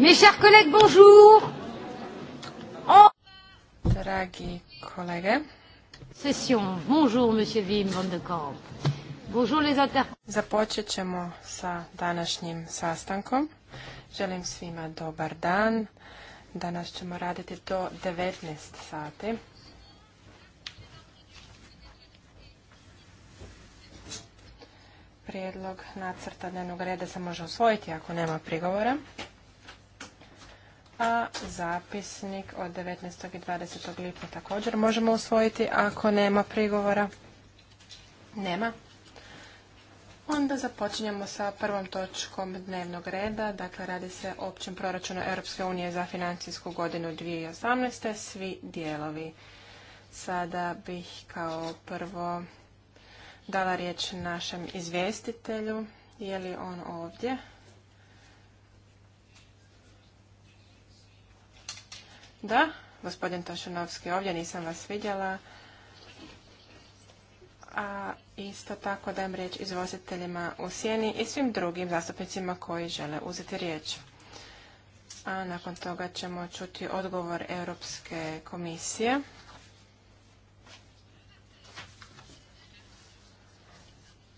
Mes chers collègues, bonjour. Dragi kolege. Session. Bonjour, monsieur Wim van de Kamp. Bonjour, les inter... Započet ćemo sa današnjim sastankom. Želim svima dobar dan. Danas ćemo raditi do 19 sati. Prijedlog nacrta dnevnog reda se može osvojiti ako nema prigovora a zapisnik od 19. i 20. lipnja također možemo usvojiti ako nema prigovora. Nema. Onda započinjemo sa prvom točkom dnevnog reda, dakle radi se o općem proračunu Europske unije za financijsku godinu 2018. Svi dijelovi. Sada bih kao prvo dala riječ našem izvjestitelju. Je li on ovdje? Da, gospodin Tošanovski, ovdje nisam vas vidjela. A isto tako dajem riječ izvoziteljima u sjeni i svim drugim zastupnicima koji žele uzeti riječ. A nakon toga ćemo čuti odgovor Europske komisije.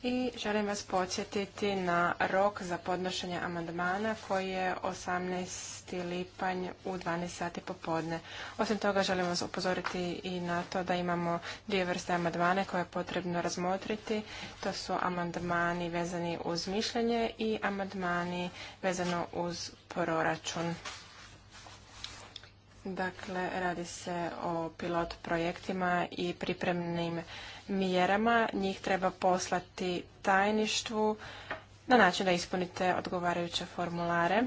I želim vas podsjetiti na rok za podnošenje amandmana koji je 18. lipanj u 12 sati popodne. Osim toga želim vas upozoriti i na to da imamo dvije vrste amandmane koje je potrebno razmotriti. To su amandmani vezani uz mišljenje i amandmani vezano uz proračun. Dakle, radi se o pilot projektima i pripremnim mjerama. Njih treba poslati tajništvu na način da ispunite odgovarajuće formulare.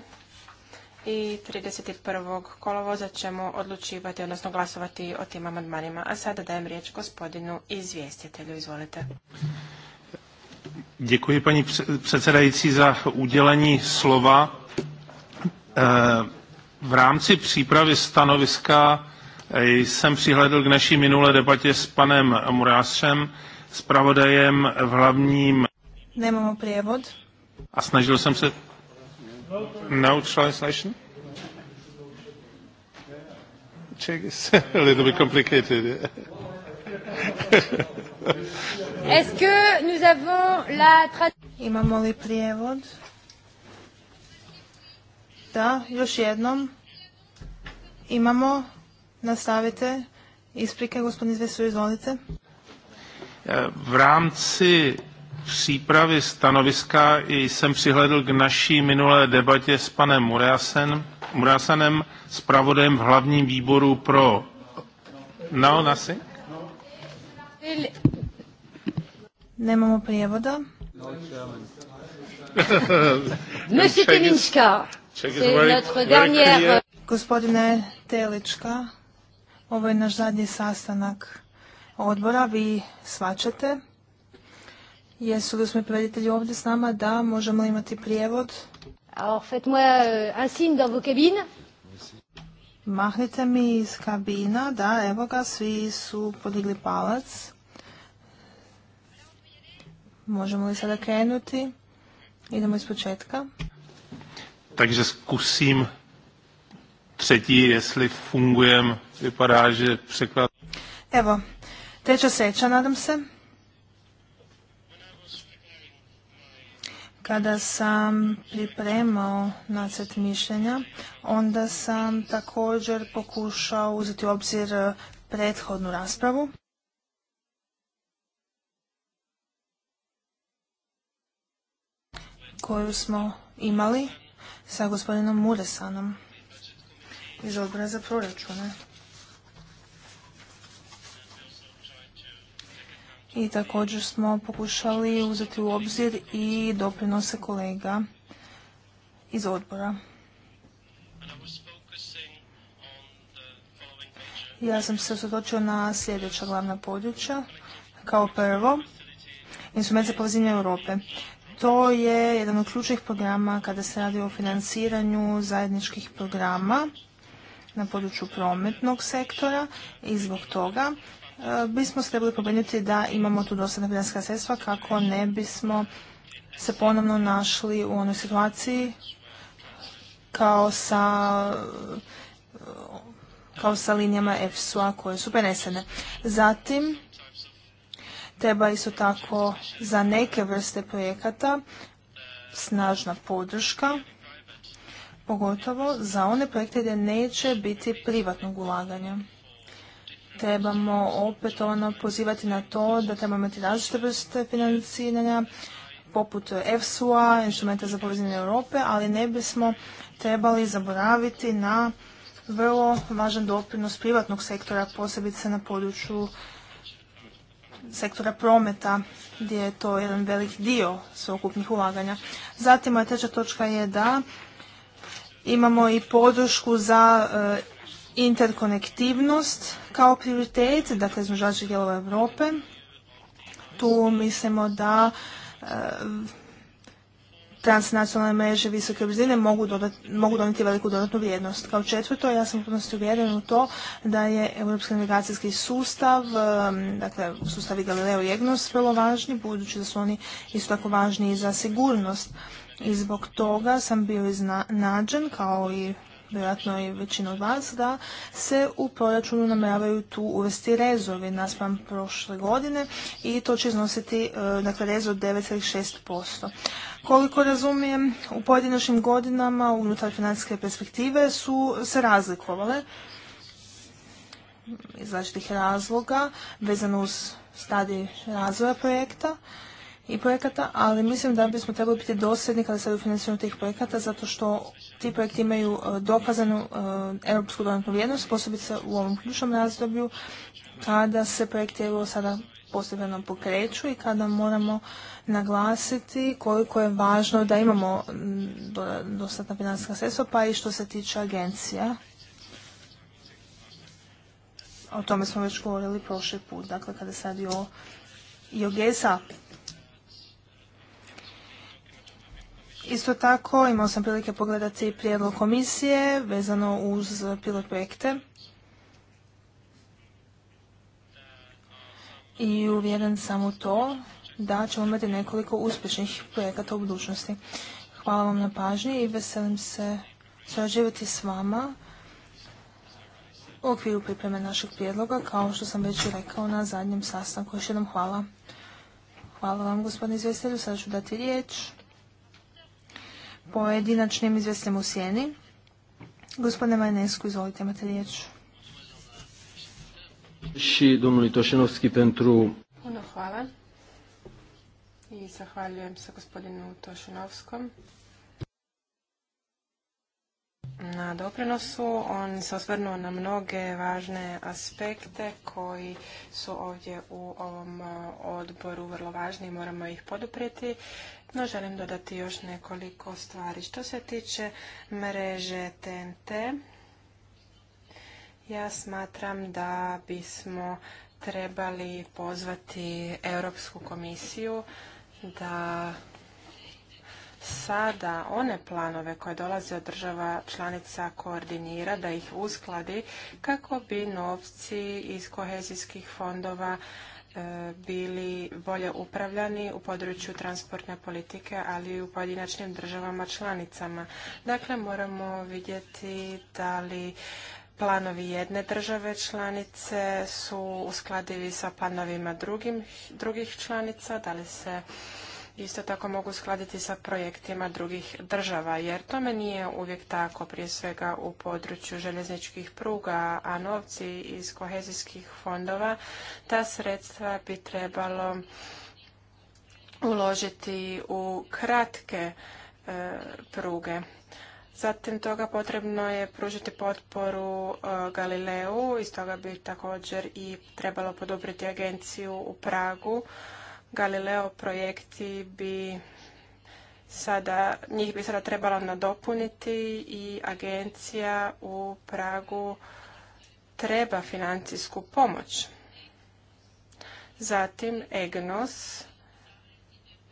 I 31. kolovoza ćemo odlučivati, odnosno glasovati o tim amandmanima. A sada dajem riječ gospodinu izvjestitelju. Izvolite. Děkuji paní předsedající za udělení slova. E, v rámci přípravy stanoviska Jsem přihlédl k naší minulé debatě s panem Murásem, zpravodajem v hlavním... Nemamo prijevod. A snažil jsem se... No translation? Czech is a little bit complicated. Est-ce que nous avons la Imamo li prijevod? Da, još jednom. Imamo nastavite. Isprike, gospodin Zvesu, izvolite. E, v rámci přípravy stanoviska jsem přihledl k naší minulé debatě s panem Muriasen, s zpravodajem v hlavním výboru pro... No, nasi? Nemamo prijevoda. Monsieur c'est notre Gospodine Telička, ovo je naš zadnji sastanak odbora. Vi svačate. Jesu li smo prijatelji ovdje s nama? Da, možemo imati prijevod. Alors faites-moi euh, Mahnite mi iz kabina, da, evo ga, svi su podigli palac. Možemo li sada krenuti? Idemo iz početka. Takže zkusím třetí, jestli fungujem Evo, treća sreća, nadam se. Kada sam pripremao nacrt mišljenja, onda sam također pokušao uzeti u obzir e, prethodnu raspravu. koju smo imali sa gospodinom Muresanom iz odbora za proračune. i također smo pokušali uzeti u obzir i doprinose kolega iz odbora. Ja sam se sotočio na sljedeća glavna područja. Kao prvo, instrument za povezivanje Europe. To je jedan od ključnih programa kada se radi o financiranju zajedničkih programa na području prometnog sektora i zbog toga E, bismo se trebali pobrinuti da imamo tu dosta financijska sredstva kako ne bismo se ponovno našli u onoj situaciji kao sa kao sa linijama EFSU-a koje su prenesene. Zatim, treba isto tako za neke vrste projekata snažna podrška, pogotovo za one projekte gdje neće biti privatnog ulaganja trebamo opet ono pozivati na to da trebamo imati različite vrste financiranja, poput EFSU-a, instrumenta za povezanje Europe, ali ne bismo trebali zaboraviti na vrlo važan doprinos privatnog sektora, posebice na području sektora prometa, gdje je to jedan velik dio sveukupnih ulaganja. Zatim, moja treća točka je da imamo i podršku za e, interkonektivnost kao prioritet, dakle izmeđačih dijelova Europe. Tu mislimo da e, transnacionalne mreže visoke brzine mogu, doniti veliku dodatnu vrijednost. Kao četvrto, ja sam potpuno uvjeren u to da je europski navigacijski sustav, e, dakle sustavi Galileo i EGNOS vrlo važni, budući da su oni isto tako važni i za sigurnost. I zbog toga sam bio iznađen, kao i vjerojatno i većina od vas, da se u proračunu namjeravaju tu uvesti rezovi naspram prošle godine i to će iznositi e, dakle, od 9,6%. Koliko razumijem, u pojedinačnim godinama unutar financijske perspektive su se razlikovale iz različitih razloga vezano uz stadij razvoja projekta i projekata, ali mislim da bismo trebali biti dosljedni kada se u financiranju tih projekata zato što ti projekti imaju e, dokazanu e, europsku dodatnu vrijednost, posebice u ovom ključnom razdoblju kada se projekti evo sada posebno pokreću i kada moramo naglasiti koliko je važno da imamo mm, dostatna financijska sredstva, pa i što se tiče agencija. O tome smo već govorili prošli put, dakle kada se radi o i o Isto tako imao sam prilike pogledati prijedlog komisije vezano uz pilot projekte. I uvjeren sam u to da ćemo imati nekoliko uspješnih projekata u budućnosti. Hvala vam na pažnji i veselim se surađivati s vama u okviru pripreme našeg prijedloga, kao što sam već rekao na zadnjem sastanku. Još jednom hvala. Hvala vam, gospodine izvjestitelju. Sada ću dati riječ pojedinačnim izvjesnim u sjeni. Gospodine Majnesku, izvolite, imate riječ. pentru... Puno hvala i zahvaljujem se gospodinu Tošinovskom na doprinosu. On se osvrnuo na mnoge važne aspekte koji su ovdje u ovom odboru vrlo važni i moramo ih poduprijeti. No želim dodati još nekoliko stvari. Što se tiče mreže TNT, ja smatram da bismo trebali pozvati Europsku komisiju da sada one planove koje dolaze od država članica koordinira, da ih uskladi kako bi novci iz kohezijskih fondova e, bili bolje upravljani u području transportne politike, ali i u pojedinačnim državama članicama. Dakle, moramo vidjeti da li planovi jedne države članice su uskladivi sa planovima drugih članica, da li se isto tako mogu skladiti sa projektima drugih država, jer tome nije uvijek tako, prije svega u području željezničkih pruga, a novci iz kohezijskih fondova, ta sredstva bi trebalo uložiti u kratke e, pruge. Zatim toga potrebno je pružiti potporu e, Galileu, iz toga bi također i trebalo podobriti agenciju u Pragu Galileo projekti bi sada, njih bi sada trebalo nadopuniti i agencija u Pragu treba financijsku pomoć. Zatim EGNOS,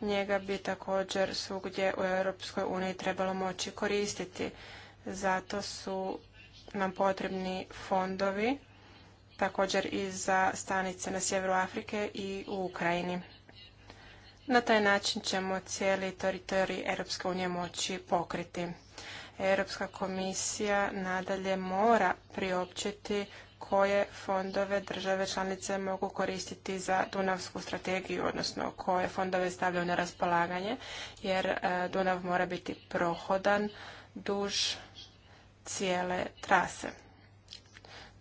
njega bi također svugdje u Europskoj uniji trebalo moći koristiti. Zato su nam potrebni fondovi, također i za stanice na sjeveru Afrike i u Ukrajini. Na taj način ćemo cijeli teritorij Europske unije moći pokriti. Europska komisija nadalje mora priopćiti koje fondove države članice mogu koristiti za Dunavsku strategiju, odnosno koje fondove stavljaju na raspolaganje, jer e, Dunav mora biti prohodan duž cijele trase,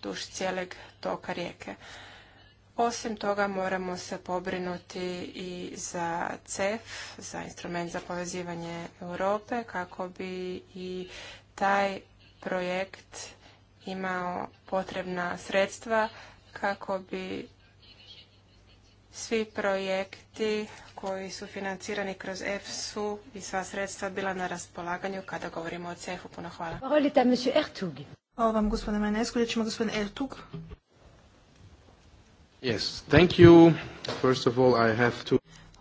duž cijeleg toka rijeke. Osim toga moramo se pobrinuti i za CEF, za instrument za povezivanje Europe, kako bi i taj projekt imao potrebna sredstva kako bi svi projekti koji su financirani kroz EFSU i sva sredstva bila na raspolaganju kada govorimo o CEF-u. Puno hvala. Hvala vam gospodine Ima gospodin Ertug.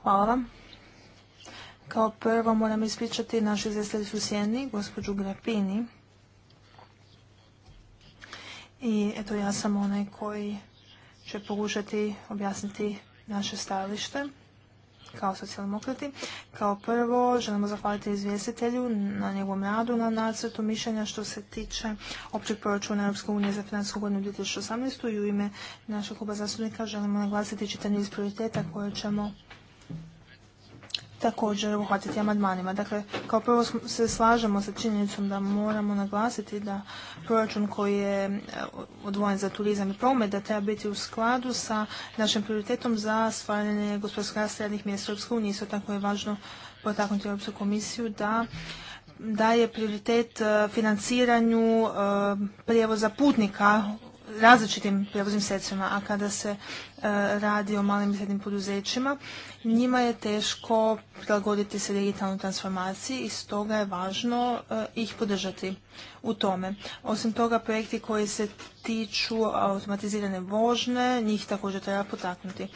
Hvala vam. Kao prvo moram ispričati našu izvjestiteljicu Sjeni, gospođu Grapini. I eto ja sam onaj koji će pokušati objasniti naše stajalište kao socijaldemokrati. Kao prvo želimo zahvaliti izvjestitelju na njegovom radu, na nacrtu mišljenja što se tiče općeg proračuna Europske unije za financijsku godinu 2018. i u ime našeg kluba zastupnika želimo naglasiti čitanje iz prioriteta koje ćemo također obuhvatiti amandmanima. Dakle, kao prvo se slažemo sa činjenicom da moramo naglasiti da proračun koji je e, odvojen za turizam i promet da treba biti u skladu sa našim prioritetom za stvaranje gospodarskog rasta radnih mjesta Isto tako je važno potaknuti Europsku komisiju da daje prioritet e, financiranju e, prijevoza putnika različitim prevoznim sredstvima, a kada se e, radi o malim i srednjim poduzećima, njima je teško prilagoditi se digitalnoj transformaciji i stoga je važno e, ih podržati u tome. Osim toga, projekti koji se tiču automatizirane vožne, njih također treba potaknuti.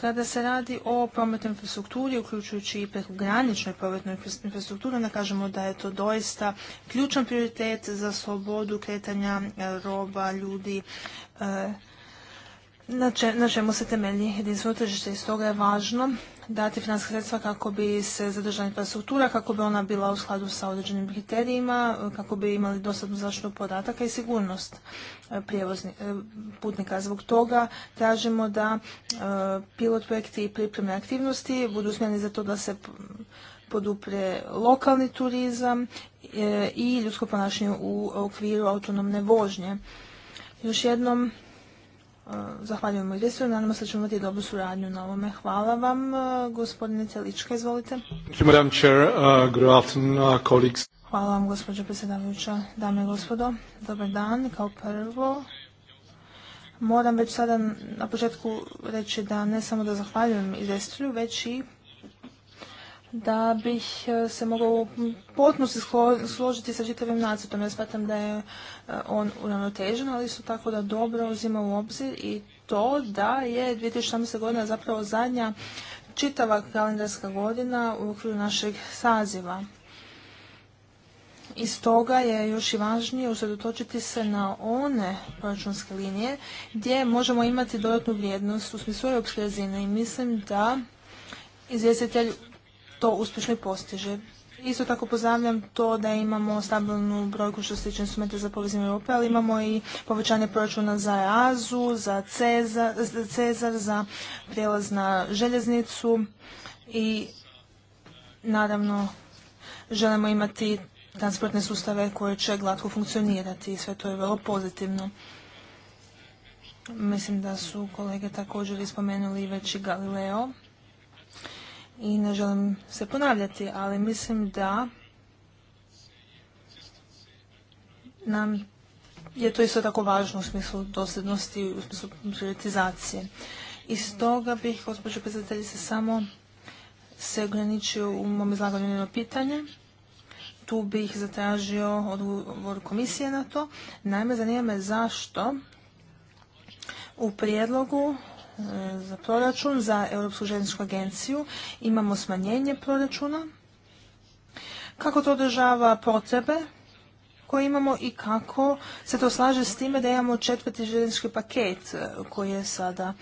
Kada se radi o prometnoj infrastrukturi, uključujući i prekograničnoj prometnoj infrastrukturi, onda kažemo da je to doista ključan prioritet za slobodu kretanja eh, roba, ljudi, eh, na, čemu se temelji jedinstveno tržište i stoga je važno dati financijska sredstva kako bi se zadržala infrastruktura, kako bi ona bila u skladu sa određenim kriterijima, kako bi imali dostatnu zaštitu podataka i sigurnost e, e, putnika. Zbog toga tražimo da e, pilot projekti i pripremne aktivnosti budu usmjereni za to da se podupre lokalni turizam i ljudsko ponašanje u okviru autonomne vožnje. Još jednom Zahvaljujemo desu. nadamo se da ćemo imati dobru suradnju na ovome. Hvala vam, e, gospodine Celička, izvolite. Uh, uh, Hvala vam, gospođo predsjedavajuća, dame i gospodo. Dobar dan, kao prvo. Moram već sada na početku reći da ne samo da zahvaljujem izvjestitelju, već i da bih e, se mogao u potpunosti složiti sa čitavim nacrtom. Ja smatram da je e, on uravnotežen, ali isto tako da dobro uzima u obzir i to da je 2017. godina zapravo zadnja čitava kalendarska godina u okviru našeg saziva. I stoga je još i važnije usredotočiti se na one proračunske linije gdje možemo imati dodatnu vrijednost u smislu europske razine i mislim da izvjestitelj to uspješno i postiže. Isto tako pozdravljam to da imamo stabilnu brojku što se tiče instrumenta za povezivanje Europe, ali imamo i povećanje proračuna za EAZu, za Cezar, za, prijelaz na željeznicu i naravno želimo imati transportne sustave koje će glatko funkcionirati i sve to je vrlo pozitivno. Mislim da su kolege također ispomenuli već i Galileo i ne želim se ponavljati, ali mislim da nam je to isto tako važno u smislu dosljednosti i u smislu prioritizacije. I stoga bih, gospođo predsjedateljice, samo se ograničio u mom izlaganju jedno pitanje. Tu bih zatražio odgovor komisije na to. Naime, zanima me zašto u prijedlogu za proračun, za Europsku željezničku agenciju imamo smanjenje proračuna. Kako to održava potrebe koje imamo i kako se to slaže s time da imamo četvrti željeznički paket e, koji je sada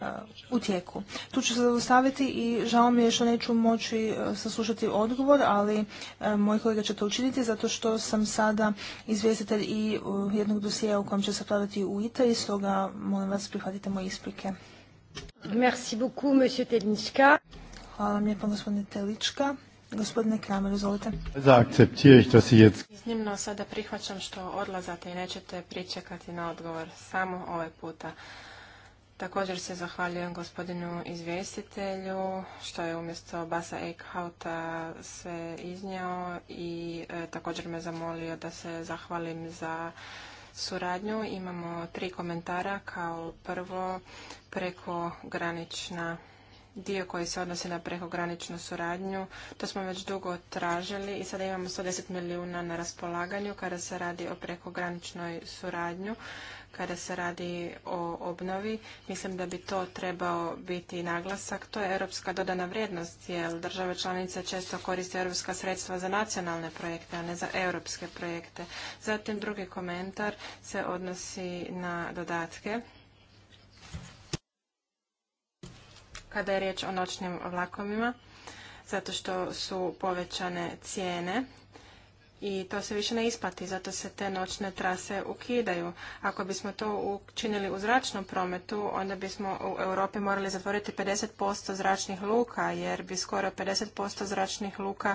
e, u tijeku. Tu ću se zaustaviti i žao mi je što neću moći e, saslušati odgovor, ali moj kolega će to učiniti zato što sam sada izvjestitelj i jednog dosijeja u kojem će se praviti u ITA i stoga molim vas prihvatite moje isprike. Merci beaucoup, monsieur Telinska. Hvala vam lijepo, gospodine Telička. Gospodine Kramer, izvolite. Iznimno sada prihvaćam što odlazate i nećete pričekati na odgovor samo ovaj puta. Također se zahvaljujem gospodinu izvjestitelju što je umjesto Basa Eichhauta sve iznio i e, također me zamolio da se zahvalim za suradnju. Imamo tri komentara. Kao prvo, prekogranična dio koji se odnosi na prekograničnu suradnju. To smo već dugo tražili i sada imamo 110 milijuna na raspolaganju kada se radi o prekograničnoj suradnju kada se radi o obnovi. Mislim da bi to trebao biti naglasak. To je europska dodana vrijednost, jer države članice često koriste europska sredstva za nacionalne projekte, a ne za europske projekte. Zatim drugi komentar se odnosi na dodatke. Kada je riječ o noćnim vlakovima, zato što su povećane cijene i to se više ne isplati, zato se te noćne trase ukidaju. Ako bismo to učinili u zračnom prometu, onda bismo u Europi morali zatvoriti 50% zračnih luka, jer bi skoro 50% zračnih luka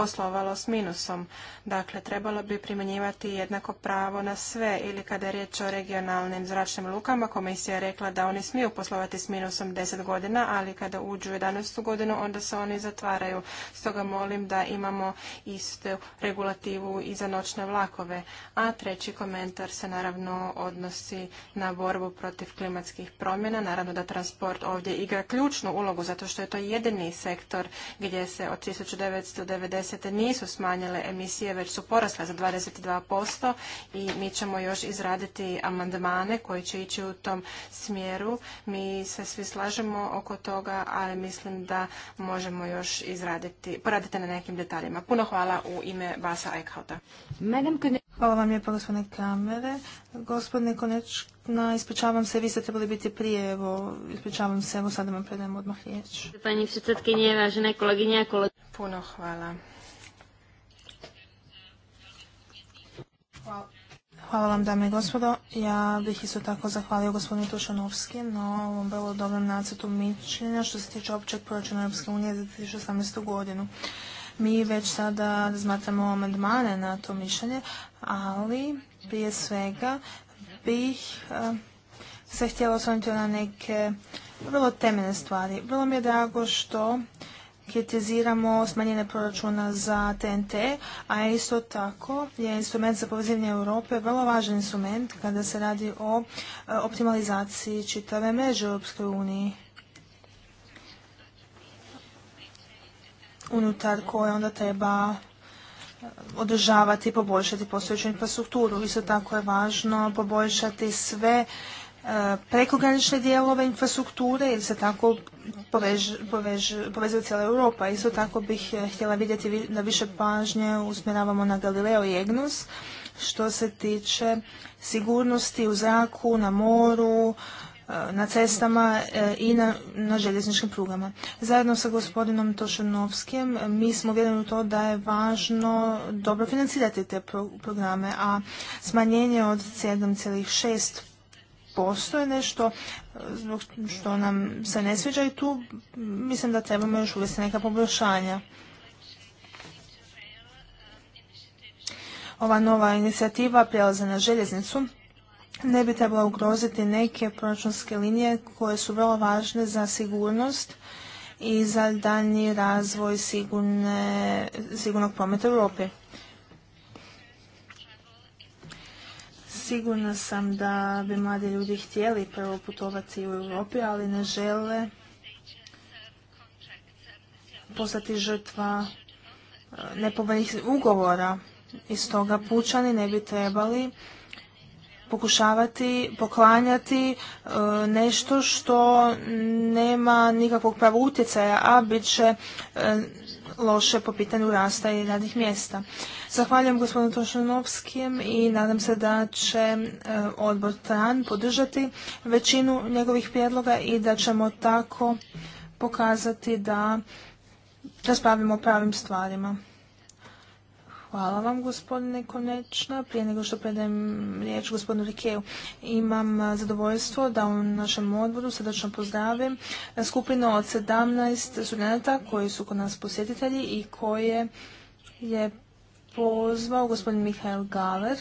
poslovalo s minusom. Dakle, trebalo bi primjenjivati jednako pravo na sve ili kada je riječ o regionalnim zračnim lukama, komisija je rekla da oni smiju poslovati s minusom 10 godina, ali kada uđu u 11. godinu onda se oni zatvaraju. Stoga molim da imamo istu regulativu i za noćne vlakove. A treći komentar se naravno odnosi na borbu protiv klimatskih promjena. Naravno da transport ovdje igra ključnu ulogu zato što je to jedini sektor gdje se od 1990 nisu smanjile emisije, već su porasle za 22% i mi ćemo još izraditi amandmane koji će ići u tom smjeru. Mi se svi slažemo oko toga, ali mislim da možemo još izraditi, poraditi na nekim detaljima. Puno hvala u ime Vasa Eichhauta. Hvala vam lijepo gospodine kamere. Gospodine Konečna, ispričavam se, vi ste trebali biti prije, evo, ispričavam se, evo sada vam predajem odmah riječ. Pani Puno hvala Hvala. vam dame i gospodo. Ja bih isto tako zahvalio gospodinu Tušanovski na ovom vrlo dobrom nacetu mišljenja što se tiče općeg proračuna Europske unije za 2018. godinu. Mi već sada razmatramo amandmane na to mišljenje, ali prije svega bih eh, se htjela osvrnuti na neke vrlo temeljne stvari. Vrlo mi je drago što kritiziramo smanjenje proračuna za TNT, a isto tako je instrument za povezivanje Europe vrlo važan instrument kada se radi o e, optimalizaciji čitave mreže u Europskoj unutar koje onda treba e, održavati i poboljšati postojeću infrastrukturu. Isto tako je važno poboljšati sve prekogranične dijelove infrastrukture jer se tako povezuje cijela Europa. Isto tako bih eh, htjela vidjeti da više pažnje usmjeravamo na Galileo i Egnus što se tiče sigurnosti u zraku, na moru, eh, na cestama eh, i na, željezničkim prugama. Zajedno sa gospodinom Tošenovskim mi smo uvjereni u to da je važno dobro financirati te programe, a smanjenje od 7,6 postoje nešto e, zbog što nam se ne sviđa i tu mislim da trebamo još uvesti neka poboljšanja. Ova nova inicijativa prijelaza na željeznicu ne bi trebala ugroziti neke proračunske linije koje su vrlo važne za sigurnost i za daljnji razvoj sigurnog prometa u Europi. Sigurna sam da bi mladi ljudi htjeli prvo putovati u Europi, ali ne žele postati žrtva eh, nepovoljnih ugovora. I stoga pučani ne bi trebali pokušavati poklanjati eh, nešto što nema nikakvog prava utjecaja, a bit će eh, loše po pitanju rasta i radnih mjesta. Zahvaljujem gospodinu Tošanovskijem i nadam se da će e, odbor TRAN podržati većinu njegovih prijedloga i da ćemo tako pokazati da raspravimo o pravim stvarima. Hvala vam gospodine Konečna. Prije nego što predajem riječ gospodinu Rikeju, imam eh, zadovoljstvo da u našem odboru srdačno pozdravim eh, skupinu od 17 studenta koji su kod nas posjetitelji i koje je pozvao gospodin Mihael Galer.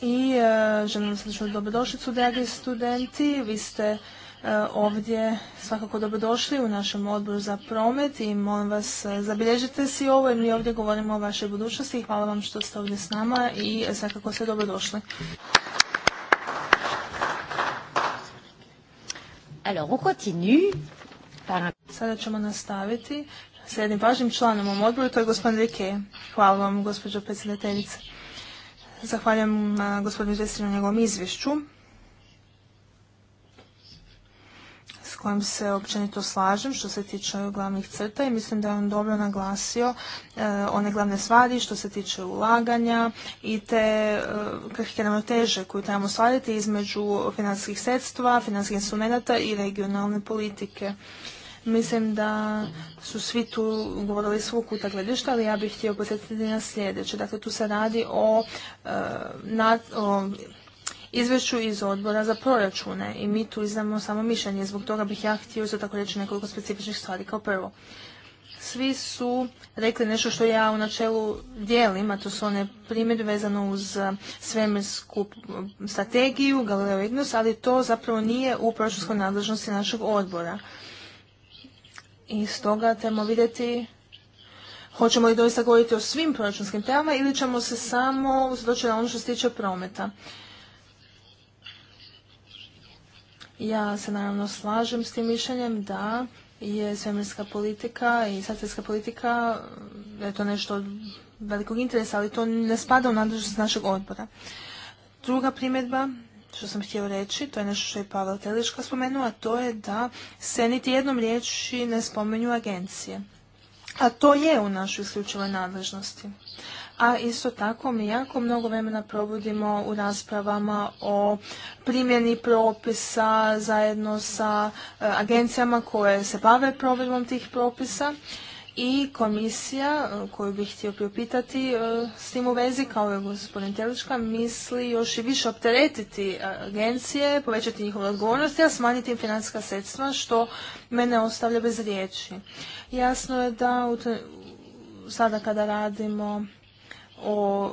I eh, želim vam srdačnu dobrodošlicu, dragi studenti. Vi ste E, ovdje svakako dobrodošli u našem odboru za promet i molim vas e, zabilježite si ovo jer mi ovdje govorimo o vašoj budućnosti i hvala vam što ste ovdje s nama i e, svakako ste dobrodošli. Alors, on Sada ćemo nastaviti s jednim važnim članom u odboru, to je gospodin Rike. Hvala vam, gospođo predsjedateljice. Zahvaljujem gospodinu Zvestinu na njegovom izvješću. kojim se općenito slažem što se tiče glavnih crta i mislim da je on dobro naglasio e, one glavne stvari što se tiče ulaganja i te e, teže koju trebamo stvariti između financijskih sredstva, financijskih instrumenta i regionalne politike. Mislim da su svi tu govorili svog kuta gledišta, ali ja bih htio posjetiti na sljedeće. Dakle, tu se radi o, e, o izvješću iz odbora za proračune i mi tu iznamo samo mišljenje. Zbog toga bih ja htio isto tako reći nekoliko specifičnih stvari. Kao prvo, svi su rekli nešto što ja u načelu dijelim, a to su one primjeri vezano uz eh, svemirsku strategiju, Galileo Ignos, ali to zapravo nije u proračunskoj nadležnosti našeg odbora. I stoga trebamo vidjeti hoćemo li doista govoriti o svim proračunskim temama ili ćemo se samo uzdoći na ono što se tiče prometa. Ja se naravno slažem s tim mišljenjem da je svemirska politika i satelitska politika mm, to nešto od velikog interesa, ali to ne spada u nadležnost našeg odbora. Druga primjedba što sam htio reći, to je nešto što je Pavel Teliška spomenuo, a to je da se niti jednom riječi ne spomenju agencije. A to je u našoj isključivoj nadležnosti a isto tako mi jako mnogo vremena provodimo u raspravama o primjeni propisa zajedno sa e, agencijama koje se bave provedbom tih propisa i komisija e, koju bih htio priopitati e, s tim u vezi, kao je gospodin Telička misli još i više opteretiti agencije, povećati njihove odgovornost, a smanjiti im financijska sredstva, što mene ostavlja bez riječi. Jasno je da sada kada radimo o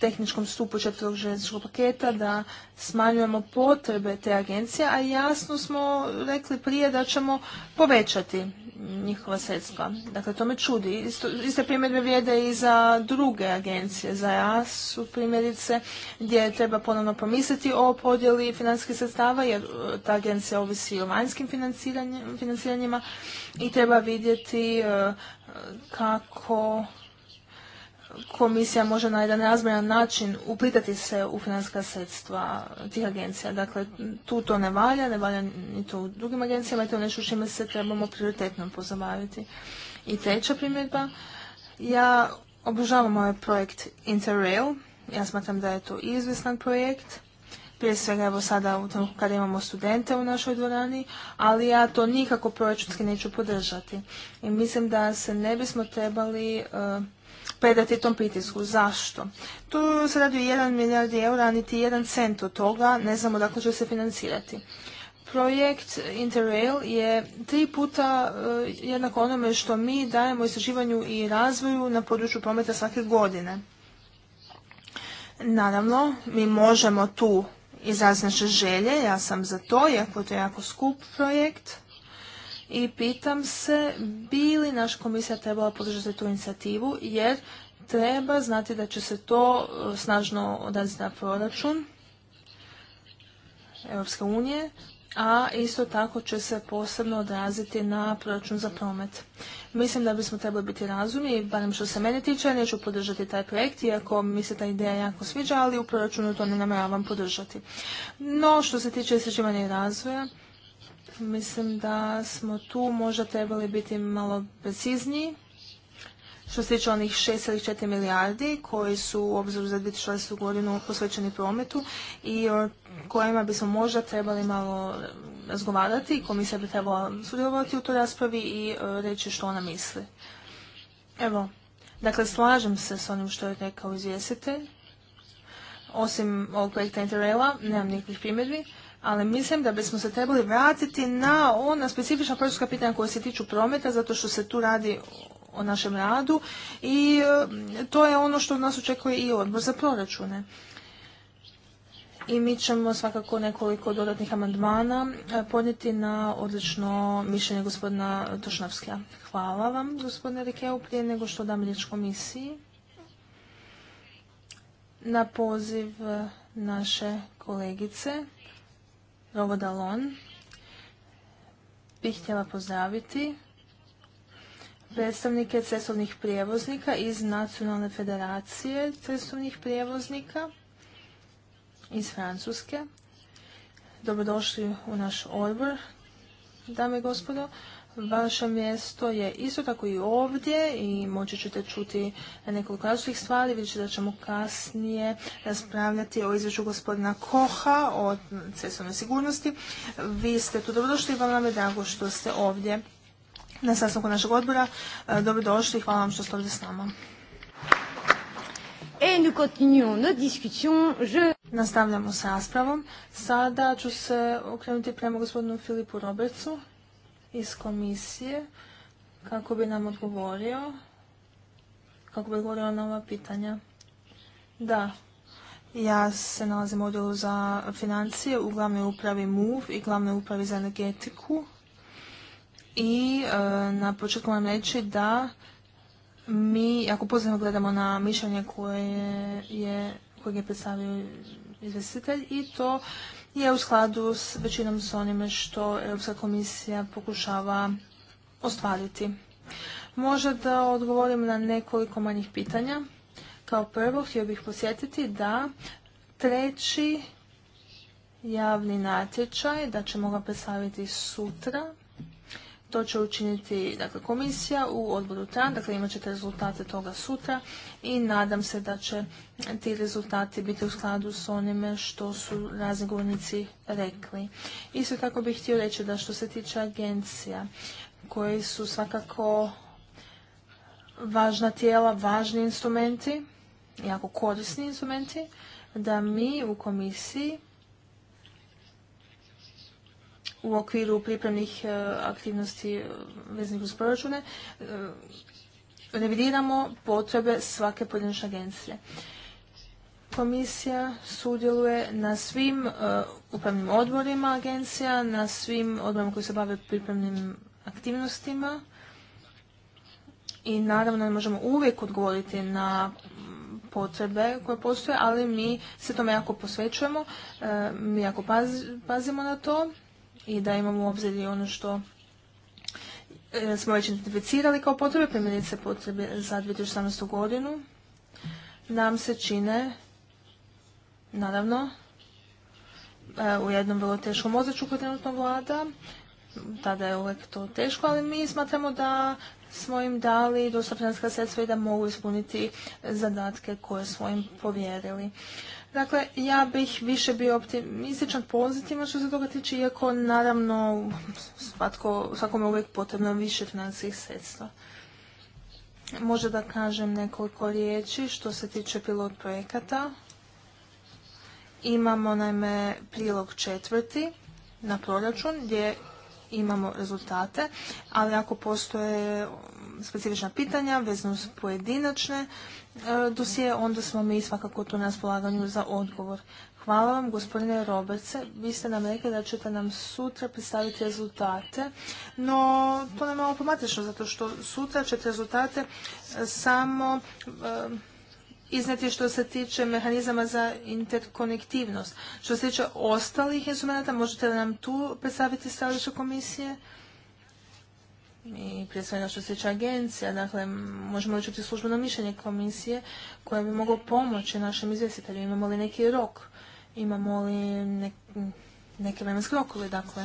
tehničkom stupu četvrtog željezničkog paketa, da smanjujemo potrebe te agencije, a jasno smo rekli prije da ćemo povećati njihova sredstva. Dakle, to me čudi. Isto, iste primjedbe vrijede i za druge agencije, za JAS u primjerice, gdje treba ponovno pomisliti o podjeli financijskih sredstava, jer e, ta agencija ovisi o vanjskim financiranjima i treba vidjeti e, e, kako komisija može na jedan razmjeran način uplitati se u financijska sredstva tih agencija. Dakle, tu to ne valja, ne valja ni to u drugim agencijama i to je nešto čime se trebamo prioritetno pozabaviti. I treća primjedba, ja obožavam ovaj projekt Interrail, ja smatram da je to izvjestan projekt, prije svega evo sada u tom kada imamo studente u našoj dvorani, ali ja to nikako proračunski neću podržati. I mislim da se ne bismo trebali eh, predati tom pritisku. Zašto? Tu se radi o 1 milijardi eura, a niti 1 cent od toga, ne znamo dakle će se financirati. Projekt Interrail je tri puta e, jednako onome što mi dajemo istraživanju i razvoju na području prometa svake godine. Naravno, mi možemo tu izraziti naše želje, ja sam za to, iako je to jako skup projekt i pitam se bi li naša komisija trebala podržati tu inicijativu jer treba znati da će se to e, snažno odraziti na proračun Europske unije, a isto tako će se posebno odraziti na proračun za promet. Mislim da bismo trebali biti razumni, barem što se mene tiče, neću podržati taj projekt, iako mi se ta ideja jako sviđa, ali u proračunu to ne namjeravam podržati. No, što se tiče istraživanja i razvoja, mislim da smo tu možda trebali biti malo precizniji. Što se tiče onih 6,4 milijardi koji su u obzoru za 2016. godinu posvećeni prometu i o kojima bismo možda trebali malo razgovarati, komisija bi trebala sudjelovati u toj raspravi i e, reći što ona misli. Evo, dakle slažem se s onim što je rekao izvjestitelj. Osim ovog projekta Interrela, nemam nikakvih primjedbi ali mislim da bismo se trebali vratiti na ona specifična prostorska pitanja koja se tiču prometa, zato što se tu radi o našem radu i e, to je ono što od nas očekuje i odbor za proračune. I mi ćemo svakako nekoliko dodatnih amandmana e, podnijeti na odlično mišljenje gospodina Tošnavskija. Hvala vam, gospodine Rikeu, prije nego što dam riječ komisiji. Na poziv e, naše kolegice Rovodalon bih htjela pozdraviti predstavnike cestovnih prijevoznika iz Nacionalne federacije cestovnih prijevoznika iz Francuske. Dobrodošli u naš odbor, dame i gospodo. Vaše mjesto je isto tako i ovdje i moći ćete čuti nekoliko različitih stvari. Vidjet ćete da ćemo kasnije raspravljati o izvješću gospodina Koha o cestovnoj sigurnosti. Vi ste tu dobrodošli i vam nam je drago što ste ovdje na sastanku našeg odbora. E, dobrodošli i hvala vam što ste ovdje s nama. Et nous continuons Nastavljamo s raspravom. Sada ću se okrenuti prema gospodinu Filipu Robertsu iz komisije kako bi nam odgovorio, kako bi odgovorio na ova pitanja. Da, ja se nalazim u odjelu za financije u glavnoj upravi MUV i glavnoj upravi za energetiku. I e, na početku vam reći da mi, ako pozorno gledamo na mišljenje koje je, je predstavio izvjestitelj i to je u skladu s većinom s onime što Europska komisija pokušava ostvariti. Možda da odgovorim na nekoliko manjih pitanja. Kao prvo htio bih posjetiti da treći javni natječaj, da ćemo ga predstaviti sutra, to će učiniti dakle, komisija u odboru TRAN, dakle imat ćete rezultate toga sutra i nadam se da će ti rezultati biti u skladu s onime što su razgovornici rekli. Isto tako bih htio reći da što se tiče agencija koji su svakako važna tijela, važni instrumenti, jako korisni instrumenti, da mi u komisiji u okviru pripremnih e, aktivnosti e, veznih uz proračune e, revidiramo potrebe svake pojedinačne agencije. Komisija sudjeluje na svim upravnim odborima agencija, na svim odborima koji se bave pripremnim aktivnostima i naravno ne možemo uvijek odgovoriti na potrebe koje postoje, ali mi se tome jako posvećujemo, mi jako pazimo na to i da imamo u obzir i ono što e, smo već identificirali kao potrebe, primjerice potrebe za 2018. godinu, nam se čine, naravno, e, u jednom vrlo teškom ozračju koje trenutno vlada, tada je uvijek to teško, ali mi smatramo da smo im dali dosta sredstva i da mogu ispuniti zadatke koje smo im povjerili. Dakle, ja bih više bio optimističan, pozitivno što se toga tiče, iako naravno svatko, svakome je uvijek potrebno više financijskih sredstva. Možda da kažem nekoliko riječi što se tiče pilot projekata. Imamo naime prilog četvrti na proračun gdje imamo rezultate, ali ako postoje specifična pitanja vezano uz pojedinačne E, dosije, onda smo mi svakako tu na spolaganju za odgovor. Hvala vam, gospodine Roberce. Vi ste nam rekli da ćete nam sutra predstaviti rezultate, no to nam je malo zato što sutra ćete rezultate e, samo e, izneti što se tiče mehanizama za interkonektivnost. Što se tiče ostalih instrumenta, možete li nam tu predstaviti stavljuću komisije? i prije svega što se tiče agencija, dakle možemo li čuti službeno mišljenje komisije koje bi moglo pomoći našem izvjestitelju, imamo li neki rok, imamo li neke vremenske dakle.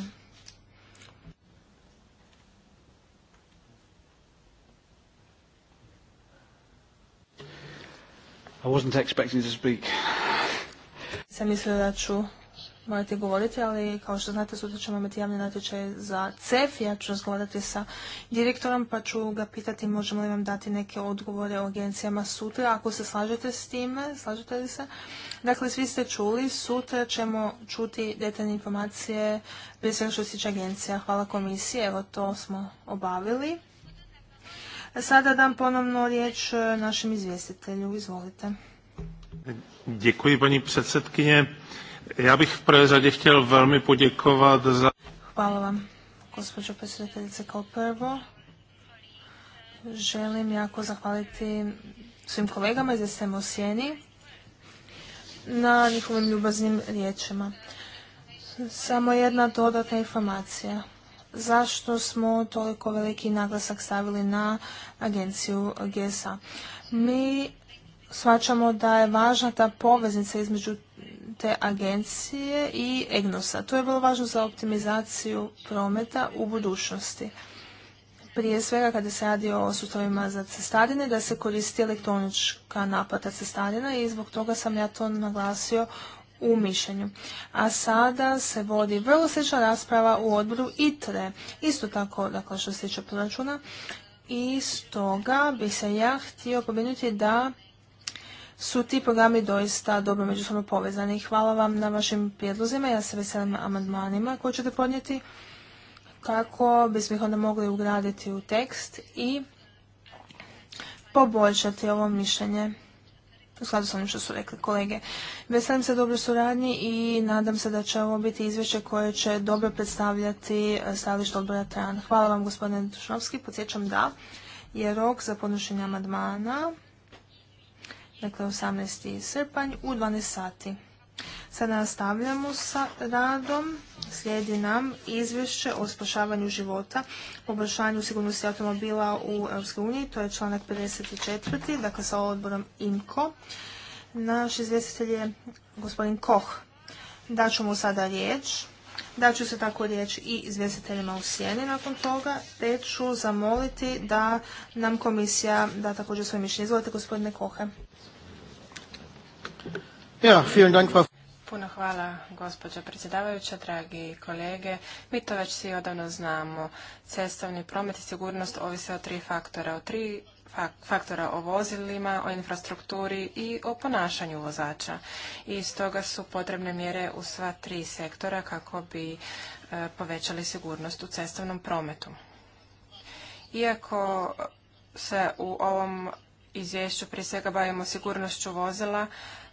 Sam mislila da ću morate govoriti, ali kao što znate, sutra ćemo imati javni natječaj za CEF. Ja ću razgovarati sa direktorom, pa ću ga pitati možemo li vam dati neke odgovore o agencijama sutra, ako se slažete s time, slažete li se? Dakle, svi ste čuli, sutra ćemo čuti detaljne informacije prije svega što se tiče agencija. Hvala komisije, evo to smo obavili. Sada dam ponovno riječ e, našem izvjestitelju. Izvolite. Děkuji, ja bih htjel podjekovat Hvala vam, gospođo predsjedateljice. Kao prvo, želim jako zahvaliti svim kolegama iz SM Sjeni na njihovim ljubaznim riječima. Samo jedna dodatna informacija. Zašto smo toliko veliki naglasak stavili na agenciju GSA? Mi svačamo da je važna ta poveznica između te agencije i EGNOSA. To je vrlo važno za optimizaciju prometa u budućnosti. Prije svega kada se radi o sustavima za cestarine, da se koristi elektronička naplata cestarina i zbog toga sam ja to naglasio u mišljenju. A sada se vodi vrlo slična rasprava u odboru ITRE, isto tako dakle, što se tiče proračuna. I stoga bih se ja htio da su ti programi doista dobro međusobno povezani. Hvala vam na vašim prijedlozima, ja se veselim amandmanima koje ćete podnijeti kako bismo ih onda mogli ugraditi u tekst i poboljšati ovo mišljenje u skladu sa onim što su rekli kolege. Veselim se dobroj suradnji i nadam se da će ovo biti izvješće koje će dobro predstavljati eh, stajalište odbora TRAN. Hvala vam gospodine Dušnovski, podsjećam da je rok za podnošenje amandmana dakle 18. srpanj u 12 sati. Sada nastavljamo sa radom. Slijedi nam izvješće o spašavanju života, poboljšanju sigurnosti automobila u EU, to je članak 54. dakle sa odborom INKO. Naš izvjestitelj je gospodin Koh. Daću mu sada riječ. Daću se tako riječ i izvjestiteljima u sjeni nakon toga, te ću zamoliti da nam komisija da također svoje mišljenje. Izvolite gospodine Kohe. Ja, vielen Puno hvala, gospođa predsjedavajuća, dragi kolege. Mi to već svi odavno znamo. Cestovni promet i sigurnost ovise o tri faktora. O tri faktora o vozilima, o infrastrukturi i o ponašanju vozača. I stoga su potrebne mjere u sva tri sektora kako bi e, povećali sigurnost u cestovnom prometu. Iako se u ovom izvješću prije svega bavimo sigurnošću vozila,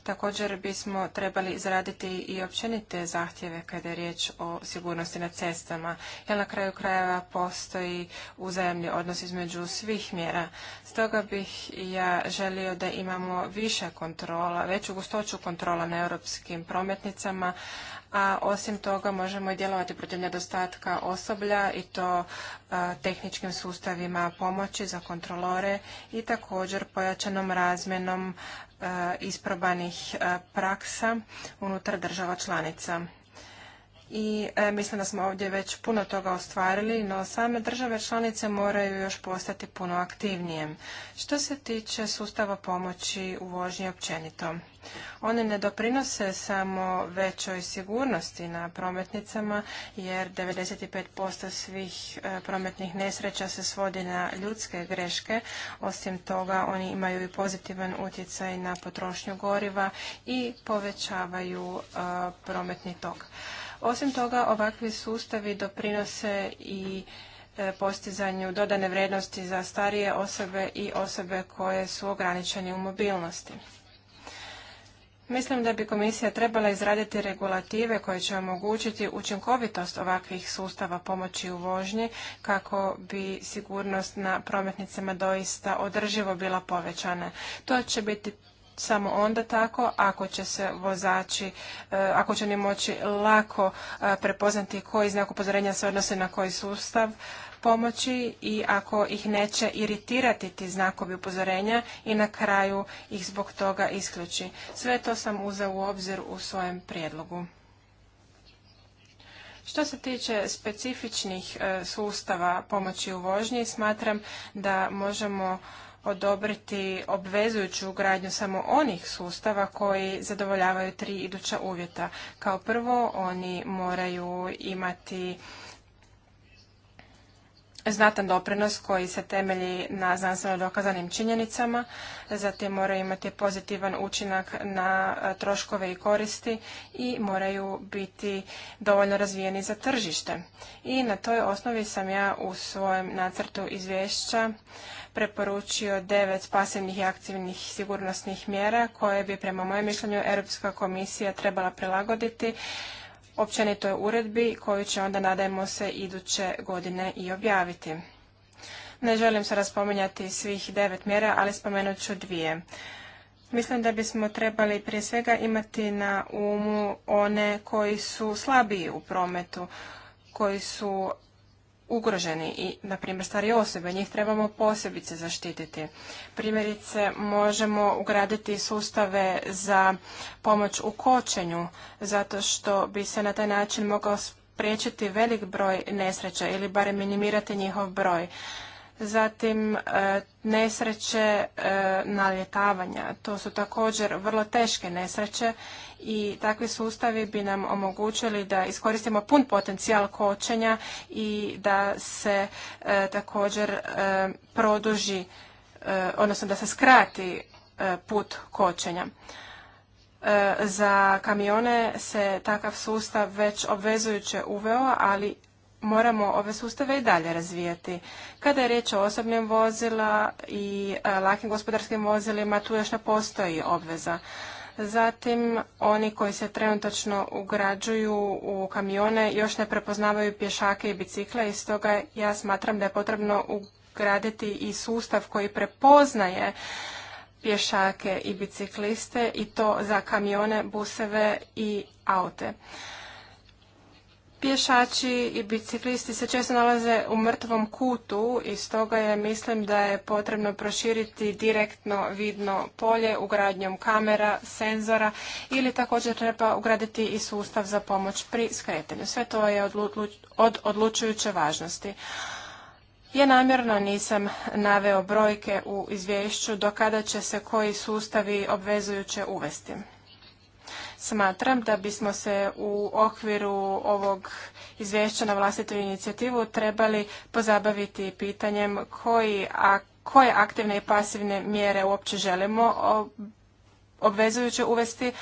Također bismo trebali izraditi i općenite zahtjeve kada je riječ o sigurnosti na cestama, jer na kraju krajeva postoji uzajemni odnos između svih mjera. Stoga bih ja želio da imamo više kontrola, veću gustoću kontrola na europskim prometnicama, a osim toga možemo i djelovati protiv nedostatka osoblja i to tehničkim sustavima pomoći za kontrolore i također pojačanom razmjenom E, isprobanih e, praksa unutar država članica i e, mislim da smo ovdje već puno toga ostvarili, no same države članice moraju još postati puno aktivnije. Što se tiče sustava pomoći u vožnji općenito, one ne doprinose samo većoj sigurnosti na prometnicama, jer 95% svih e, prometnih nesreća se svodi na ljudske greške. Osim toga, oni imaju i pozitivan utjecaj na potrošnju goriva i povećavaju e, prometni tok. Osim toga, ovakvi sustavi doprinose i e, postizanju dodane vrijednosti za starije osobe i osobe koje su ograničene u mobilnosti. Mislim da bi komisija trebala izraditi regulative koje će omogućiti učinkovitost ovakvih sustava pomoći u vožnji kako bi sigurnost na prometnicama doista održivo bila povećana. To će biti samo onda tako ako će se vozači, e, ako će oni moći lako e, prepoznati koji znak upozorenja se odnose na koji sustav pomoći i ako ih neće iritirati ti znakovi upozorenja i na kraju ih zbog toga isključi. Sve to sam uzeo u obzir u svojem prijedlogu. Što se tiče specifičnih e, sustava pomoći u vožnji, smatram da možemo odobriti obvezujuću ugradnju samo onih sustava koji zadovoljavaju tri iduća uvjeta. Kao prvo, oni moraju imati znatan doprinos koji se temelji na znanstveno dokazanim činjenicama, zatim moraju imati pozitivan učinak na e, troškove i koristi i moraju biti dovoljno razvijeni za tržište. I na toj osnovi sam ja u svojem nacrtu izvješća preporučio devet pasivnih i aktivnih sigurnosnih mjera koje bi prema mojem mišljenju Europska komisija trebala prilagoditi općenitoj uredbi koju će onda nadajmo se iduće godine i objaviti. Ne želim se raspominjati svih devet mjera, ali spomenut ću dvije. Mislim da bismo trebali prije svega imati na umu one koji su slabiji u prometu, koji su ugroženi i, na primjer, starije osobe. Njih trebamo posebice zaštititi. Primjerice, možemo ugraditi sustave za pomoć u kočenju, zato što bi se na taj način mogao spriječiti velik broj nesreća ili barem minimirati njihov broj zatim e, nesreće e, naljetavanja. To su također vrlo teške nesreće i takvi sustavi bi nam omogućili da iskoristimo pun potencijal kočenja i da se e, također produži, odnosno da se skrati put kočenja. Za kamione se takav sustav već obvezujuće uveo, ali moramo ove sustave i dalje razvijati. Kada je riječ o osobnim vozila i e, lakim gospodarskim vozilima, tu još ne postoji obveza. Zatim, oni koji se trenutačno ugrađuju u kamione još ne prepoznavaju pješake i bicikle i stoga ja smatram da je potrebno ugraditi i sustav koji prepoznaje pješake i bicikliste i to za kamione, buseve i aute. Pješači i biciklisti se često nalaze u mrtvom kutu i stoga je mislim da je potrebno proširiti direktno vidno polje ugradnjom kamera, senzora ili također treba ugraditi i sustav za pomoć pri skretanju. Sve to je od odlučujuće važnosti. Ja namjerno nisam naveo brojke u izvješću do kada će se koji sustavi obvezujuće uvesti. Smatram da bismo se u okviru ovog izvješća na vlastitu inicijativu trebali pozabaviti pitanjem koji, a, koje aktivne i pasivne mjere uopće želimo obvezujuće uvesti.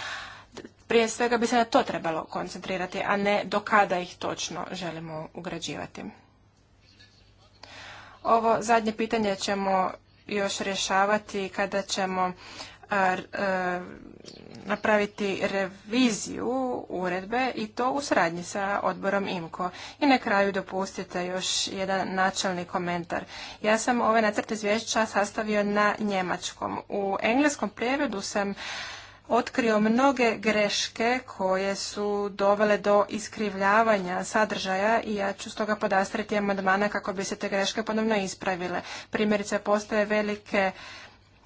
Prije svega bi se na to trebalo koncentrirati, a ne do kada ih točno želimo ugrađivati. Ovo zadnje pitanje ćemo još rješavati kada ćemo napraviti reviziju uredbe i to u sradnji sa odborom IMCO. I na kraju dopustite još jedan načelni komentar. Ja sam ove ovaj nacrte izvješća sastavio na njemačkom. U engleskom prijevodu sam otkrio mnoge greške koje su dovele do iskrivljavanja sadržaja i ja ću stoga podastriti amandmana kako bi se te greške ponovno ispravile. Primjerice, postoje velike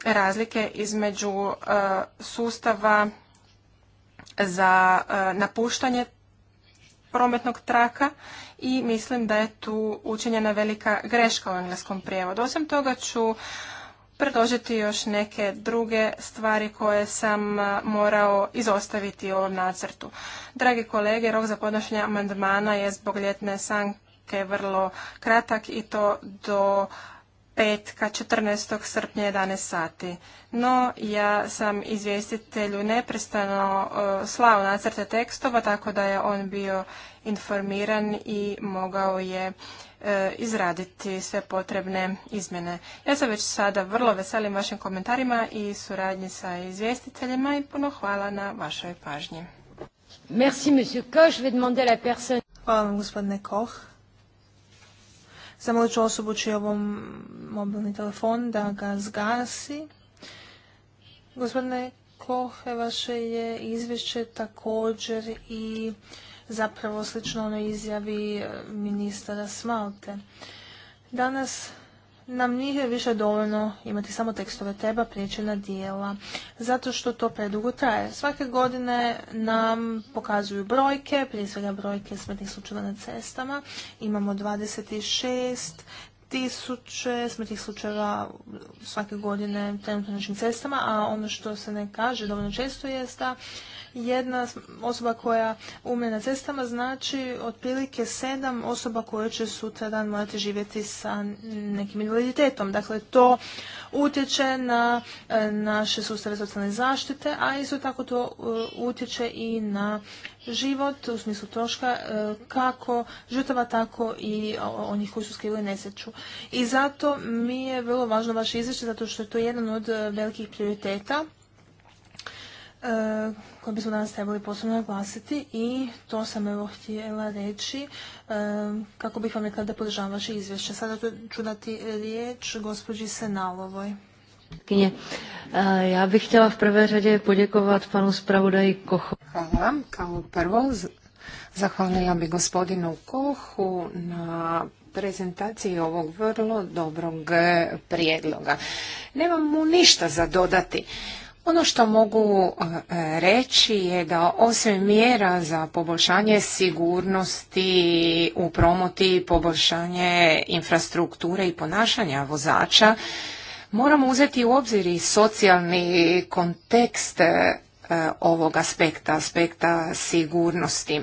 razlike između e, sustava za e, napuštanje prometnog traka i mislim da je tu učinjena velika greška u engleskom prijevodu. Osim toga ću predložiti još neke druge stvari koje sam e, morao izostaviti u ovom nacrtu. Dragi kolege, rok za podnošenje amandmana je zbog ljetne sanke vrlo kratak i to do petka 14. srpnja 11 sati. No, ja sam izvjestitelju neprestano e, slao nacrte tekstova, tako da je on bio informiran i mogao je e, izraditi sve potrebne izmjene. Ja sam već sada vrlo veselim vašim komentarima i suradnji sa izvjestiteljima i puno hvala na vašoj pažnji. Merci, monsieur Hvala vam, gospodine Koch zamolit ću osobu čiji mobilni telefon da ga zgasi. Gospodine Kohe, vaše je izvješće također i zapravo slično onoj izjavi eh, ministara Smalte. Danas nam nije više dovoljno imati samo tekstove, treba prijeći na dijela, zato što to predugo traje. Svake godine nam pokazuju brojke, prije svega brojke smrtnih slučajeva na cestama. Imamo 26 tisuće smrtnih slučajeva svake godine trenutno na našim cestama, a ono što se ne kaže dovoljno često je da jedna osoba koja umre na cestama znači otprilike sedam osoba koje će sutra dan morati živjeti sa nekim invaliditetom. Dakle, to utječe na e, naše sustave socijalne zaštite, a isto tako to e, utječe i na život u smislu troška e, kako žrtava tako i onih koji su skrivili nesreću. I zato mi je vrlo važno vaše izvješće zato što je to jedan od velikih prioriteta E, koje bismo danas trebali posebno naglasiti i to sam evo htjela reći e, kako bih vam rekla da podržavam vaše izvješće. Sada ću dati riječ gospođi Senalovoj. Ja bih htjela v prvé řadě poděkovat panu spravodaji Kochu. Hvala Kao prvo zahvalila bi gospodinu Kohu na prezentaciji ovog vrlo dobrog prijedloga. Nemam mu ništa za dodati. Ono što mogu e, reći je da osim mjera za poboljšanje sigurnosti u promoti, poboljšanje infrastrukture i ponašanja vozača, moramo uzeti u obzir i socijalni kontekst e, ovog aspekta, aspekta sigurnosti.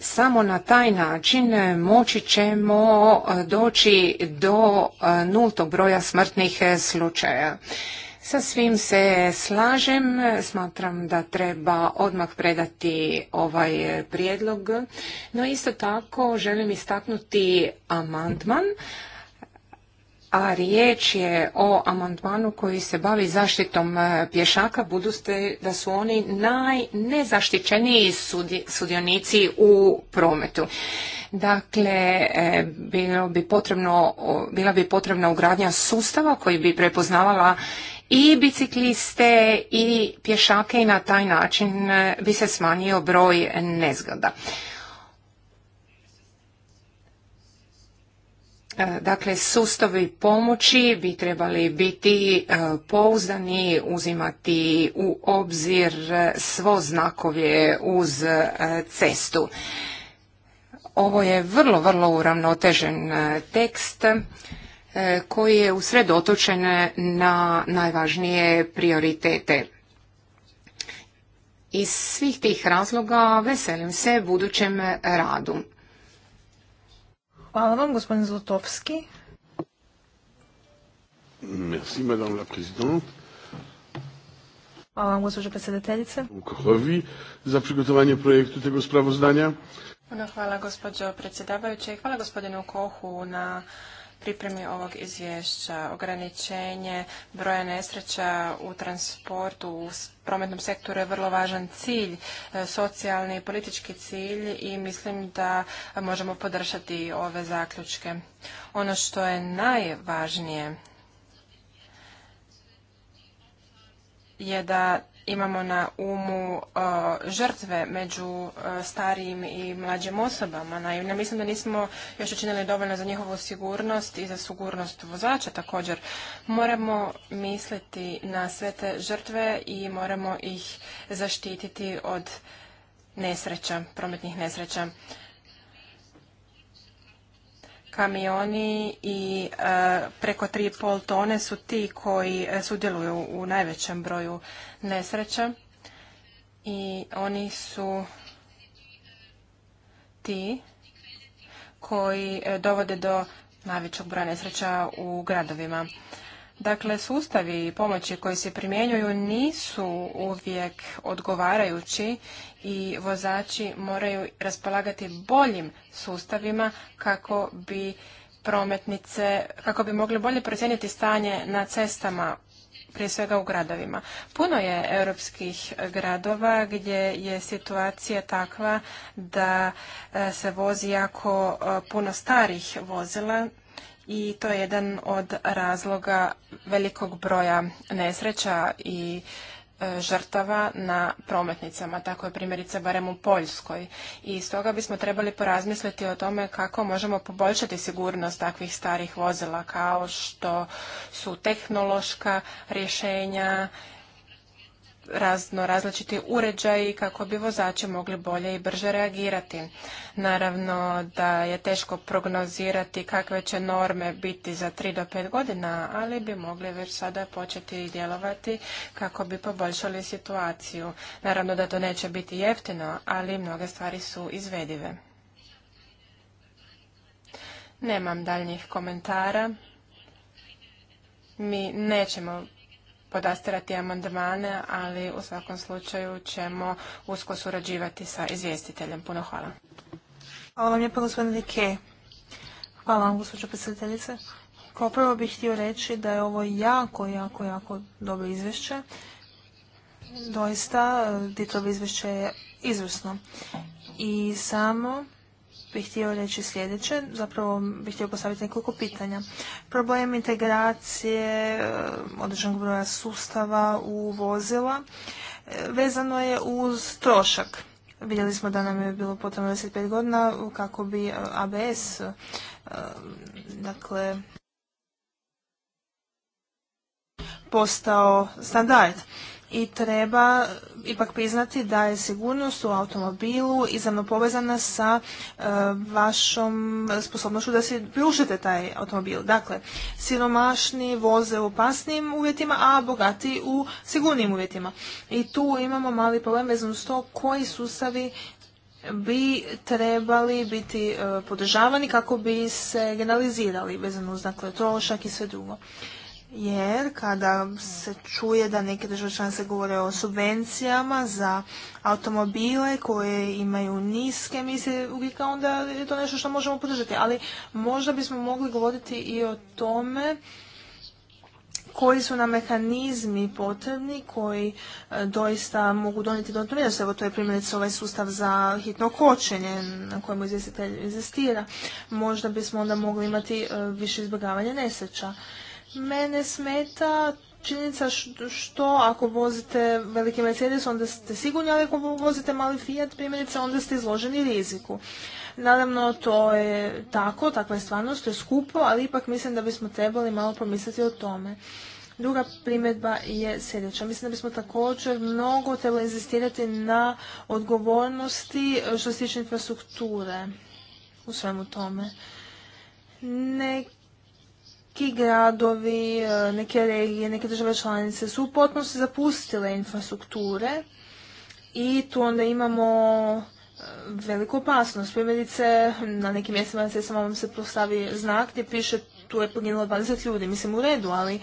Samo na taj način moći ćemo e, doći do nultog broja smrtnih slučaja. Sa svim se slažem, smatram da treba odmah predati ovaj prijedlog, no isto tako želim istaknuti amandman a riječ je o amandmanu koji se bavi zaštitom e, pješaka, budući da su oni najnezaštićeniji sudionici u prometu. Dakle, e, bilo bi potrebno, bila bi potrebna ugradnja sustava koji bi prepoznavala i bicikliste i pješake i na taj način e, bi se smanjio broj nezgoda. E, dakle, sustavi pomoći bi trebali biti e, pouzdani, uzimati u obzir svo znakovje uz e, cestu. Ovo je vrlo, vrlo uravnotežen tekst koji je usredotočen na najvažnije prioritete. Iz svih tih razloga veselim se budućem radu. Hvala vam, gospodin Zlotovski. Merci, madame la présidente. Hvala vam, gospođo predsjedateljice. Kohovi za prigotovanje projektu tego sprawozdania. Puno hvala, gospođo predsjedavajuće. Hvala gospodinu Kohu na pripremi ovog izvješća. Ograničenje broja nesreća u transportu, u prometnom sektoru je vrlo važan cilj, e, socijalni i politički cilj i mislim da možemo podržati ove zaključke. Ono što je najvažnije je da imamo na umu e, žrtve među e, starijim i mlađim osobama. Naivno, mislim da nismo još učinili dovoljno za njihovu sigurnost i za sigurnost vozača također. Moramo misliti na sve te žrtve i moramo ih zaštititi od nesreća, prometnih nesreća. Kamioni i e, preko 3,5 tone su ti koji e, sudjeluju u najvećem broju nesreća i oni su ti koji e, dovode do najvećeg broja nesreća u gradovima. Dakle, sustavi i pomoći koji se primjenjuju nisu uvijek odgovarajući i vozači moraju raspolagati boljim sustavima kako bi prometnice, kako bi mogli bolje procijeniti stanje na cestama prije svega u gradovima. Puno je europskih gradova gdje je situacija takva da e, se vozi jako e, puno starih vozila i to je jedan od razloga velikog broja nesreća i e, žrtava na prometnicama, tako je primjerice barem u Poljskoj. I stoga bismo trebali porazmisliti o tome kako možemo poboljšati sigurnost takvih starih vozila, kao što su tehnološka rješenja, razno različiti uređaji kako bi vozači mogli bolje i brže reagirati. Naravno da je teško prognozirati kakve će norme biti za 3 do 5 godina, ali bi mogli već sada početi djelovati kako bi poboljšali situaciju. Naravno da to neće biti jeftino, ali mnoge stvari su izvedive. Nemam daljnjih komentara. Mi nećemo podastirati amandmane, ali u svakom slučaju ćemo usko surađivati sa izvjestiteljem. Puno hvala. Hvala vam lijepo gospodine Hvala vam gospođo predsjedateljice. Kao prvo bih htio reći da je ovo jako, jako, jako dobro izvješće. Doista, Ditovo izvješće je izvrsno. I samo bih htio reći sljedeće, zapravo bih htio postaviti nekoliko pitanja. Problem integracije eh, određenog broja sustava u vozila eh, vezano je uz trošak. Vidjeli smo da nam je bilo potrebno 25 godina kako bi eh, ABS, dakle, postao standard i treba ipak priznati da je sigurnost u automobilu izravno povezana sa e, vašom sposobnošću da si pružite taj automobil. Dakle, siromašni voze u opasnim uvjetima, a bogati u sigurnim uvjetima. I tu imamo mali problem vezano s to koji sustavi bi trebali biti e, podržavani kako bi se generalizirali vezano uz dakle, trošak i sve drugo jer kada se čuje da neke države članice govore o subvencijama za automobile koje imaju niske emisije ugljika, onda je to nešto što možemo podržati. Ali možda bismo mogli govoriti i o tome koji su nam mehanizmi potrebni koji e, doista mogu donijeti do toga. Evo to je primjerice ovaj sustav za hitno kočenje na kojemu izvjestitelj izvestira. Možda bismo onda mogli imati e, više izbjegavanja nesreća. Mene smeta činjenica što ako vozite veliki Mercedes, onda ste sigurni, ali ako vozite mali Fiat, primjerice, onda ste izloženi riziku. Naravno, to je tako, takva je stvarnost, to je skupo, ali ipak mislim da bismo trebali malo promisliti o tome. Druga primjedba je sljedeća. Mislim da bismo također mnogo trebali inzistirati na odgovornosti eh, što se tiče infrastrukture u svemu tome. Neki neki gradovi, e, neke regije, neke države članice su u potpunosti zapustile infrastrukture i tu onda imamo e, veliku opasnost. Primjerice, na nekim mjestima na cestama vam se postavi znak gdje piše tu je poginulo 20 ljudi. Mislim u redu, ali e,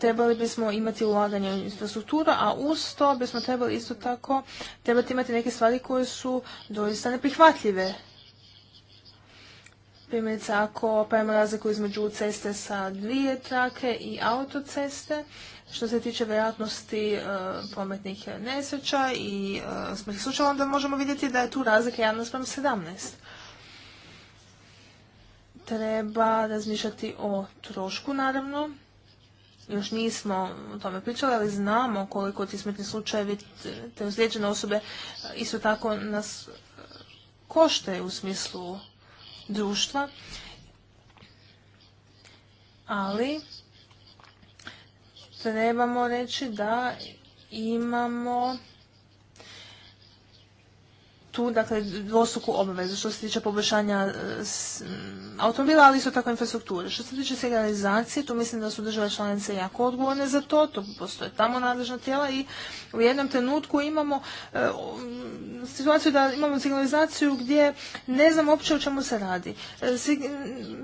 trebali bismo imati ulaganje u infrastrukturu, a uz to bismo trebali isto tako trebati imati neke stvari koje su doista neprihvatljive Primjerice, ako pravimo razliku između ceste sa dvije trake i autoceste, što se tiče vjerojatnosti e, prometnih nesreća i e, smrtnih slučaja, onda možemo vidjeti da je tu razlika 1 sprem 17. Treba razmišljati o trošku, naravno. Još nismo o tome pričali, ali znamo koliko ti smrtni slučajevi e, te ozlijeđene osobe e, isto tako nas košte u smislu društva, ali trebamo reći da imamo tu dakle dvostruku obavezu što se tiče poboljšanja e, automobila, ali isto tako infrastrukture. Što se tiče signalizacije, tu mislim da su države članice jako odgovorne za to, to postoje tamo nadležna tijela i u jednom trenutku imamo e, situaciju da imamo signalizaciju gdje ne znam uopće o čemu se radi. E,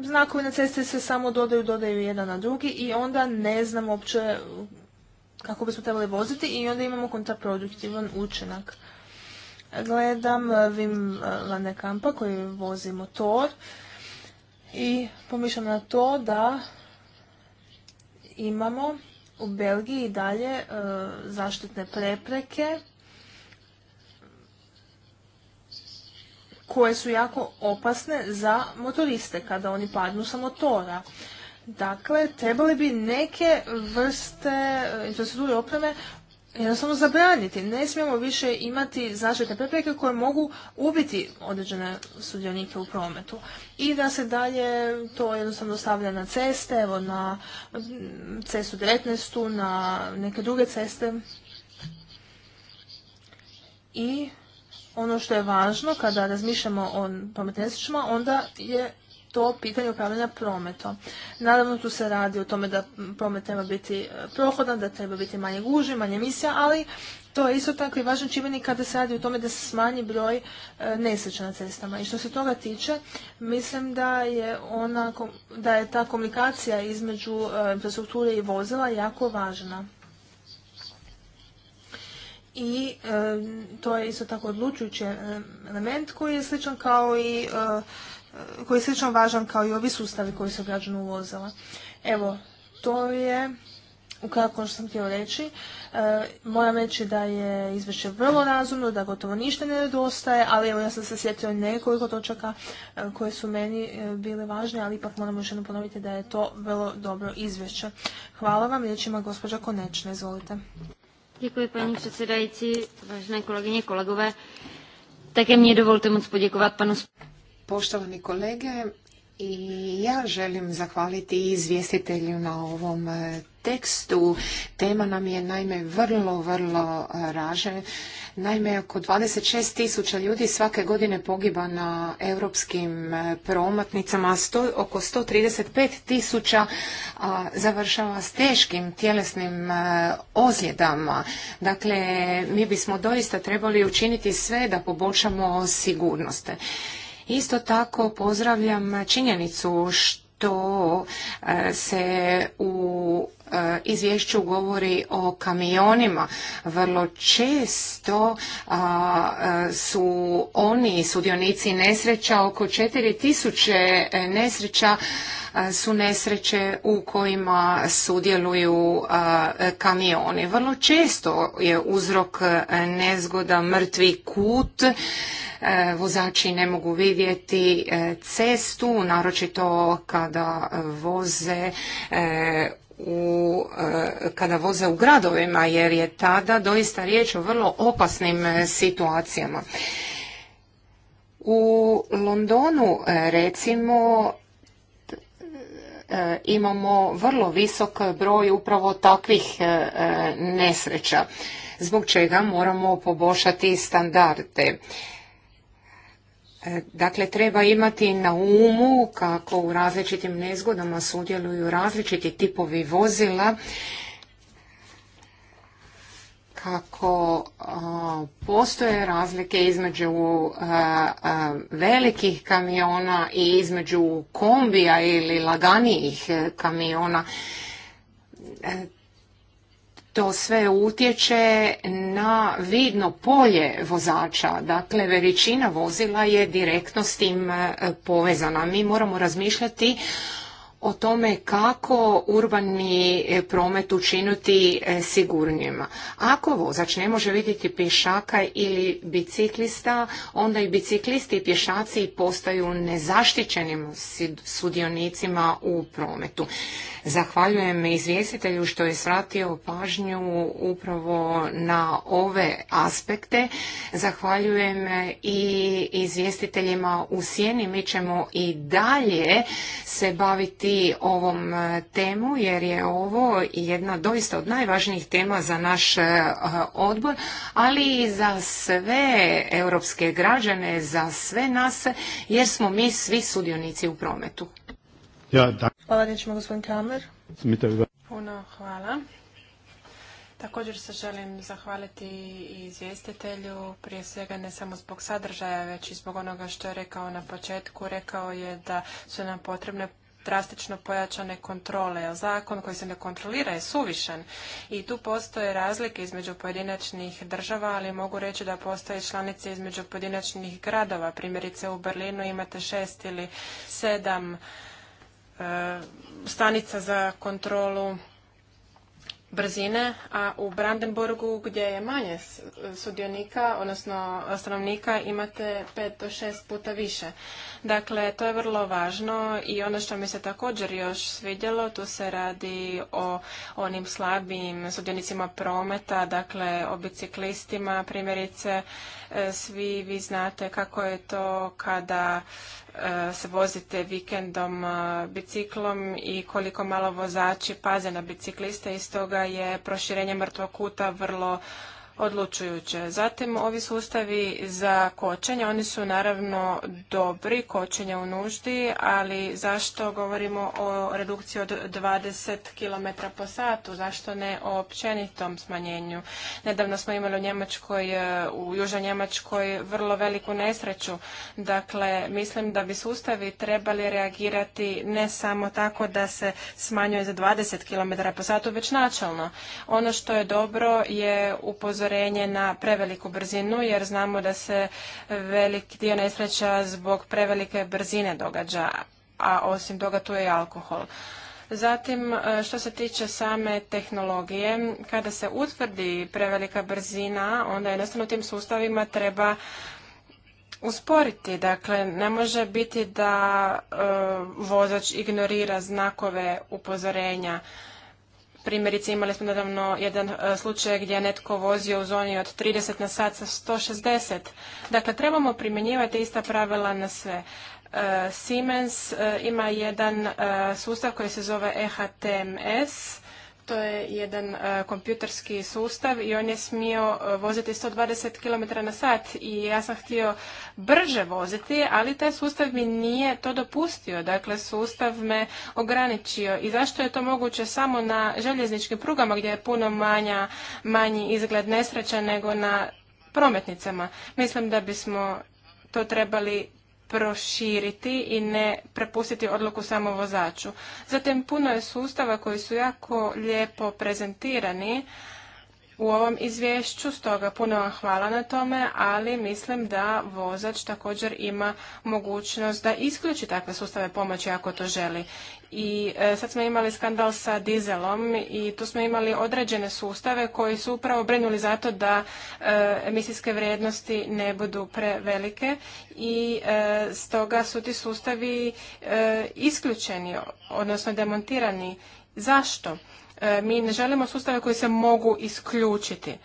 znakovi na ceste se samo dodaju, dodaju jedan na drugi i onda ne znam uopće kako bismo trebali voziti i onda imamo kontraproduktivan učinak gledam Vim eh, eh, Van Kampa koji vozi motor i pomišljam na to da imamo u Belgiji i dalje eh, zaštitne prepreke koje su jako opasne za motoriste kada oni padnu sa motora. Dakle, trebali bi neke vrste infrastrukture opreme jednostavno zabraniti. Ne smijemo više imati zaštitne prepreke koje mogu ubiti određene sudionike u prometu. I da se dalje to jednostavno stavlja na ceste, evo na cestu 19, na neke druge ceste. I ono što je važno kada razmišljamo o prometnim onda je to pitanje upravljanja prometom. Naravno tu se radi o tome da promet treba biti e, prohodan, da treba biti manje guži, manje emisija, ali to je isto tako i važan čimbenik kada se radi o tome da se smanji broj e, nesreća na cestama. I što se toga tiče, mislim da je, ona, da je ta komunikacija između e, infrastrukture i vozila jako važna. I to je isto tako odlučujući element koji je sličan kao i Eh, koji je slično važan kao i ovi sustavi koji se građani uvozila. Evo, to je ukratko što sam htio reći. Eh, moram reći da je izvješće vrlo razumno, da gotovo ništa ne nedostaje, ali evo ja sam se sjetio nekoliko točaka eh, koje su meni bile važne, ali ipak moram još jednom ponoviti da je to vrlo dobro izvješće. Hvala vam, riječ ima gospođa Konečna, izvolite. Děkuji paní předsedající, vážné kolegyně, kolegové. Také mě dovolte moc poděkovat panu Poštovani kolege, i ja želim zahvaliti izvjestitelju na ovom e, tekstu. Tema nam je naime vrlo, vrlo e, raže. Naime, oko 26 tisuća ljudi svake godine pogiba na europskim e, prometnicama, oko 135 tisuća završava s teškim tjelesnim ozljedama. Dakle, mi bismo doista trebali učiniti sve da poboljšamo sigurnost. Isto tako pozdravljam činjenicu što e, se u E, izvješću govori o kamionima. Vrlo često e, su oni sudionici nesreća, oko 4000 e, nesreća su nesreće u kojima sudjeluju kamioni. Vrlo često je uzrok nezgoda mrtvi kut, vozači ne mogu vidjeti cestu, naročito kada voze u, e, kada voze u gradovima jer je tada doista riječ o vrlo opasnim e, situacijama. U Londonu e, recimo imamo vrlo visok broj upravo takvih nesreća zbog čega moramo poboljšati standarde. E, dakle, treba imati na umu kako u različitim nezgodama sudjeluju različiti tipovi vozila, kako postoje razlike između velikih kamiona i između kombija ili laganijih kamiona e, to sve utječe na vidno polje vozača. Dakle, veličina vozila je direktno s tim e, povezana. Mi moramo razmišljati o tome kako urbani e, promet učiniti e, sigurnijima. Ako vozač ne može vidjeti pješaka ili biciklista, onda i biciklisti i pješaci postaju nezaštićenim sudionicima u prometu. Zahvaljujem izvjestitelju što je svratio pažnju upravo na ove aspekte. Zahvaljujem e, i izvjestiteljima u sjeni. Mi ćemo i dalje se baviti posvetiti ovom e, temu jer je ovo jedna doista od najvažnijih tema za naš e, odbor, ali i za sve europske građane, za sve nas jer smo mi svi sudionici u prometu. Hvala gospodin Kramer. Puno hvala. Također se želim zahvaliti i izvjestitelju, prije svega ne samo zbog sadržaja, već i zbog onoga što je rekao na početku. Rekao je da su nam potrebne drastično pojačane kontrole. zakon koji se ne kontrolira je suvišan i tu postoje razlike između pojedinačnih država, ali mogu reći da postoje članice između pojedinačnih gradova. Primjerice u Berlinu imate šest ili sedam e, stanica za kontrolu brzine, a u Brandenburgu gdje je manje sudionika, odnosno stanovnika, imate pet do šest puta više. Dakle, to je vrlo važno i ono što mi se također još svidjelo, tu se radi o onim slabim sudionicima prometa, dakle o biciklistima, primjerice, e, svi vi znate kako je to kada Eh, se vozite vikendom eh, biciklom i koliko malo vozači paze na bicikliste i stoga je proširenje mrtvog kuta vrlo odlučujuće. Zatim ovi sustavi za kočenje, oni su naravno dobri, kočenje u nuždi, ali zašto govorimo o redukciji od 20 km po satu, zašto ne o općenitom smanjenju? Nedavno smo imali u Njemačkoj, e, u Južnoj Njemačkoj vrlo veliku nesreću. Dakle, mislim da bi sustavi trebali reagirati ne samo tako da se smanjuje za 20 km po satu, već načelno. Ono što je dobro je upozoriti upozorenje na preveliku brzinu jer znamo da se velik dio nesreća zbog prevelike brzine događa, a osim toga tu je i alkohol. Zatim, e, što se tiče same tehnologije, kada se utvrdi prevelika brzina, onda jednostavno tim sustavima treba usporiti. Dakle, ne može biti da e, vozač ignorira znakove upozorenja. Primjerice imali smo nedavno jedan e, slučaj gdje je netko vozio u zoni od 30 na sat sa 160. Dakle, trebamo primjenjivati ista pravila na sve. E, Siemens e, ima jedan sustav koji se zove EHTMS to je jedan e, kompjuterski sustav i on je smio e, voziti 120 km na sat i ja sam htio brže voziti, ali taj sustav mi nije to dopustio. Dakle, sustav me ograničio. I zašto je to moguće samo na željezničkim prugama gdje je puno manja, manji izgled nesreća nego na prometnicama? Mislim da bismo to trebali proširiti i ne prepustiti odluku samo vozaču. Zatim puno je sustava koji su jako lijepo prezentirani u ovom izvješću, stoga puno vam hvala na tome, ali mislim da vozač također ima mogućnost da isključi takve sustave pomoći ako to želi. I e, sad smo imali skandal sa dizelom i tu smo imali određene sustave koji su upravo brinuli za to da e, emisijske vrijednosti ne budu prevelike i e, stoga su ti sustavi isključeni, odnosno demontirani. Zašto? Mi ne želimo sustave koji se mogu isključiti.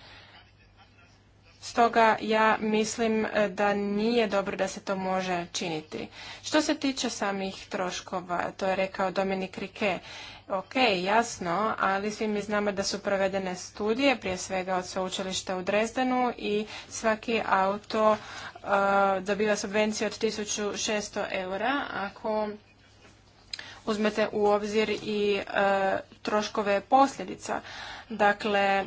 Stoga ja mislim e, da nije dobro da se to može činiti. Što se tiče samih troškova, to je rekao Dominik Rike, Ok, jasno, ali svi mi znamo da su provedene studije, prije svega od sveučilišta u Dresdenu i svaki auto e, dobiva subvenciju od 1600 eura ako uzmete u obzir i e, troškove posljedica. Dakle,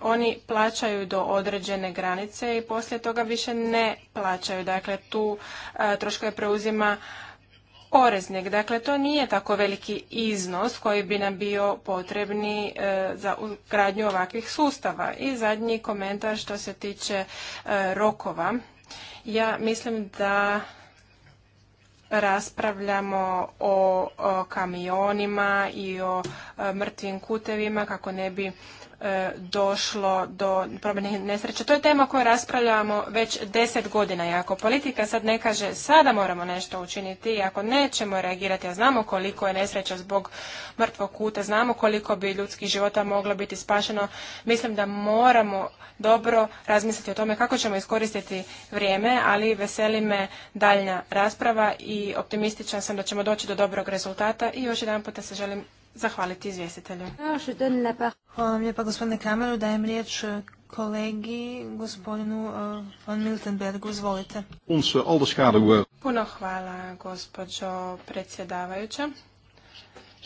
oni plaćaju do određene granice i poslije toga više ne plaćaju. Dakle, tu e, troškove preuzima poreznik. Dakle, to nije tako veliki iznos koji bi nam bio potrebni e, za gradnju ovakvih sustava. I zadnji komentar što se tiče e, rokova. Ja mislim da raspravljamo o, kamionima i o mrtvim kutevima kako ne bi E, došlo do prometnih nesreća. To je tema koju raspravljamo već deset godina i ako politika sad ne kaže sada moramo nešto učiniti i ako nećemo reagirati, a znamo koliko je nesreća zbog mrtvog kuta, znamo koliko bi ljudskih života moglo biti spašeno, mislim da moramo dobro razmisliti o tome kako ćemo iskoristiti vrijeme, ali veseli me daljnja rasprava i optimističan sam da ćemo doći do dobrog rezultata i još jedan puta se želim zahvaliti izvjestitelju. Hvala vam lijepa gospodine Kameru. Dajem riječ e, kolegi gospodinu e, von Miltenbergu. Izvolite. Puno hvala gospođo predsjedavajuća.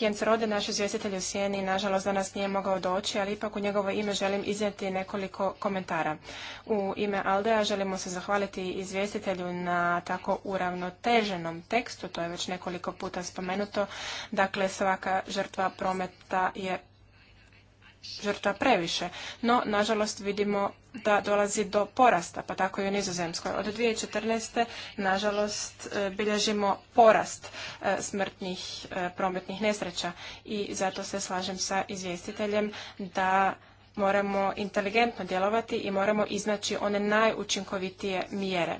Jens Rode, naš izvjestitelj u Sjeni, nažalost danas nije mogao doći, ali ipak u njegovo ime želim iznijeti nekoliko komentara. U ime Aldeja želimo se zahvaliti izvjestitelju na tako uravnoteženom tekstu, to je već nekoliko puta spomenuto. Dakle, svaka žrtva prometa je žrtva previše, no nažalost vidimo da dolazi do porasta, pa tako i u Nizozemskoj. Od 2014. nažalost e, bilježimo porast e, smrtnih e, prometnih nesreća i zato se slažem sa izvjestiteljem da moramo inteligentno djelovati i moramo iznaći one najučinkovitije mjere.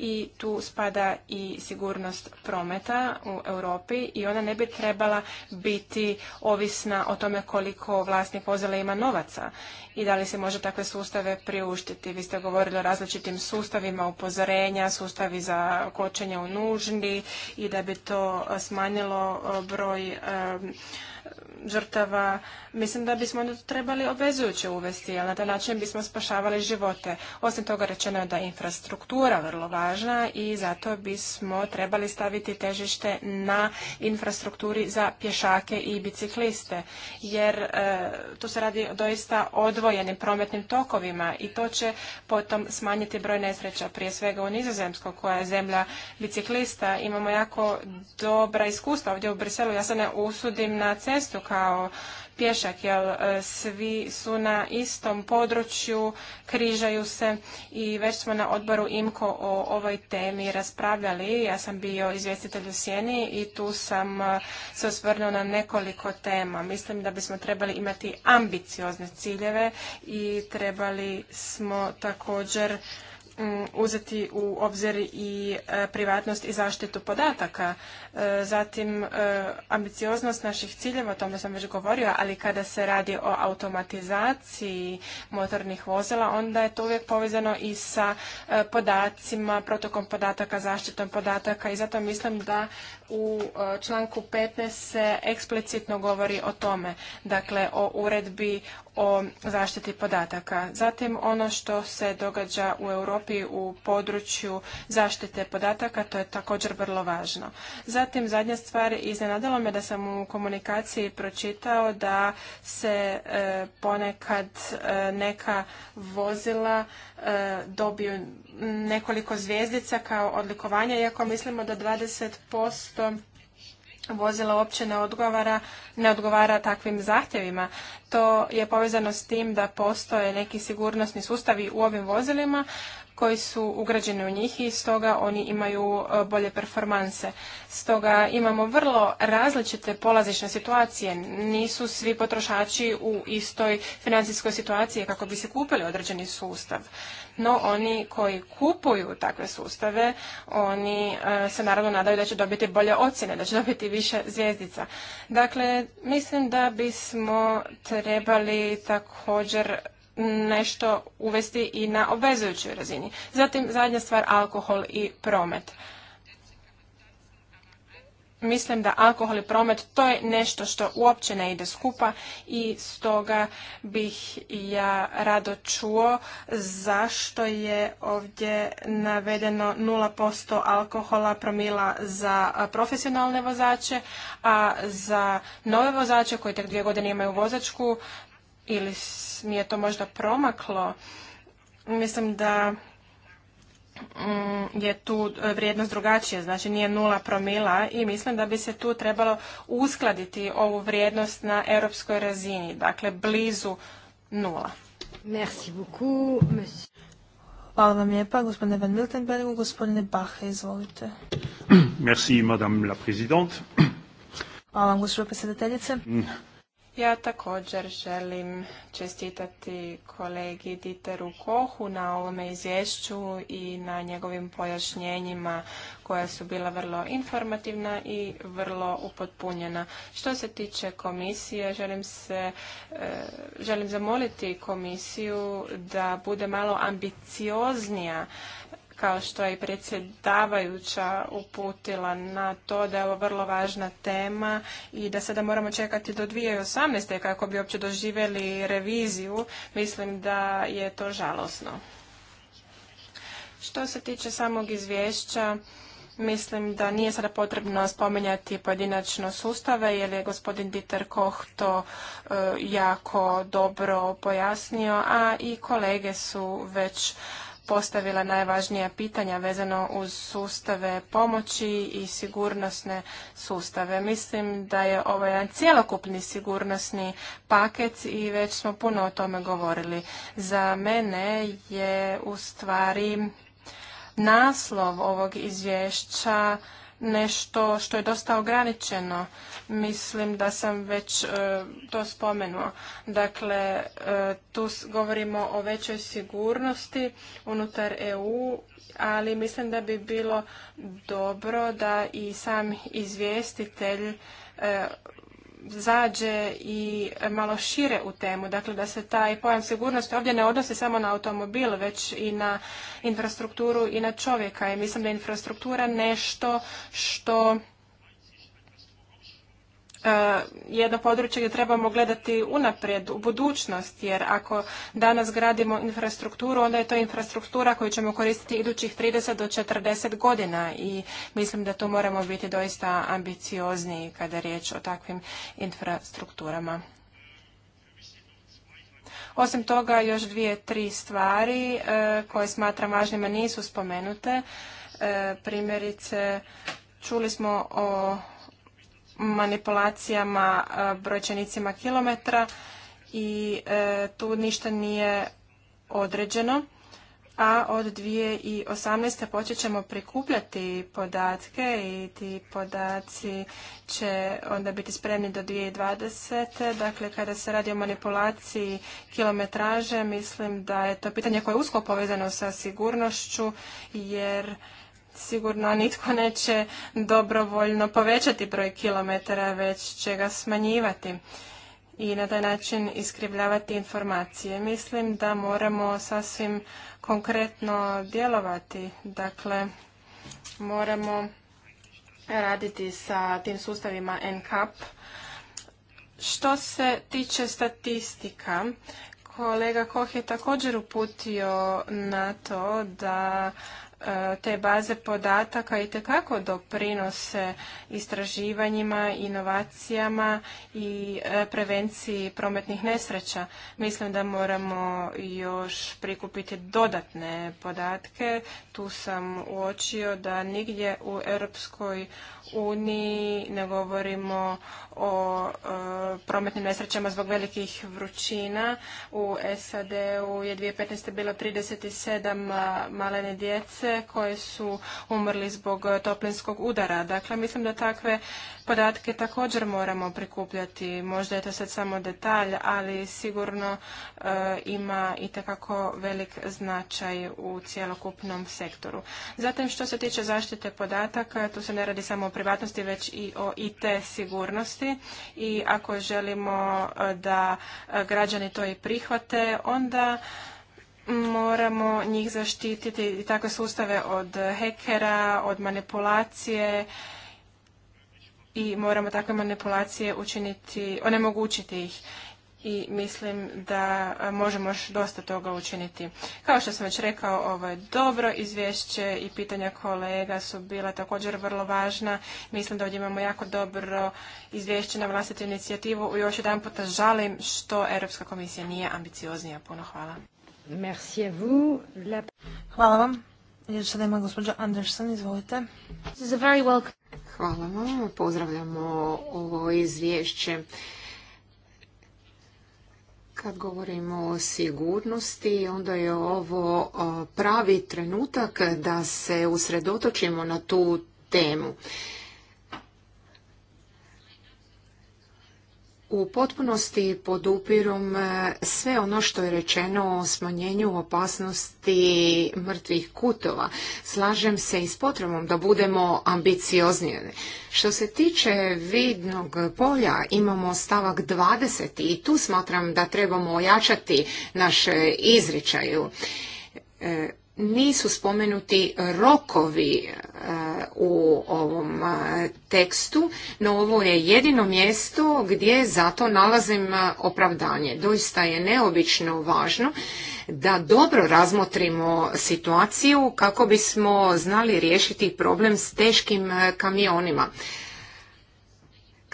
I tu spada i sigurnost prometa u Europi i ona ne bi trebala biti ovisna o tome koliko vlasnik vozila ima novaca i da li se može takve sustave priuštiti. Vi ste govorili o različitim sustavima upozorenja, sustavi za kočenje u nužni i da bi to smanjilo eh, broj eh, žrtava, mislim da bismo to trebali obvezujuće uvesti, jer na taj način bismo spašavali živote. Osim toga rečeno je da je infrastruktura vrlo važna i zato bismo trebali staviti težište na infrastrukturi za pješake i bicikliste, jer e, tu se radi doista odvojenim prometnim tokovima i to će potom smanjiti broj nesreća, prije svega u Nizozemskoj koja je zemlja biciklista. Imamo jako dobra iskustva ovdje u Briselu. Ja se ne usudim na cestu kao pješak, jer e, svi su na istom području, križaju se i već smo na odboru IMKO o ovoj temi raspravljali. Ja sam bio izvjestitelj u Sjeni i tu sam e, se osvrnuo na nekoliko tema. Mislim da bismo trebali imati ambiciozne ciljeve i trebali smo također uzeti u obzir i e, privatnost i zaštitu podataka. E, zatim e, ambicioznost naših ciljeva, o tome sam već govorio, ali kada se radi o automatizaciji motornih vozila, onda je to uvijek povezano i sa podacima, protokom podataka, zaštitom podataka i zato mislim da u e, članku 15 se eksplicitno govori o tome, dakle o uredbi o zaštiti podataka. Zatim ono što se događa u Europi u području zaštite podataka, to je također vrlo važno. Zatim zadnja stvar, iznenadalo me da sam u komunikaciji pročitao da se e, ponekad e, neka vozila dobiju nekoliko zvijezdica kao odlikovanja, iako mislimo da 20% često vozila uopće ne odgovara, ne odgovara takvim zahtjevima. To je povezano s tim da postoje neki sigurnosni sustavi u ovim vozilima koji su ugrađeni u njih i stoga oni imaju e, bolje performanse. Stoga imamo vrlo različite polazične situacije. Nisu svi potrošači u istoj financijskoj situaciji kako bi se kupili određeni sustav. No oni koji kupuju takve sustave, oni e, se naravno nadaju da će dobiti bolje ocjene, da će dobiti više zvijezdica. Dakle, mislim da bismo trebali također nešto uvesti i na obvezujućoj razini. Zatim zadnja stvar alkohol i promet mislim da alkohol i promet to je nešto što uopće ne ide skupa i stoga bih ja rado čuo zašto je ovdje navedeno 0% alkohola promila za profesionalne vozače, a za nove vozače koji tek dvije godine imaju vozačku ili mi je to možda promaklo, mislim da Mm, je tu e, vrijednost drugačija, znači nije nula promila i mislim da bi se tu trebalo uskladiti ovu vrijednost na europskoj razini, dakle blizu nula. Merci beaucoup, monsieur. Hvala vam lijepa, gospodine Van Miltenbergu. Gospodine Bache, izvolite. Merci, madame la présidente. Hvala vam, gospodine predsjedateljice. Mm. Ja također želim čestitati kolegi Diteru Kohu na ovome izvješću i na njegovim pojašnjenjima koja su bila vrlo informativna i vrlo upotpunjena. Što se tiče komisije, želim, se, e, želim zamoliti komisiju da bude malo ambicioznija kao što je i predsjedavajuća uputila na to da je ovo vrlo važna tema i da sada moramo čekati do 2018. kako bi uopće doživjeli reviziju, mislim da je to žalosno. Što se tiče samog izvješća, Mislim da nije sada potrebno spomenjati pojedinačno sustave, jer je gospodin Dieter Koch to e, jako dobro pojasnio, a i kolege su već postavila najvažnija pitanja vezano uz sustave pomoći i sigurnosne sustave. Mislim da je ovo jedan cjelokupni sigurnosni paket i već smo puno o tome govorili. Za mene je u stvari naslov ovog izvješća nešto što je dosta ograničeno. Mislim da sam već e, to spomenuo. Dakle, e, tu govorimo o većoj sigurnosti unutar EU, ali mislim da bi bilo dobro da i sam izvjestitelj e, zađe i malo šire u temu, dakle da se taj pojam sigurnosti ovdje ne odnosi samo na automobil, već i na infrastrukturu i na čovjeka. I mislim da je infrastruktura nešto što E, jedno područje gdje trebamo gledati unaprijed, u budućnost, jer ako danas gradimo infrastrukturu, onda je to infrastruktura koju ćemo koristiti idućih 30 do 40 godina i mislim da tu moramo biti doista ambiciozni kada je riječ o takvim infrastrukturama. Osim toga, još dvije, tri stvari e, koje smatram važnima nisu spomenute. E, primjerice, čuli smo o manipulacijama e, brojčanicima kilometra i e, tu ništa nije određeno a od 2018. počet ćemo prikupljati podatke i ti podaci će onda biti spremni do 2020. Dakle, kada se radi o manipulaciji kilometraže, mislim da je to pitanje koje je usko povezano sa sigurnošću, jer sigurno nitko neće dobrovoljno povećati broj kilometara, već će ga smanjivati i na taj način iskrivljavati informacije. Mislim da moramo sasvim konkretno djelovati, dakle moramo raditi sa tim sustavima NCAP. Što se tiče statistika, kolega Koh je također uputio na to da E, te baze podataka i tekako doprinose istraživanjima, inovacijama i e, prevenciji prometnih nesreća. Mislim da moramo još prikupiti dodatne podatke. Tu sam uočio da nigdje u Europskoj uniji, ne govorimo o e, prometnim nesrećama zbog velikih vrućina. U SAD-u je 2015. bilo 37 e, malene djece koje su umrli zbog toplinskog udara. Dakle, mislim da takve podatke također moramo prikupljati. Možda je to sad samo detalj, ali sigurno e, ima i takako velik značaj u cjelokupnom sektoru. Zatim, što se tiče zaštite podataka, tu se ne radi samo o privatnosti već i o IT sigurnosti i ako želimo e, da e, građani to i prihvate onda moramo njih zaštititi i takve sustave od hekera, od manipulacije i moramo takve manipulacije učiniti, onemogućiti ih i mislim da možemo još dosta toga učiniti. Kao što sam već rekao, ovo je dobro izvješće i pitanja kolega su bila također vrlo važna. Mislim da ovdje imamo jako dobro izvješće na vlastitu inicijativu i još jedan puta žalim što Europska komisija nije ambicioznija. Puno hvala. Merci vous. La... Hvala vam. sada ima gospođa Anderson, izvolite. Hvala vam, pozdravljamo ovo izvješće. Kad govorimo o sigurnosti, onda je ovo pravi trenutak da se usredotočimo na tu temu. u potpunosti podupirum e, sve ono što je rečeno o smanjenju opasnosti mrtvih kutova. Slažem se i s potrebom da budemo ambiciozniji. Što se tiče vidnog polja, imamo stavak 20 i tu smatram da trebamo ojačati naše izričaju. E, nisu spomenuti rokovi eh, u ovom eh, tekstu, no ovo je jedino mjesto gdje zato nalazim eh, opravdanje. Doista je neobično važno da dobro razmotrimo situaciju kako bismo znali riješiti problem s teškim kamionima.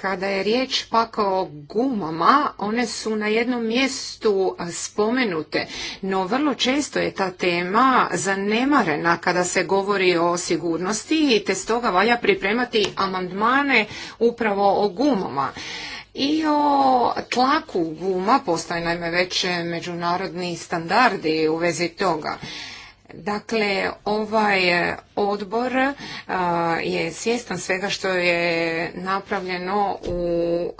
Kada je riječ pak o gumama, one su na jednom mjestu spomenute, no vrlo često je ta tema zanemarena kada se govori o sigurnosti i te stoga valja pripremati amandmane upravo o gumama. I o tlaku guma postoje naime već međunarodni standardi u vezi toga. Dakle, ovaj e, odbor je svjestan svega što je napravljeno u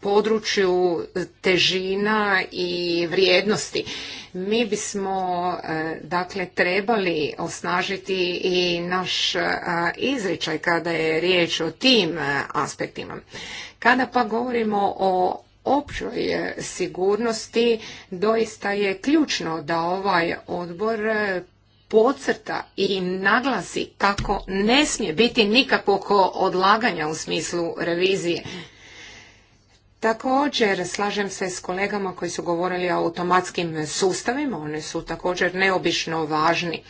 području težina i vrijednosti. Mi bismo e, dakle trebali osnažiti i naš izričaj kada je riječ o tim aspektima. Kada pa govorimo o općoj sigurnosti doista je ključno da ovaj odbor e, pocrta i naglasi kako ne smije biti nikakvog odlaganja u smislu revizije. Također slažem se s kolegama koji su govorili o automatskim sustavima, oni su također neobično važni.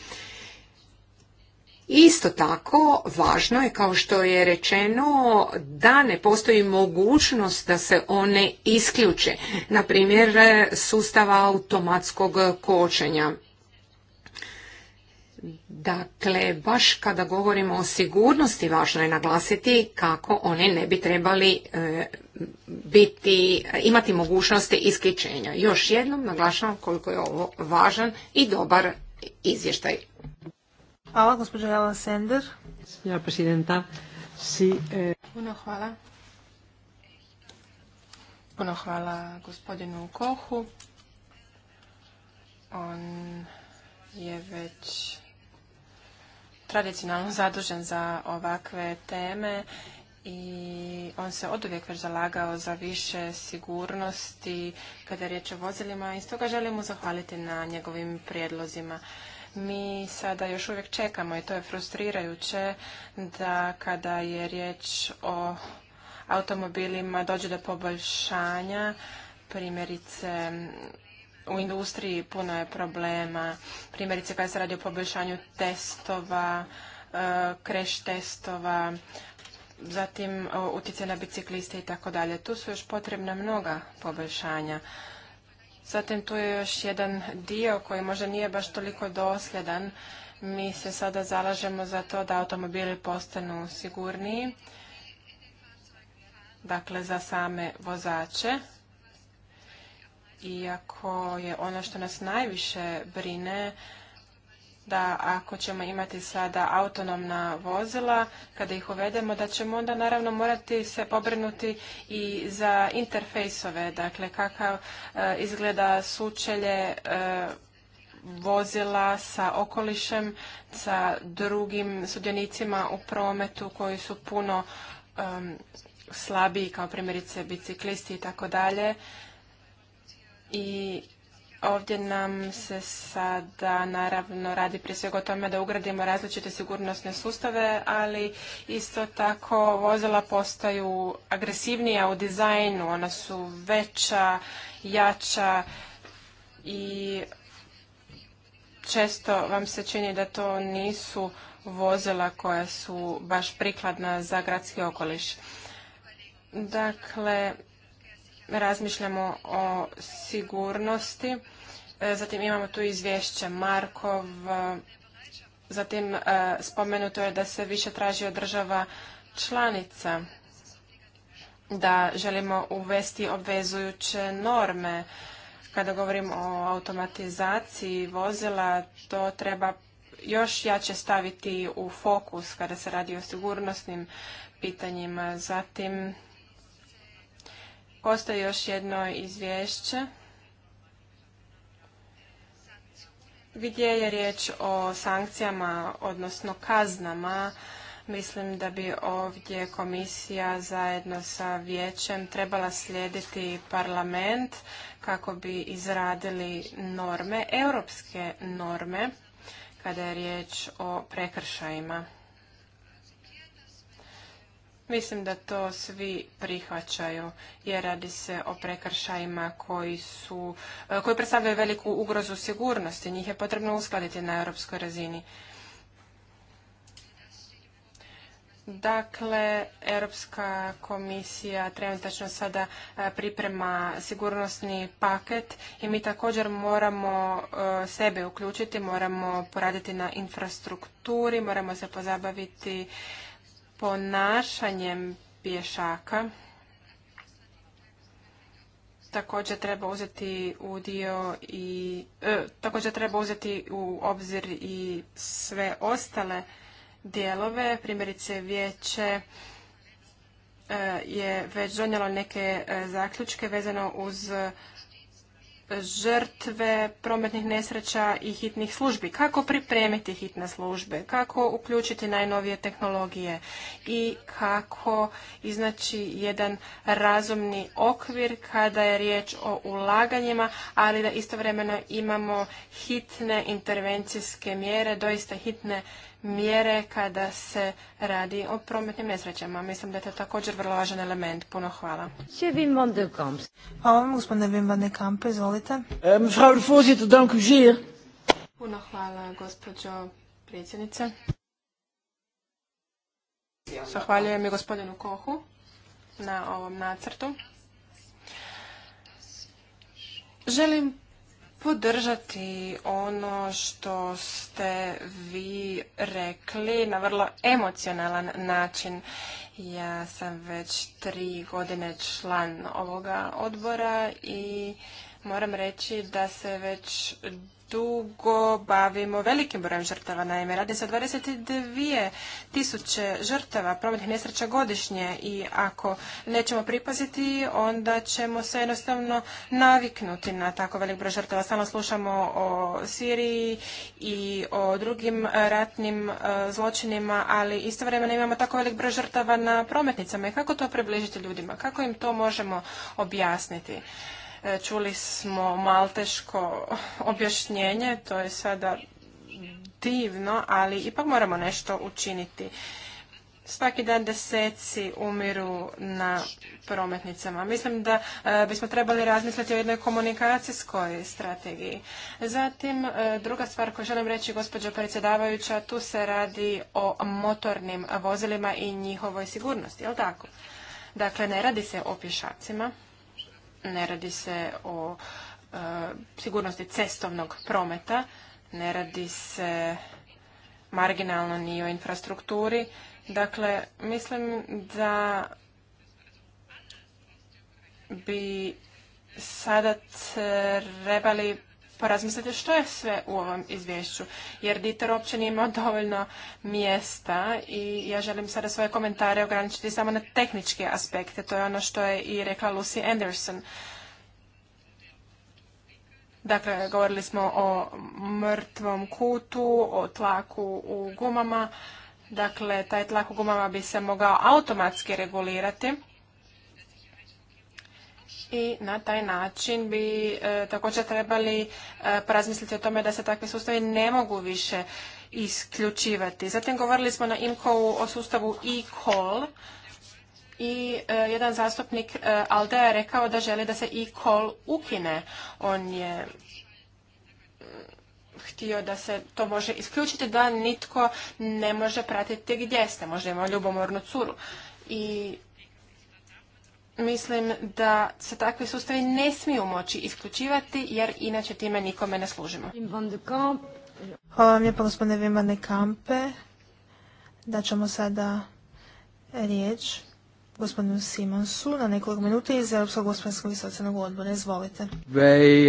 Isto tako, važno je, kao što je rečeno, da ne postoji mogućnost da se one isključe, na primjer sustava automatskog kočenja. Dakle, baš kada govorimo o sigurnosti, važno je naglasiti kako one ne bi trebali e, biti, imati mogućnosti isključenja. Još jednom naglašavam koliko je ovo važan i dobar izvještaj. Hvala, gospođa Sender. Eh, Puno hvala. gospodinu Kohu. On je već tradicionalno zadužen za ovakve teme i on se oduvijek već zalagao za više sigurnosti kada je riječ o vozilima i stoga želim mu zahvaliti na njegovim prijedlozima mi sada još uvijek čekamo i to je frustrirajuće da kada je riječ o automobilima dođe do poboljšanja, primjerice u industriji puno je problema, primjerice kada se radi o poboljšanju testova, kreš e, testova, zatim e, utjecaj na bicikliste i tako dalje. Tu su još potrebna mnoga poboljšanja. Zatim tu je još jedan dio koji možda nije baš toliko dosljedan. Mi se sada zalažemo za to da automobili postanu sigurniji, dakle za same vozače. Iako je ono što nas najviše brine da ako ćemo imati sada autonomna vozila, kada ih uvedemo, da ćemo onda naravno morati se pobrinuti i za interfejsove, dakle kakav e, izgleda sučelje e, vozila sa okolišem, sa drugim sudionicima u prometu koji su puno slabiji, kao primjerice biciklisti i tako dalje. I Ovdje nam se sada naravno radi prije svega o tome da ugradimo različite sigurnosne sustave, ali isto tako vozila postaju agresivnija u dizajnu, ona su veća, jača i često vam se čini da to nisu vozila koja su baš prikladna za gradski okoliš. Dakle, razmišljamo o sigurnosti. E, zatim imamo tu izvješće Markov, e, zatim e, spomenuto je da se više traži od država članica, da želimo uvesti obvezujuće norme. Kada govorimo o automatizaciji vozila, to treba još jače staviti u fokus kada se radi o sigurnosnim pitanjima. Zatim Postoji još jedno izvješće gdje je riječ o sankcijama, odnosno kaznama. Mislim da bi ovdje komisija zajedno sa vijećem trebala slijediti parlament kako bi izradili norme, europske norme, kada je riječ o prekršajima. Mislim da to svi prihvaćaju jer radi se o prekršajima koji su, e, koji predstavljaju veliku ugrozu sigurnosti. Njih je potrebno uskladiti na europskoj razini. Dakle, Europska komisija trenutačno sada e, priprema sigurnosni paket i mi također moramo e, sebe uključiti, moramo poraditi na infrastrukturi, moramo se pozabaviti ponašanjem pješaka također treba uzeti u dio i e, također treba uzeti u obzir i sve ostale dijelove primjerice vijeće e, je već donijelo neke e, zaključke vezano uz žrtve prometnih nesreća i hitnih službi. Kako pripremiti hitne službe, kako uključiti najnovije tehnologije i kako iznaći jedan razumni okvir kada je riječ o ulaganjima, ali da istovremeno imamo hitne intervencijske mjere, doista hitne mjere kada se radi o prometnim nesrećama. Mislim da je to također vrlo važan element. Puno hvala. Hvala vam, gospodine Wim van de Kamp, izvolite. Eh, mevrouw de voorzitter, dank u zeer. Puno hvala, gospođo predsjednice. Zahvaljujem i gospodinu Kohu na ovom nacrtu. Želim podržati ono što ste vi rekli na vrlo emocionalan način. Ja sam već tri godine član ovoga odbora i moram reći da se već dugo bavimo velikim brojem žrtava. Naime, radi se o 22 tisuće žrtava prometnih nesreća godišnje i ako nećemo pripaziti, onda ćemo se jednostavno naviknuti na tako velik broj žrtava. Stalno slušamo o Siriji i o drugim ratnim e, zločinima, ali istovremeno imamo tako velik broj žrtava na prometnicama. I kako to približiti ljudima? Kako im to možemo objasniti? E, čuli smo malteško objašnjenje, to je sada divno, ali ipak moramo nešto učiniti. Svaki dan deseci umiru na prometnicama. Mislim da e, bismo trebali razmisliti o jednoj komunikacijskoj strategiji. Zatim, e, druga stvar koju želim reći, gospođo predsjedavajuća, tu se radi o motornim vozilima i njihovoj sigurnosti, Je li tako? Dakle, ne radi se o pješacima, ne radi se o e, sigurnosti cestovnog prometa, ne radi se marginalno ni o infrastrukturi. Dakle, mislim da bi sada trebali porazmislite pa što je sve u ovom izvješću, jer Dieter uopće nije imao dovoljno mjesta i ja želim sada svoje komentare ograničiti samo na tehničke aspekte. To je ono što je i rekla Lucy Anderson. Dakle, govorili smo o mrtvom kutu, o tlaku u gumama. Dakle, taj tlak u gumama bi se mogao automatski regulirati i na taj način bi e, također trebali e, porazmisliti o tome da se takvi sustavi ne mogu više isključivati. Zatim govorili smo na IMCO o sustavu e-call i e, jedan zastupnik Aldea je rekao da želi da se e-call ukine. On je mm, htio da se to može isključiti, da nitko ne može pratiti gdje ste. Možda ima ljubomornu curu. I mislim da se takvi sustavi ne smiju moći isključivati jer inače time nikome ne služimo. Hvala vam lijepo gospodine Vimane Kampe. ćemo sada riječ gospodinu Simonsu na nekoliko minuta iz Europskog gospodarskog i socijalnog odbora. Izvolite. Eh, eh,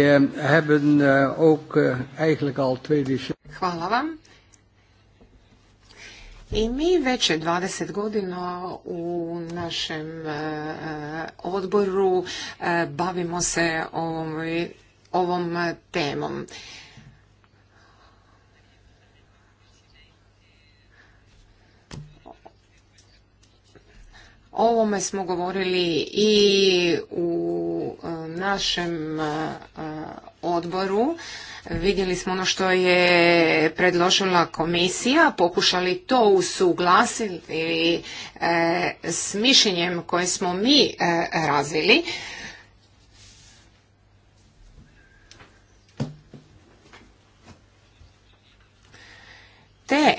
eh, Hvala vam. I mi već 20 godina u našem e, odboru e, bavimo se ovom, ovom temom. ovome smo govorili i u e, našem e, odboru. Vidjeli smo ono što je predložila komisija, pokušali to usuglasiti e, s mišljenjem koje smo mi razvili. te e,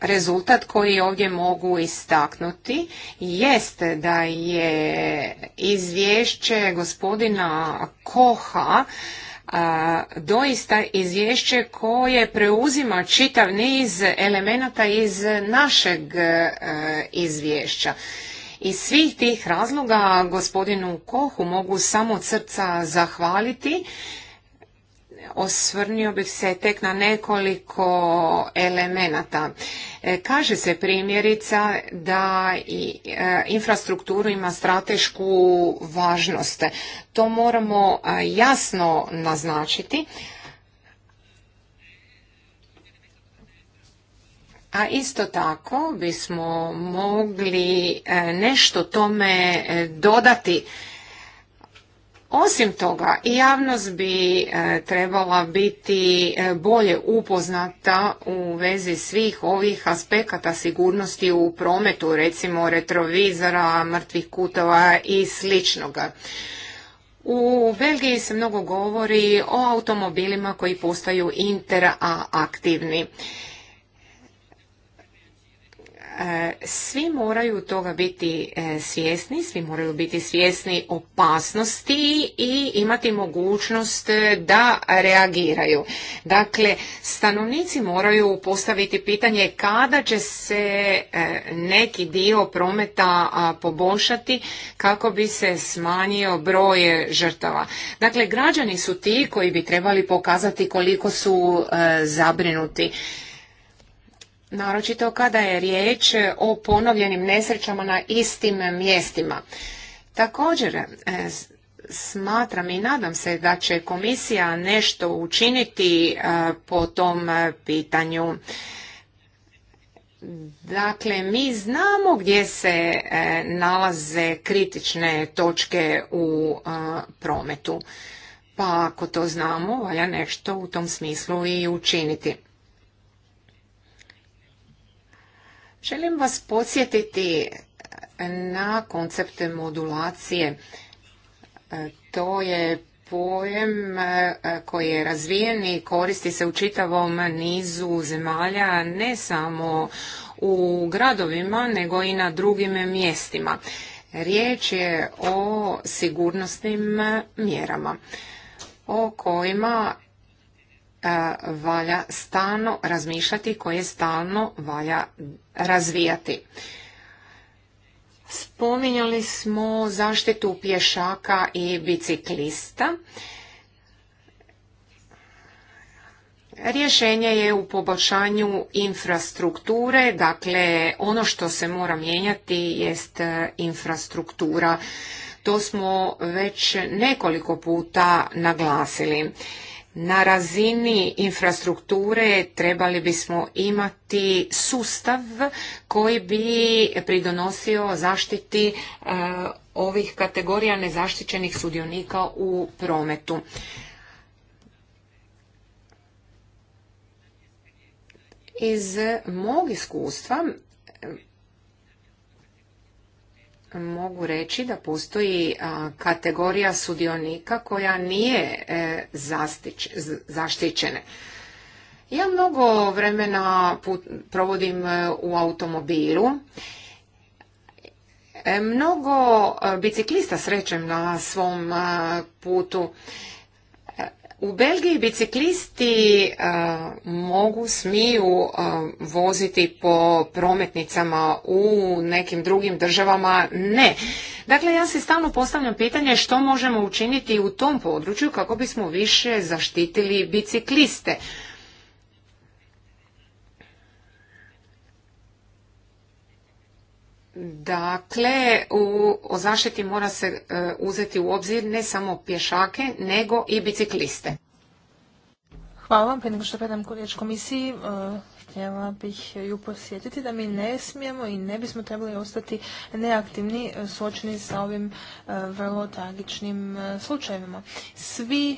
rezultat koji ovdje mogu istaknuti jest da je izvješće gospodina Koha e, doista izvješće koje preuzima čitav niz elemenata iz našeg e, izvješća. Iz svih tih razloga gospodinu Kohu mogu samo od srca zahvaliti osvrnio bih se tek na nekoliko elemenata. E, kaže se primjerica da i e, infrastrukturu ima stratešku važnost. To moramo e, jasno naznačiti. A isto tako bismo mogli nešto tome dodati osim toga, javnost bi e, trebala biti e, bolje upoznata u vezi svih ovih aspekata sigurnosti u prometu, recimo retrovizora, mrtvih kutova i sličnoga. U Belgiji se mnogo govori o automobilima koji postaju interaktivni. E, svi moraju toga biti e, svjesni, svi moraju biti svjesni opasnosti i imati mogućnost e, da reagiraju. Dakle, stanovnici moraju postaviti pitanje kada će se neki dio prometa poboljšati kako bi se smanjio broj žrtava. Dakle, građani su ti koji bi trebali pokazati koliko su zabrinuti naročito kada je riječ o ponovljenim nesrećama na istim mjestima. Također, e, smatram i nadam se da će komisija nešto učiniti e, po tom pitanju. Dakle, mi znamo gdje se e, nalaze kritične točke u prometu. Pa ako to znamo, valja nešto u tom smislu i učiniti. Želim vas podsjetiti na koncepte modulacije. E, to je pojem e, koji je razvijen i koristi se u čitavom nizu zemalja, ne samo u gradovima, nego i na drugim mjestima. Riječ je o sigurnosnim mjerama o kojima E, valja stalno razmišljati, koje stalno valja razvijati. Spominjali smo zaštitu pješaka i biciklista. Rješenje je u poboljšanju infrastrukture, dakle ono što se mora mijenjati jest e, infrastruktura. To smo već nekoliko puta naglasili. Na razini infrastrukture trebali bismo imati sustav koji bi pridonosio zaštiti e, ovih kategorija nezaštićenih sudionika u prometu. Iz mog iskustva mogu reći da postoji kategorija sudionika koja nije e, zaštićena. Ja mnogo vremena provodim e, u automobilu. E, mnogo biciklista srećem na svom putu u Belgiji biciklisti mogu, smiju voziti po prometnicama u nekim drugim državama, ne. Dakle, ja se stalno postavljam pitanje što možemo učiniti u tom području kako bismo više zaštitili bicikliste. Dakle, u, o zaštiti mora se e, uzeti u obzir ne samo pješake, nego i bicikliste. Hvala vam. Prije što predam riječ komisiji, e, htjela bih ju posjetiti da mi ne smijemo i ne bismo trebali ostati neaktivni e, suočeni sa ovim vrlo tragičnim slučajevima. Svi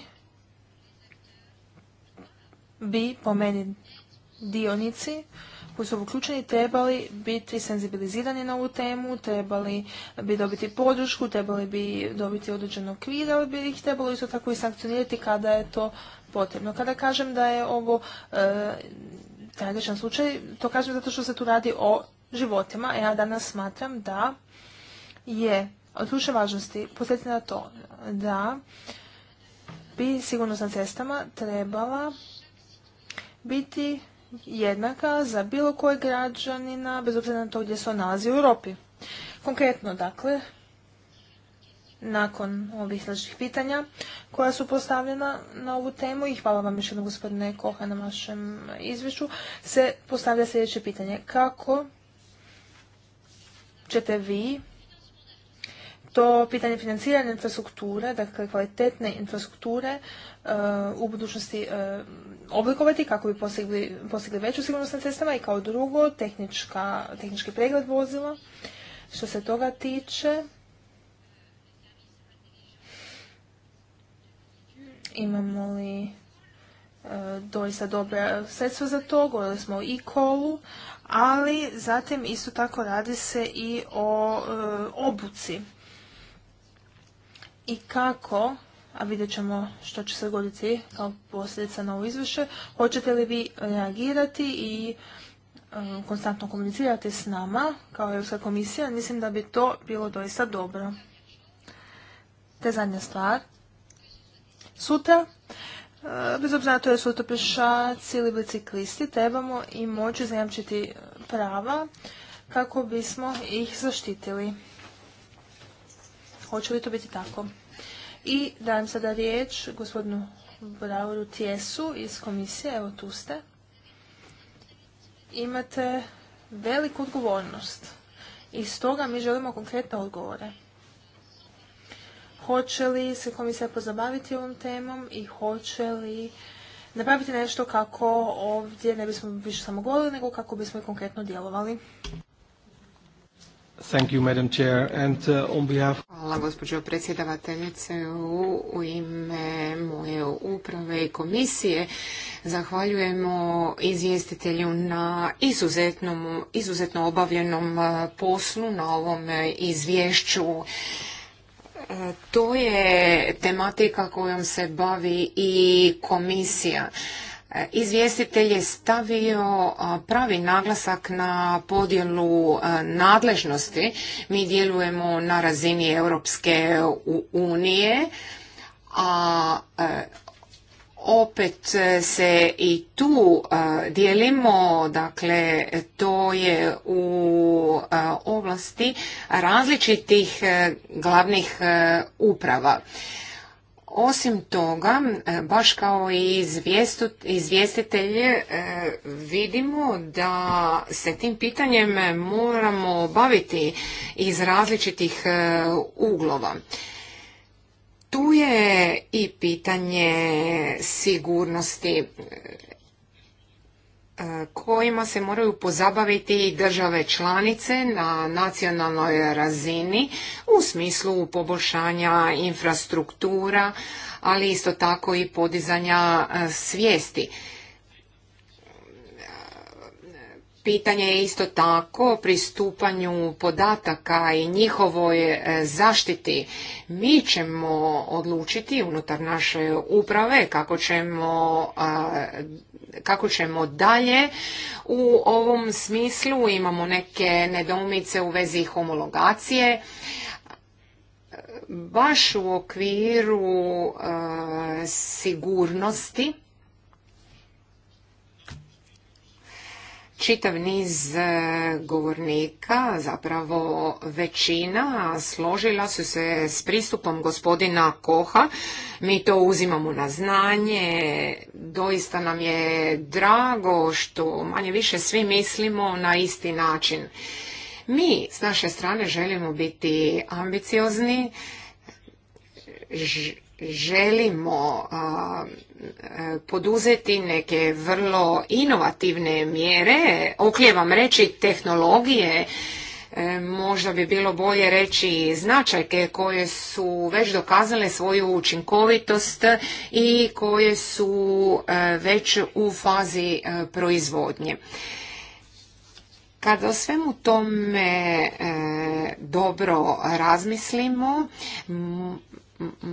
bi, po meni, dionici, koji su uključeni trebali biti senzibilizirani na ovu temu, trebali bi dobiti podršku, trebali bi dobiti određeno kvira, ali bi ih trebalo isto tako i sankcionirati kada je to potrebno. Kada kažem da je ovo e, tragičan slučaj, to kažem zato što se tu radi o životima. Ja danas smatram da je od ključne važnosti posjetiti na to da bi sigurnost na cestama trebala biti jednaka za bilo kojeg građanina, bez obzira na to gdje se on nalazi u Europi. Konkretno, dakle, nakon ovih sljedećih pitanja koja su postavljena na ovu temu i hvala vam još jednom gospodine Koha na vašem izvješću, se postavlja sljedeće pitanje. Kako ćete vi to pitanje financiranja infrastrukture, dakle kvalitetne infrastrukture, u budućnosti e, oblikovati kako bi postigli, veću sigurnost na cestama i kao drugo tehnička, tehnički pregled vozila. Što se toga tiče, imamo li e, doista dobra sredstva za to, govorili smo o kolu, ali zatim isto tako radi se i o e, obuci i kako a vidjet ćemo što će se goditi kao posljedica na ovo izvješće. Hoćete li vi reagirati i um, konstantno komunicirati s nama kao Europska komisija? Mislim da bi to bilo doista dobro. Te zadnja stvar. Sutra, uh, bez obzira to je sutra pješaci ili biciklisti, trebamo i moći zajamčiti prava kako bismo ih zaštitili. Hoće li to biti tako? I dajem sada riječ gospodinu Brauru Tijesu iz komisije, evo tu ste. Imate veliku odgovornost i stoga mi želimo konkretne odgovore. Hoće li se komisija pozabaviti ovom temom i hoće li napraviti nešto kako ovdje ne bismo više samo govorili, nego kako bismo i konkretno djelovali? Uh, Hvala gospođo predsjedavateljice u, ime moje uprave i komisije. Zahvaljujemo izvjestitelju na izuzetnom, izuzetno obavljenom uh, poslu na ovom uh, izvješću. To je tematika kojom se bavi i komisija. E, izvjestitelj je stavio pravi naglasak na podjelu nadležnosti. Mi djelujemo na razini Europske unije, a e, opet se i tu dijelimo, dakle to je u oblasti različitih e, glavnih uprava. Osim toga, e, baš kao i izvjestitelje, e, vidimo da se tim pitanjem moramo baviti iz različitih e, uglova. Tu je i pitanje sigurnosti kojima se moraju pozabaviti države članice na nacionalnoj razini u smislu poboljšanja infrastruktura, ali isto tako i podizanja e, svijesti. Pitanje je isto tako pristupanju podataka i njihovoj e, zaštiti. Mi ćemo odlučiti unutar naše uprave kako ćemo kako ćemo dalje. U ovom smislu imamo neke nedoumice u vezi homologacije baš u okviru e, sigurnosti čitav niz e, govornika, zapravo većina, složila su se s pristupom gospodina Koha. Mi to uzimamo na znanje, doista nam je drago što manje više svi mislimo na isti način. Mi s naše strane želimo biti ambiciozni, želimo poduzeti neke vrlo inovativne mjere, okljevam reći tehnologije, e, možda bi bilo bolje reći značajke koje su već dokazale svoju učinkovitost i koje su e, već u fazi e, proizvodnje. Kada o svemu tome dobro razmislimo,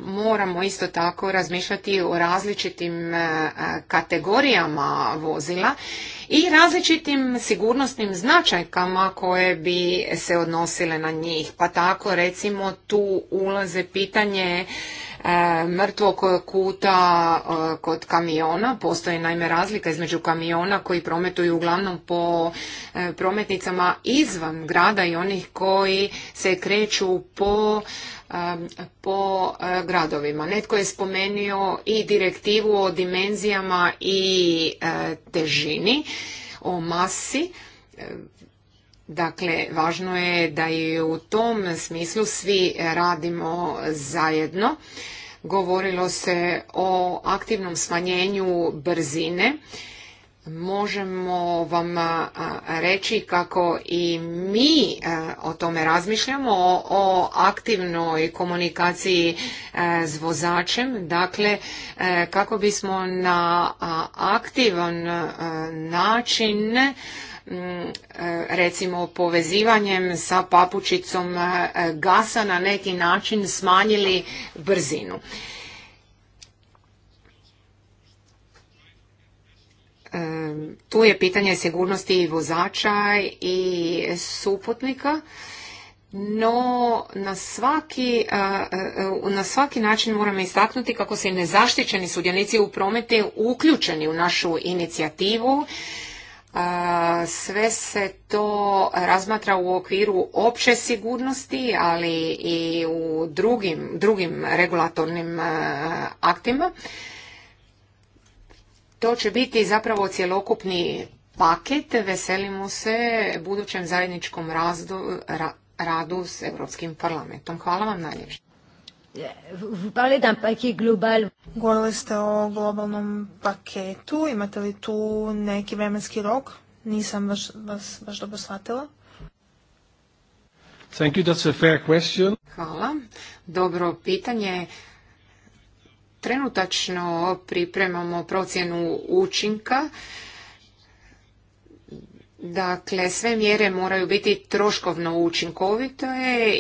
moramo isto tako razmišljati o različitim e, kategorijama vozila i različitim sigurnosnim značajkama koje bi se odnosile na njih. Pa tako recimo tu ulaze pitanje e, mrtvog kuta e, kod kamiona. Postoje naime razlika između kamiona koji prometuju uglavnom po prometnicama izvan grada i onih koji se kreću po Um, po uh, gradovima. Netko je spomenio i direktivu o dimenzijama i uh, težini, o masi. Dakle, važno je da i u tom smislu svi radimo zajedno. Govorilo se o aktivnom smanjenju brzine možemo vam reći kako i mi o tome razmišljamo, o, aktivnoj komunikaciji e, s vozačem, dakle e, kako bismo na aktivan e, način mm, recimo povezivanjem sa papučicom gasa na neki način smanjili brzinu. tu je pitanje sigurnosti i vozača i suputnika, no na svaki, e, e, e, na svaki način moramo istaknuti kako se nezaštićeni sudionici u prometu uključeni u našu inicijativu. Sve se to razmatra u okviru opće sigurnosti, ali i u drugim, drugim regulatornim aktima to će biti zapravo cjelokupni paket. Veselimo se budućem zajedničkom radu s Europskim parlamentom. Hvala vam najljepše. Govorili ste o globalnom paketu. Imate li tu neki vremenski rok? Nisam vas, vas baš dobro shvatila. Thank you, that's a fair question. Hvala. Dobro pitanje trenutačno pripremamo procjenu učinka Dakle, sve mjere moraju biti troškovno učinkovite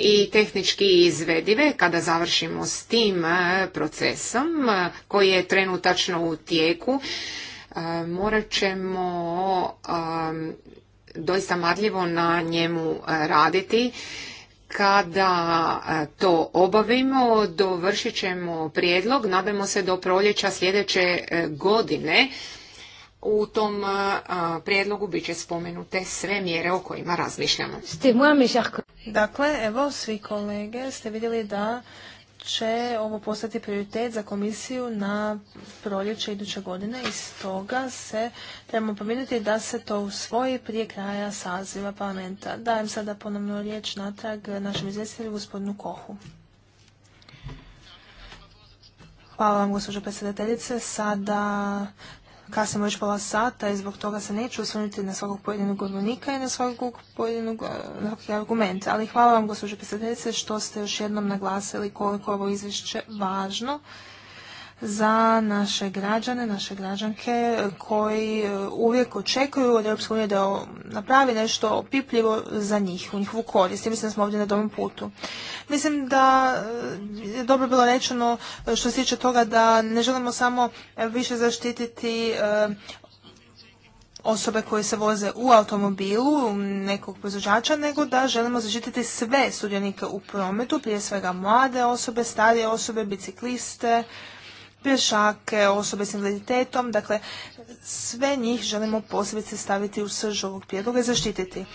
i tehnički izvedive kada završimo s tim e, procesom e, koji je trenutačno u tijeku. E, morat ćemo doista marljivo na njemu raditi kada e, to obavimo, dovršit ćemo prijedlog, nadamo se do proljeća sljedeće e, godine. U tom e, prijedlogu bit će spomenute sve mjere o kojima razmišljamo. Dakle, evo, svi kolege ste vidjeli da će ovo postati prioritet za komisiju na proljeće iduće godine i stoga se trebamo pominuti da se to usvoji prije kraja saziva parlamenta. Dajem sada ponovno riječ natrag našem izvjestitelju gospodinu Kohu. Hvala vam, gospođo predsjedateljice. Sada kasnimo još pola sata i zbog toga se neću osvrnuti na svakog pojedinog govornika i na svakog pojedinog e, argumenta. Ali hvala vam, gospođo predsjednice, što ste još jednom naglasili koliko je ovo izvješće važno za naše građane, naše građanke koji e, uvijek očekuju od Europske unije da napravi nešto opipljivo za njih, u njihovu korist. I mislim da smo ovdje na dobrom putu. Mislim da e, je dobro bilo rečeno e, što se tiče toga da ne želimo samo više zaštititi osobe koje se voze u automobilu nekog proizvođača, nego da želimo zaštititi sve sudionike u prometu, prije svega mlade osobe, starije osobe, bicikliste, pješake, osobe s invaliditetom, dakle sve njih želimo posebice staviti u srž ovog prijedloga i zaštititi.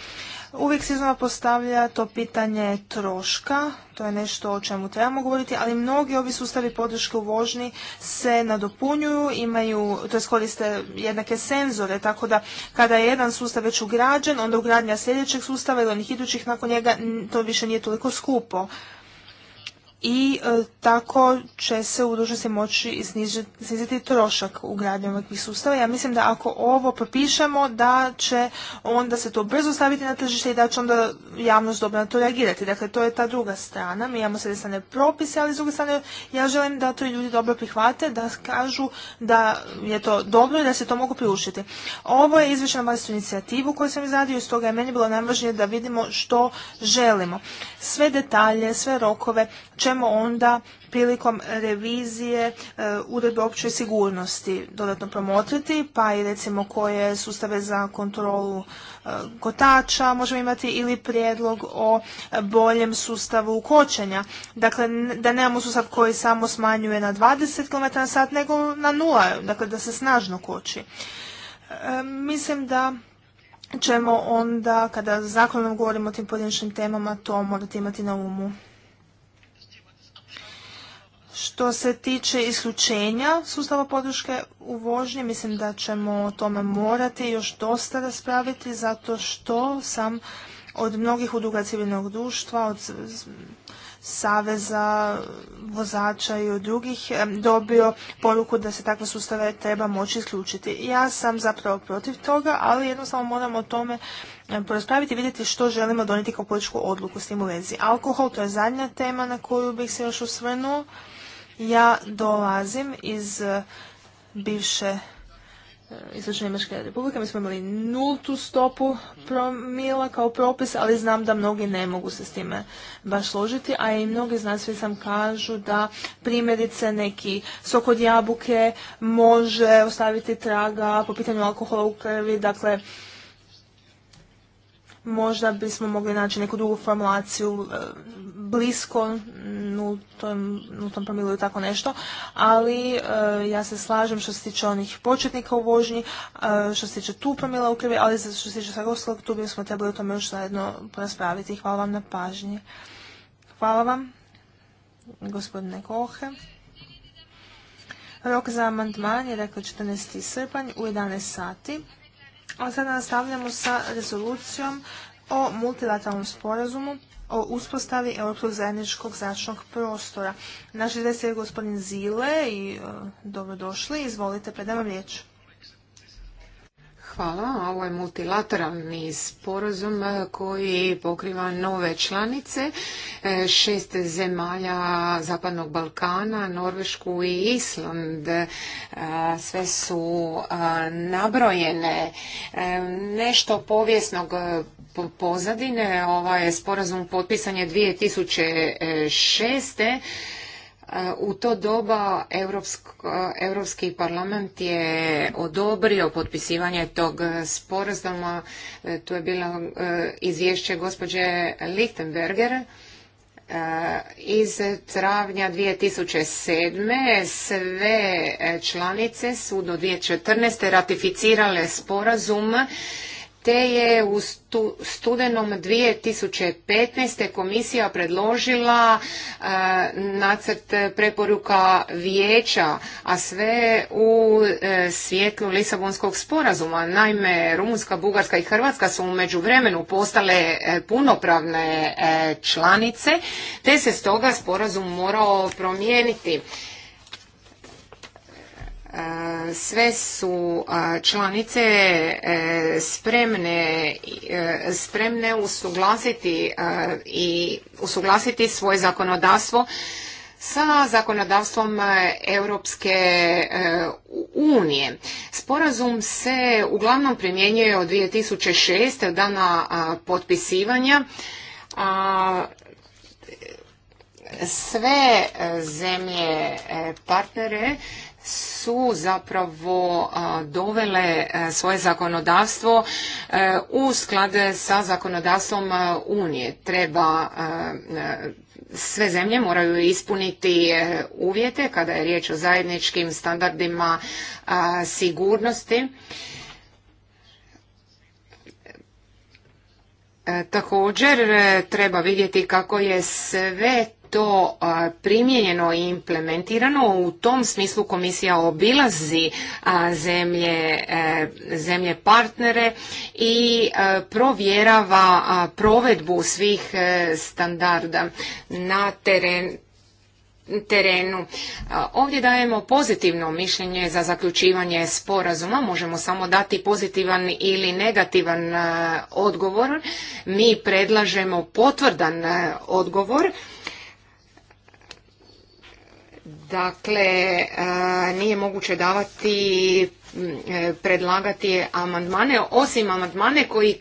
Uvijek se iznova postavlja to pitanje troška, to je nešto o čemu trebamo govoriti, ali mnogi ovi sustavi podrške u vožni se nadopunjuju, imaju, to je koriste jednake senzore, tako da kada je jedan sustav već ugrađen, onda ugradnja sljedećeg sustava ili onih idućih nakon njega, to više nije toliko skupo i e, tako će se u dužnosti moći sniziti, sniziti trošak ugradnje ovakvih sustava. Ja mislim da ako ovo propišemo da će onda se to brzo staviti na tržište i da će onda javnost dobro na to reagirati. Dakle, to je ta druga strana. Mi imamo s jedne strane propise, ali s druge strane ja želim da to i ljudi dobro prihvate, da kažu da je to dobro i da se to mogu priuštiti. Ovo je izvršena vlastnu inicijativu koju sam izradio i stoga je meni bilo najvažnije da vidimo što želimo. Sve detalje, sve rokove će ćemo onda prilikom revizije e, uredbe općoj sigurnosti dodatno promotriti, pa i recimo koje sustave za kontrolu e, kotača možemo imati ili prijedlog o boljem sustavu kočenja. Dakle, da nemamo sustav koji samo smanjuje na 20 km na sat, nego na nula, dakle da se snažno koči. E, mislim da ćemo onda, kada zakonom govorimo o tim pojedinačnim temama, to morate imati na umu. Što se tiče isključenja sustava podrške u vožnji, mislim da ćemo o tome morati još dosta raspraviti, zato što sam od mnogih udruga civilnog društva, od saveza vozača i od drugih dobio poruku da se takve sustave treba moći isključiti. Ja sam zapravo protiv toga, ali jednostavno moramo o tome poraspraviti i vidjeti što želimo donijeti kao političku odluku s tim u vezi. Alkohol, to je zadnja tema na koju bih se još osvrnuo. Ja dolazim iz e, bivše e, Istočne Njemačke republike. Mi smo imali nultu stopu promila kao propis, ali znam da mnogi ne mogu se s time baš složiti, a i mnogi znanstveni sam kažu da primjerice neki sok od jabuke može ostaviti traga po pitanju alkohola u krvi, dakle možda bismo mogli naći neku drugu formulaciju e, blisko nultom, nultom promilu i tako nešto, ali e, ja se slažem što se tiče onih početnika u vožnji, e, što se tiče tu promila krvi, ali što se tiče svega ostalog, tu bismo trebali o tome još zajedno poraspraviti. Hvala vam na pažnji. Hvala vam, gospodine Kohe. Rok za amandman je dakle, rekao 14. srpanj u 11 sati. A sada nastavljamo sa rezolucijom o multilateralnom sporazumu o uspostavi Europskog zajedničkog zračnog prostora. Naš izvest je gospodin Zile i e, dobrodošli. Izvolite, predam vam riječ. Hvala. Ovo je multilateralni sporazum e, koji pokriva nove članice, e, šest zemalja Zapadnog Balkana, Norvešku i Island. Sve su nabrojene. Nešto povijesnog pozadine. Ovaj sporazum potpisan je 2006. U to doba Europski parlament je odobrio potpisivanje tog sporazuma. E, tu je bilo e, izvješće gospođe Lichtenberger e, iz travnja 2007. sve članice su do 2014. ratificirale sporazum te je u studenom 2015. komisija predložila e, nacrt preporuka vijeća, a sve u e, svjetlu Lisabonskog sporazuma. Naime, Rumunska, Bugarska i Hrvatska su u međuvremenu postale e, punopravne članice, te se stoga sporazum morao promijeniti sve su članice e, spremne, e, spremne usuglasiti i usuglasiti svoje zakonodavstvo sa zakonodavstvom e, Europske unije. Sporazum se uglavnom primjenjuje od 2006. dana potpisivanja. Sve zemlje partnere su zapravo dovele e, svoje zakonodavstvo e, u sklad sa zakonodavstvom e, Unije. Treba sve zemlje moraju ispuniti uvjete kada je riječ o zajedničkim standardima sigurnosti. Također treba vidjeti kako je sve to primijenjeno i implementirano, u tom smislu komisija obilazi zemlje, e, zemlje partnere i e, provjerava provedbu svih e, standarda na teren, terenu. Ovdje dajemo pozitivno mišljenje za zaključivanje sporazuma, možemo samo dati pozitivan ili negativan odgovor. Mi predlažemo potvrdan odgovor Dakle, nije moguće davati, e, predlagati amandmane, osim amandmane koji,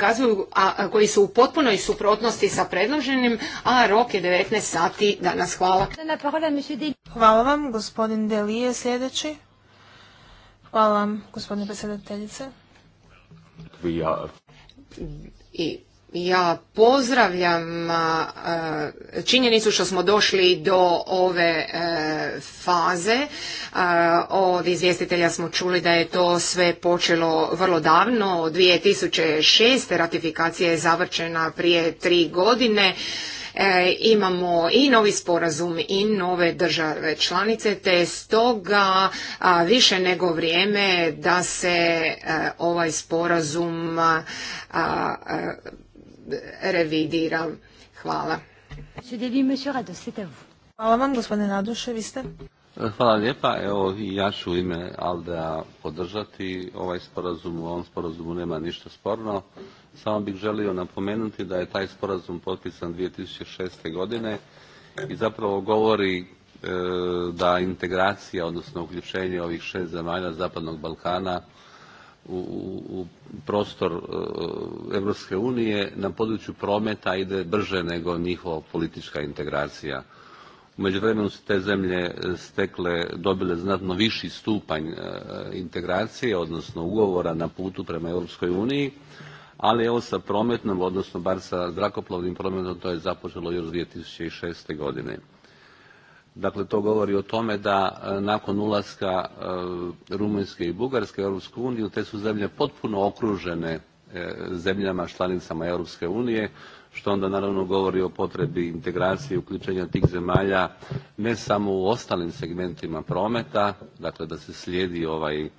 koji su u potpunoj suprotnosti sa predloženim, a rok je 19 sati danas. Hvala. Hvala vam, gospodin Delije sljedeći. Hvala vam, gospodine predsjedateljice. I ja pozdravljam činjenicu što smo došli do ove e, faze. Od izvjestitelja smo čuli da je to sve počelo vrlo davno, od 2006. ratifikacija je završena prije tri godine. E, imamo i novi sporazum i nove države članice, te stoga više nego vrijeme da se e, ovaj sporazum revidiram. Hvala. Hvala vam, gospodine Naduše, vi ste. E, hvala lijepa. Evo, ja ću ime Aldea podržati ovaj sporazum. U ovom sporazumu nema ništa sporno. Samo bih želio napomenuti da je taj sporazum potpisan 2006. godine i zapravo govori e, da integracija, odnosno uključenje ovih šest zemalja Zapadnog Balkana u prostor Europske unije na području prometa ide brže nego njihova politička integracija. U međuvremenu su te zemlje e, stekle, dobile znatno viši stupanj e, integracije, odnosno ugovora na putu prema Europskoj uniji, ali evo sa prometnom, odnosno bar sa zrakoplovnim prometom, to je započelo još 2006. godine. Dakle, to govori o tome da e, nakon ulaska e, Rumunjske i Bugarske u Europsku uniju, te su zemlje potpuno okružene e, zemljama članicama Europske unije, što onda naravno govori o potrebi integracije i uključenja tih zemalja ne samo u ostalim segmentima prometa, dakle da se slijedi ovaj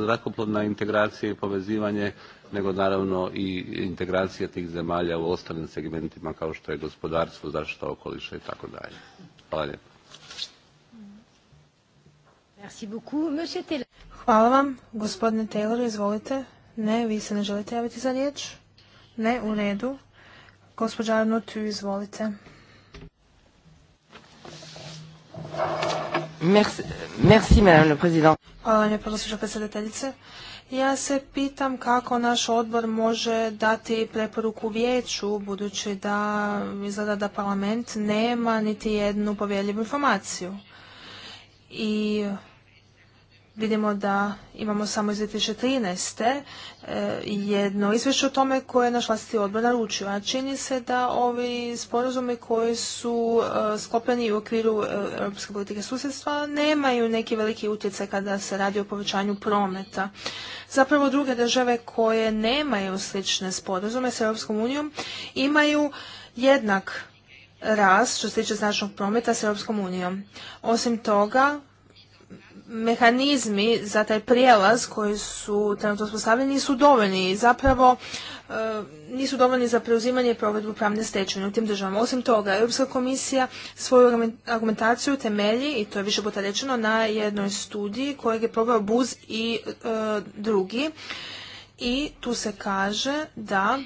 zrakoplovna integracija i povezivanje, nego naravno i integracija tih zemalja u ostalim segmentima kao što je gospodarstvo, zaštita okoliša i tako dalje. Hvala lijepo. Hvala vam. Gospodine Taylor, izvolite. Ne, vi se ne želite javiti za riječ? Ne, u redu. Gospođa Arnotu, izvolite. Merci, Hvala vam lijepo, gospođo predsjedateljice. Ja se pitam kako naš odbor može dati preporuku vijeću, budući da izgleda da parlament nema niti jednu povjerljivu informaciju. I vidimo da imamo samo iz 2013. E, jedno izvješće o tome koje je naš vlastiti odbor naručio. A čini se da ovi sporazumi koji su e, sklopljeni u okviru e, Europske politike susjedstva nemaju neki veliki utjecaj kada se radi o povećanju prometa. Zapravo druge države koje nemaju slične sporazume sa Europskom unijom imaju jednak rast što se tiče značnog prometa s Europskom unijom. Osim toga, mehanizmi za taj prijelaz koji su trenutno uspostavljeni nisu dovoljni i zapravo e, nisu dovoljni za preuzimanje i provedbu pravne stečevine u tim državama. Osim toga, Europska komisija svoju argumentaciju temelji, i to je više puta rečeno, na jednoj studiji kojeg je probao Buz i e, drugi. I tu se kaže da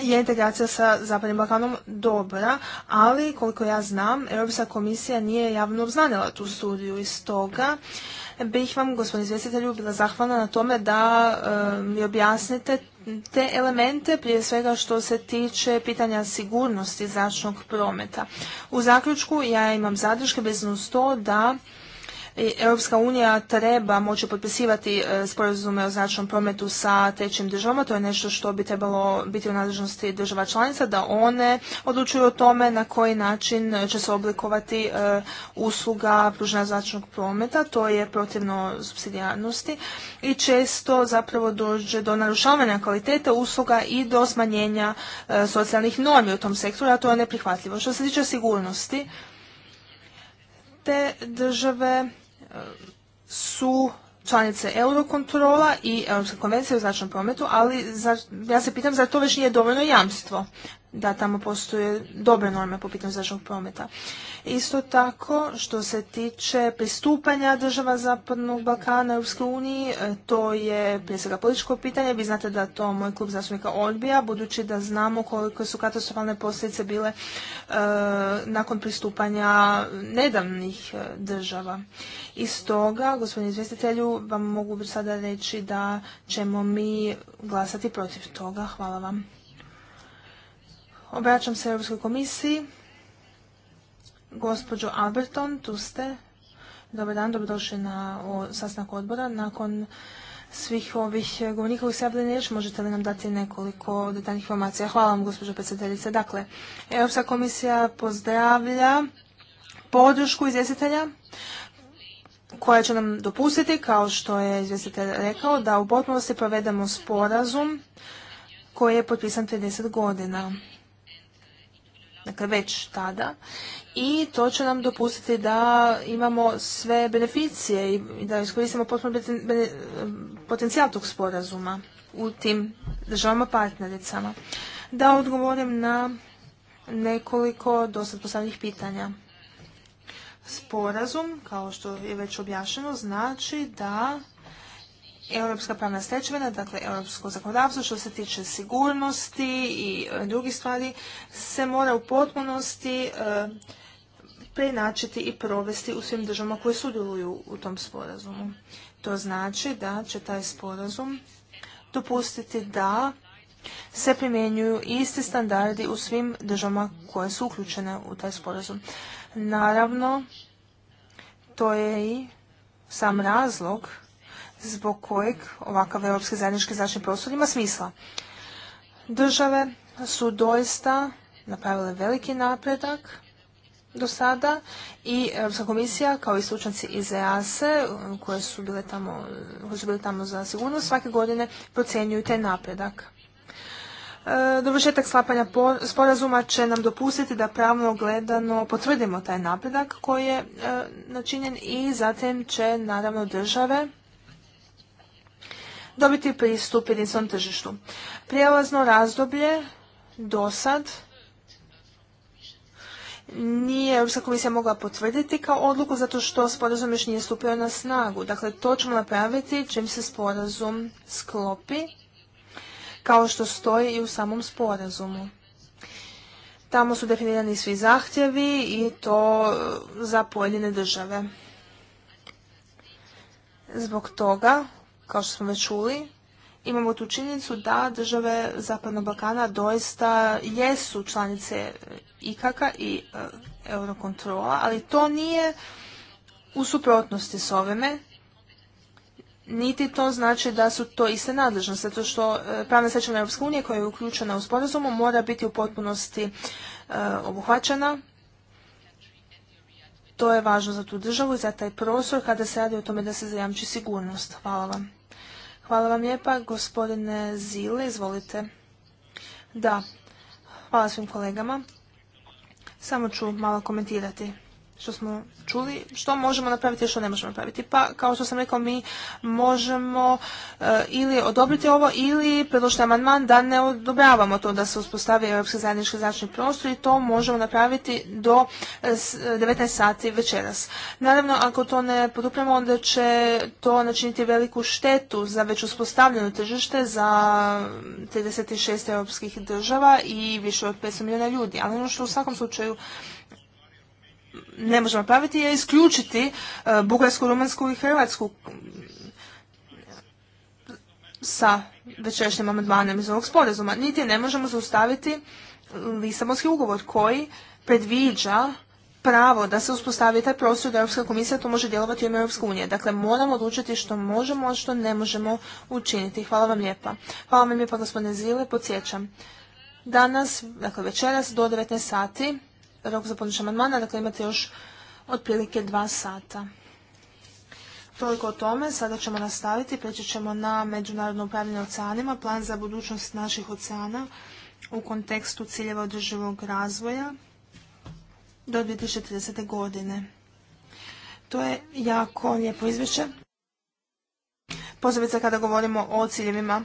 je integracija sa Zapadnim Balkanom dobra, ali koliko ja znam, Europska komisija nije javno obznanila tu studiju i stoga bih vam, gospodin izvjestitelju, bila zahvalna na tome da mi objasnite te elemente, prije svega što se tiče pitanja sigurnosti zračnog prometa. U zaključku ja imam zadrške vezano uz to da Europska unija treba moći potpisivati e, sporazume o značnom prometu sa trećim državama. To je nešto što bi trebalo biti u nadležnosti država članica, da one odlučuju o tome na koji način će se oblikovati e, usluga pružena značnog prometa. To je protivno subsidijarnosti i često zapravo dođe do narušavanja kvalitete usluga i do smanjenja e, socijalnih normi u tom sektoru, a to je neprihvatljivo. Što se tiče sigurnosti, te države su članice Eurokontrola i Europske konvencije o zračnom prometu, ali ja se pitam zar to već nije dovoljno jamstvo da tamo postoje dobre norme po pitanju zračnog prometa. Isto tako, što se tiče pristupanja država Zapadnog Balkana Europskoj uniji, e, to je prije svega političko pitanje. Vi znate da to moj klub zastupnika odbija, budući da znamo koliko su katastrofalne posljedice bile e, nakon pristupanja nedavnih e, država. I stoga, gospodine izvjestitelju, vam mogu sada reći da ćemo mi glasati protiv toga. Hvala vam. Obraćam se Europskoj komisiji. Gospođo Alberton, tu ste. Dobar dan, dobrodošli na sastanak odbora. Nakon svih ovih govornikovih se javljeni možete li nam dati nekoliko detaljnih informacija? Hvala vam, gospođo predsjedateljice. Dakle, Europska komisija pozdravlja podršku izvjestitelja koja će nam dopustiti, kao što je izvjestitelj rekao, da u potpunosti provedemo sporazum koji je potpisan 30 godina dakle već tada i to će nam dopustiti da imamo sve beneficije i da iskoristimo potpuno potencijal tog sporazuma u tim državama partnericama. Da odgovorim na nekoliko dosad postavljenih pitanja. Sporazum, kao što je već objašnjeno, znači da europska pravna stečevina, dakle europsko zakonodavstvo što se tiče sigurnosti i e, drugih stvari se mora u potpunosti e, prenačiti i provesti u svim državama koje sudjeluju u tom sporazumu. To znači da će taj sporazum dopustiti da se primjenjuju isti standardi u svim državama koje su uključene u taj sporazum. Naravno, to je i sam razlog zbog kojeg ovakav europski zajednički zračni prostor ima smisla. Države su doista napravile veliki napredak do sada i Europska komisija kao i stručnjaci iz EASE koje su bile tamo, koje su bile tamo za sigurnost svake godine procjenjuju taj napredak. E, dovršetak sklapanja sporazuma će nam dopustiti da pravno gledano potvrdimo taj napredak koji je e, načinjen i zatim će naravno države dobiti pristup jedinstvenom tržištu. Prijelazno razdoblje do sad nije Europska komisija mogla potvrditi kao odluku zato što sporazum još nije stupio na snagu. Dakle, to ćemo napraviti čim se sporazum sklopi kao što stoji i u samom sporazumu. Tamo su definirani svi zahtjevi i to e, za pojedine države. Zbog toga kao što smo već čuli, imamo tu činjenicu da države Zapadnog Balkana doista jesu članice e, IKAKA i e, Eurokontrola, ali to nije u suprotnosti s ovime, niti to znači da su to iste nadležnosti, zato što e, pravna stečevina Europske unije koja je uključena u sporazumu mora biti u potpunosti obuhvaćena. To je važno za tu državu i za taj prostor kada se radi o tome da se zajamči sigurnost. Hvala vam. Hvala vam lijepa. Gospodine Zile, izvolite. Da, hvala svim kolegama. Samo ću malo komentirati što smo čuli, što možemo napraviti i što ne možemo napraviti. Pa, kao što sam rekao, mi možemo eh, ili odobriti ovo ili predložiti amandman da ne odobravamo to da se uspostavi Europski zajednički zračni prostor i to možemo napraviti do 19 eh, eh, sati večeras. Naravno, ako to ne podupremo, onda će to načiniti veliku štetu za već uspostavljeno tržište za 36 europskih država i više od 500 milijuna ljudi. Ali ono što u svakom slučaju ne možemo praviti je isključiti e, Bugarsku, Rumansku i Hrvatsku sa večerašnjim amandmanom iz ovog sporazuma. Niti ne možemo zaustaviti Lisabonski ugovor koji predviđa pravo da se uspostavi taj prostor da Europska komisija to može djelovati u ime Europske unije. Dakle, moramo odlučiti što možemo, a što ne možemo učiniti. Hvala vam lijepa. Hvala vam lijepa, gospodine Zile. Podsjećam. Danas, dakle večeras, do 19 sati, rok za podnošenje amandmana, dakle imate još otprilike dva sata. Toliko o tome, sada ćemo nastaviti, preći ćemo na međunarodno upravljanje oceanima, plan za budućnost naših oceana u kontekstu ciljeva održivog razvoja do 2030. godine. To je jako lijepo izvješće. Posebice kada govorimo o ciljevima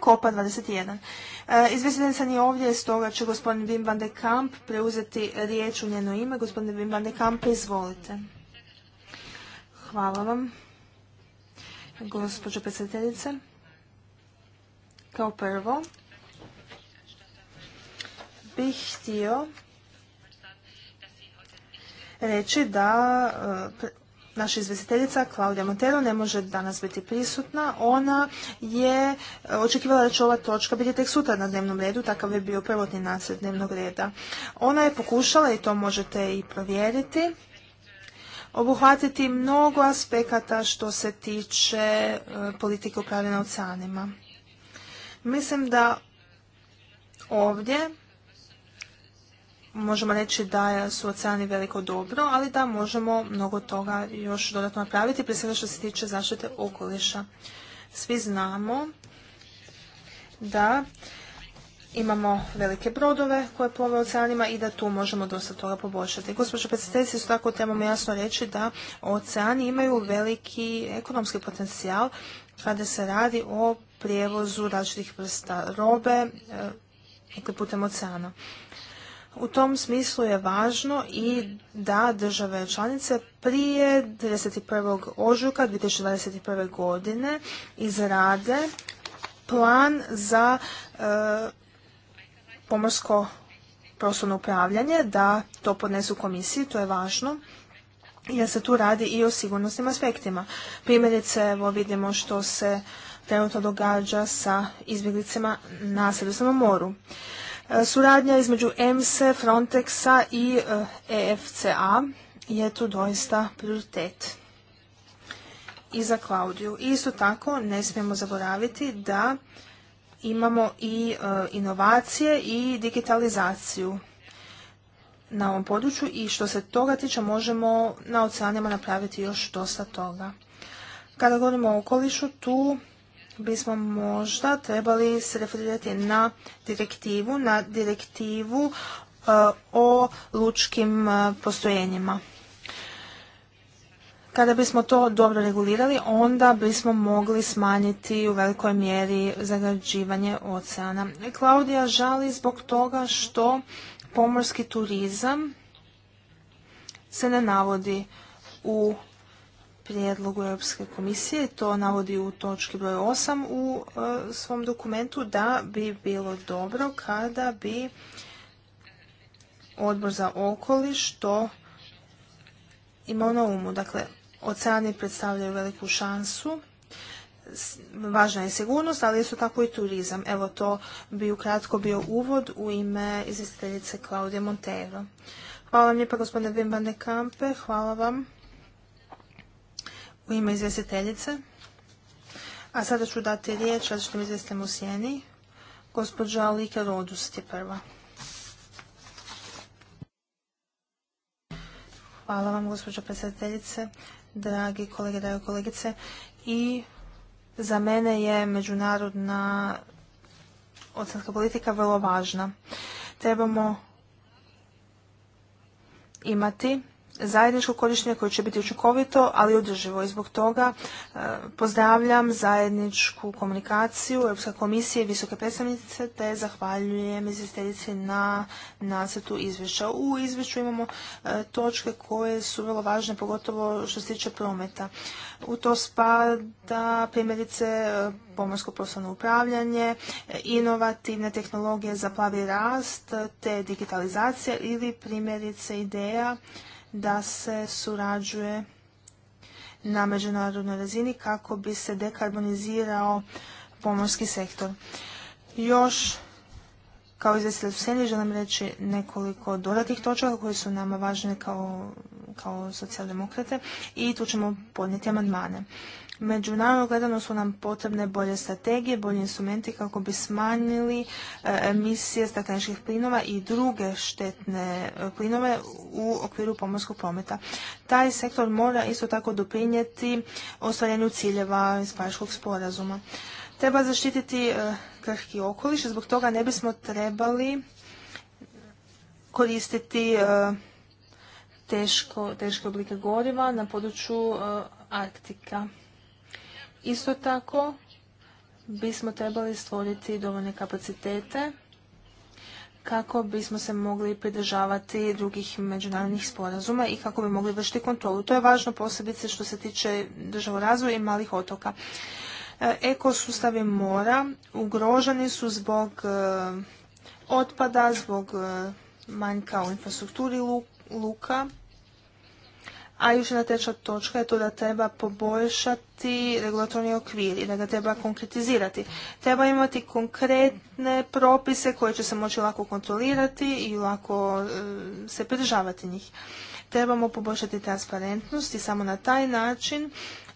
Kopa 21. jedan e, sam i ovdje, stoga će gospodin Wim van de Kamp preuzeti riječ u njeno ime. Gospodin Wim van de Kamp, izvolite. Hvala vam, gospođo predsjedateljice. Kao prvo, bih htio reći da e, naša izvjestiteljica Klaudija Montero ne može danas biti prisutna. Ona je e, očekivala da će ova točka biti tek sutra na dnevnom redu, takav je bio prvotni nacrt dnevnog reda. Ona je pokušala, i to možete i provjeriti, obuhvatiti mnogo aspekata što se tiče e, politike upravljanja oceanima. Mislim da ovdje možemo reći da su oceani veliko dobro, ali da možemo mnogo toga još dodatno napraviti, prije svega što se tiče zaštite okoliša. Svi znamo da imamo velike brodove koje plove oceanima i da tu možemo dosta toga poboljšati. Gospođo predsjednice, isto tako trebamo jasno reći da oceani imaju veliki ekonomski potencijal kada se radi o prijevozu različitih vrsta robe, e, dakle, putem oceana. U tom smislu je važno i da države članice prije 31. ožujka 2021. godine izrade plan za e, pomorsko prostorno upravljanje, da to podnesu komisiji, to je važno jer se tu radi i o sigurnosnim aspektima. Primjerice, evo vidimo što se trenutno događa sa izbjeglicama na Sredozemnom moru. E, suradnja između EMSE, Frontexa i EFCA e je tu doista prioritet. I za Klaudiju. Isto tako ne smijemo zaboraviti da imamo i e, inovacije i digitalizaciju na ovom području i što se toga tiče možemo na oceanima napraviti još dosta toga. Kada govorimo o okolišu, tu bismo možda trebali se referirati na direktivu, na direktivu e, o lučkim e, postojenjima. Kada bismo to dobro regulirali, onda bismo mogli smanjiti u velikoj mjeri zagađivanje oceana. Klaudija žali zbog toga što pomorski turizam se ne navodi u prijedlogu Europske komisije, to navodi u točki broj 8 u e, svom dokumentu, da bi bilo dobro kada bi odbor za okoliš to imao na umu. Dakle, oceani predstavljaju veliku šansu, važna je sigurnost, ali isto tako i turizam. Evo to bi ukratko bio uvod u ime izvjestiteljice Klaudije Montero. Hvala vam lijepa gospodine Vimbane Kampe, hvala vam u ime izvjestiteljice. A sada ću dati riječ različitim izvjestiteljima u sjeni. Gospođa Alike Rodus je prva. Hvala vam, gospođo predsjedateljice, dragi kolege, drage kolegice. I za mene je međunarodna ocenska politika vrlo važna. Trebamo imati zajedničko korištenje koje će biti učinkovito, ali održivo. I zbog toga e, pozdravljam zajedničku komunikaciju Europske komisije i visoke predstavnice, te zahvaljujem izvjestiteljici na nacrtu izvješća. U izvješću imamo e, točke koje su vrlo važne, pogotovo što se tiče prometa. U to spada primjerice e, pomorsko poslovno upravljanje, inovativne tehnologije za plavi rast, te digitalizacija ili primjerice ideja da se surađuje na međunarodnoj razini kako bi se dekarbonizirao pomorski sektor. Još kao izvjestitelj u želim reći nekoliko dodatnih točaka koje su nama važne kao kao socijaldemokrate i tu ćemo podnijeti amandmane. Međunarodno gledano su nam potrebne bolje strategije, bolji instrumenti kako bi smanjili e, emisije stakleničkih plinova i druge štetne e, plinove u okviru pomorskog prometa. Taj sektor mora isto tako doprinijeti ostvarenju ciljeva iz Pariškog sporazuma. Treba zaštititi e, krhki okoliš zbog toga ne bismo trebali koristiti teške oblike goriva na području e, Arktika. Isto tako bismo trebali stvoriti dovoljne kapacitete kako bismo se mogli pridržavati drugih međunarodnih sporazuma i kako bi mogli vršiti kontrolu. To je važno posebice što se tiče državorazvoja razvoja i malih otoka. E, ekosustavi mora ugroženi su zbog e, otpada, zbog manjka u infrastrukturi luka a još jedna treća točka je to da treba poboljšati regulatorni okvir i da ga treba konkretizirati. Treba imati konkretne propise koje će se moći lako kontrolirati i lako e, se pridržavati njih. Trebamo poboljšati transparentnost i samo na taj način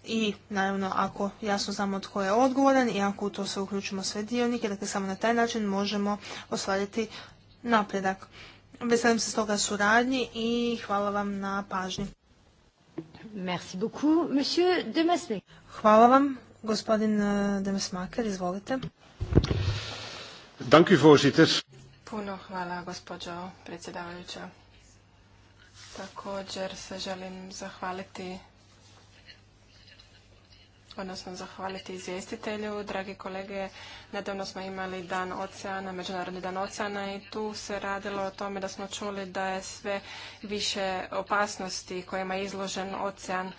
i naravno ako jasno znamo tko je odgovoran i ako u to se uključimo sve dionike, dakle samo na taj način možemo ostvariti napredak. Veselim se toga suradnji i hvala vam na pažnji. Merci beaucoup, monsieur Hvala vam, gospodin eh, Demesmaker, izvolite. Dank u, voorzitter. Puno hvala, gospođo predsjedavajuća. Također se želim zahvaliti odnosno zahvaliti izvjestitelju. Dragi kolege, nedavno smo imali Dan oceana, Međunarodni dan oceana i tu se radilo o tome da smo čuli da je sve više opasnosti kojima je izložen ocean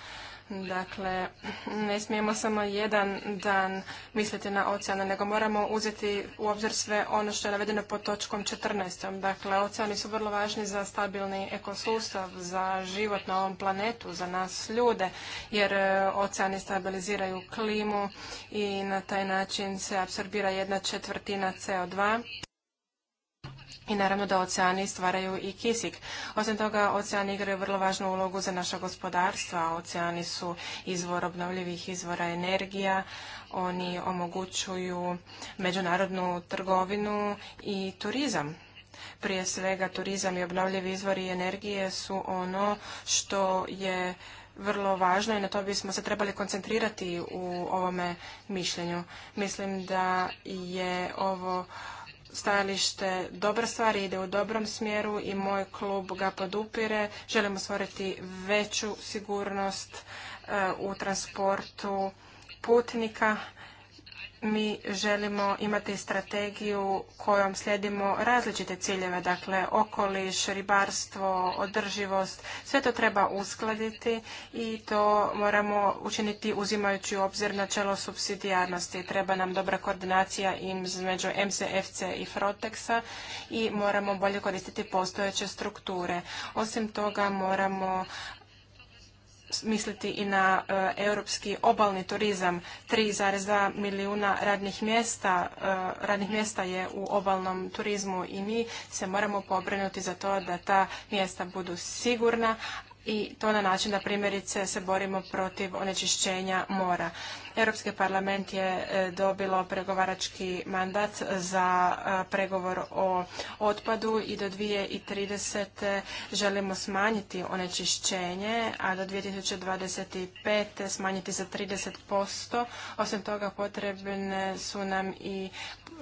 Dakle, ne smijemo samo jedan dan misliti na oceane, nego moramo uzeti u obzir sve ono što je navedeno pod točkom 14. Dakle, oceani su vrlo važni za stabilni ekosustav, za život na ovom planetu, za nas ljude, jer e, oceani stabiliziraju klimu i na taj način se apsorbira jedna četvrtina CO2 i naravno da oceani stvaraju i kisik. Osim toga, oceani igraju vrlo važnu ulogu za naša gospodarstva. Oceani su izvor obnovljivih izvora energija, oni omogućuju međunarodnu trgovinu i turizam. Prije svega, turizam i obnovljivi izvori energije su ono što je vrlo važno i na to bismo se trebali koncentrirati u ovome mišljenju. Mislim da je ovo stajalište dobra stvar, ide u dobrom smjeru i moj klub ga podupire. Želimo stvoriti veću sigurnost e, u transportu putnika mi želimo imati strategiju kojom slijedimo različite ciljeve, dakle okoliš, ribarstvo, održivost, sve to treba uskladiti i to moramo učiniti uzimajući u obzir načelo subsidijarnosti. Treba nam dobra koordinacija između MCFC i Frotexa i moramo bolje koristiti postojeće strukture. Osim toga moramo misliti i na e, europski obalni turizam. 3,2 milijuna radnih mjesta, e, radnih mjesta je u obalnom turizmu i mi se moramo pobrinuti za to da ta mjesta budu sigurna, i to na način da primjerice se borimo protiv onečišćenja mora. Europski parlament je e, dobilo pregovarački mandat za e, pregovor o otpadu i do 2030. želimo smanjiti onečišćenje, a do 2025. smanjiti za 30%. Osim toga potrebne su nam i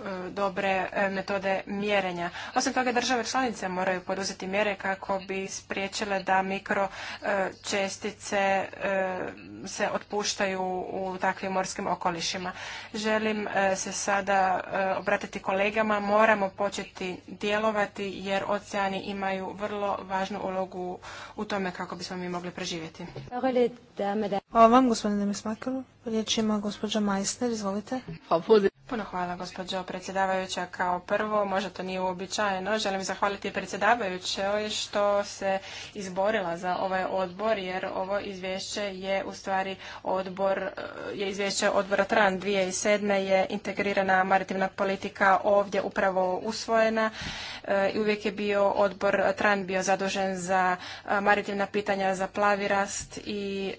E, dobre e, metode mjerenja. Osim toga, države članice moraju poduzeti mjere kako bi spriječile da mikročestice e, se otpuštaju u takvim morskim okolišima. Želim se sada obratiti kolegama. Moramo početi djelovati jer oceani imaju vrlo važnu ulogu u tome kako bismo mi mogli preživjeti. Hvala vam, gospodine Mismakalo. Riječ ima gospođa Majsner, izvolite. Pa Puno hvala, gospođo predsjedavajuća. Kao prvo, možda to nije uobičajeno, želim zahvaliti predsjedavajućoj što se izborila za ovaj odbor, jer ovo izvješće je u stvari odbor, eh, je izvješće odbora TRAN 2007. je integrirana maritimna politika ovdje upravo usvojena eh, i uvijek je bio odbor TRAN bio zadužen za eh, maritimna pitanja za plavi rast i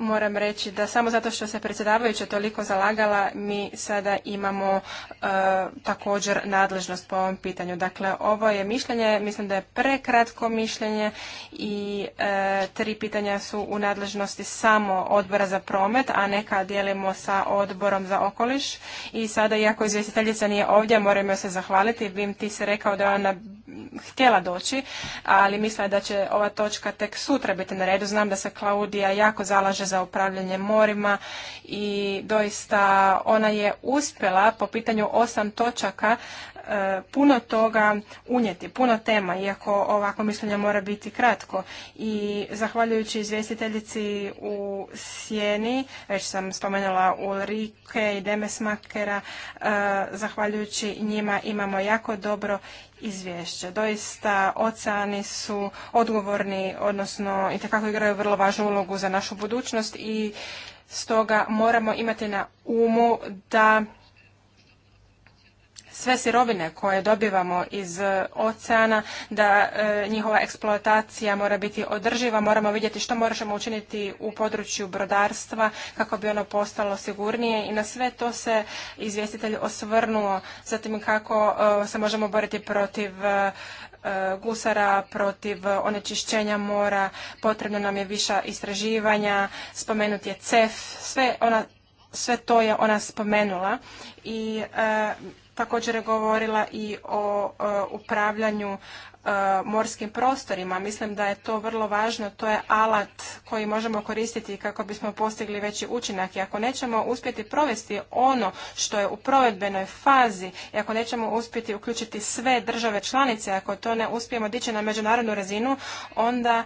moram reći da samo zato što se predsjedavajuća toliko zalagala, mi sada imamo e, također nadležnost po ovom pitanju. Dakle, ovo je mišljenje, mislim da je prekratko mišljenje i e, tri pitanja su u nadležnosti samo odbora za promet, a neka dijelimo sa odborom za okoliš. I sada, iako izvjestiteljica nije ovdje, moram joj se zahvaliti. Vim, ti se rekao da je ona htjela doći, ali mislila da će ova točka tek sutra biti na redu. Znam da se Klaudija jako zalaže za upravljanje morima i doista ona je uspjela po pitanju osam točaka puno toga unijeti, puno tema, iako ovako mišljenje mora biti kratko. I zahvaljujući izvjestiteljici u Sjeni, već sam spomenula Ulrike i Demesmakera, e, zahvaljujući njima imamo jako dobro izvješće. Doista oceani su odgovorni, odnosno i takako igraju vrlo važnu ulogu za našu budućnost i stoga moramo imati na umu da sve sirovine koje dobivamo iz e, oceana, da e, njihova eksploatacija mora biti održiva, moramo vidjeti što možemo učiniti u području brodarstva kako bi ono postalo sigurnije i na sve to se izvjestitelj osvrnuo, zatim kako e, se možemo boriti protiv gusara, protiv onečišćenja mora, potrebno nam je viša istraživanja, spomenut je CEF, sve, ona, sve to je ona spomenula i Također je govorila i o e, upravljanju e, morskim prostorima. Mislim da je to vrlo važno, to je alat koji možemo koristiti kako bismo postigli veći učinak. I ako nećemo uspjeti provesti ono što je u provedbenoj fazi i ako nećemo uspjeti uključiti sve države članice, ako to ne uspijemo dići na međunarodnu razinu, onda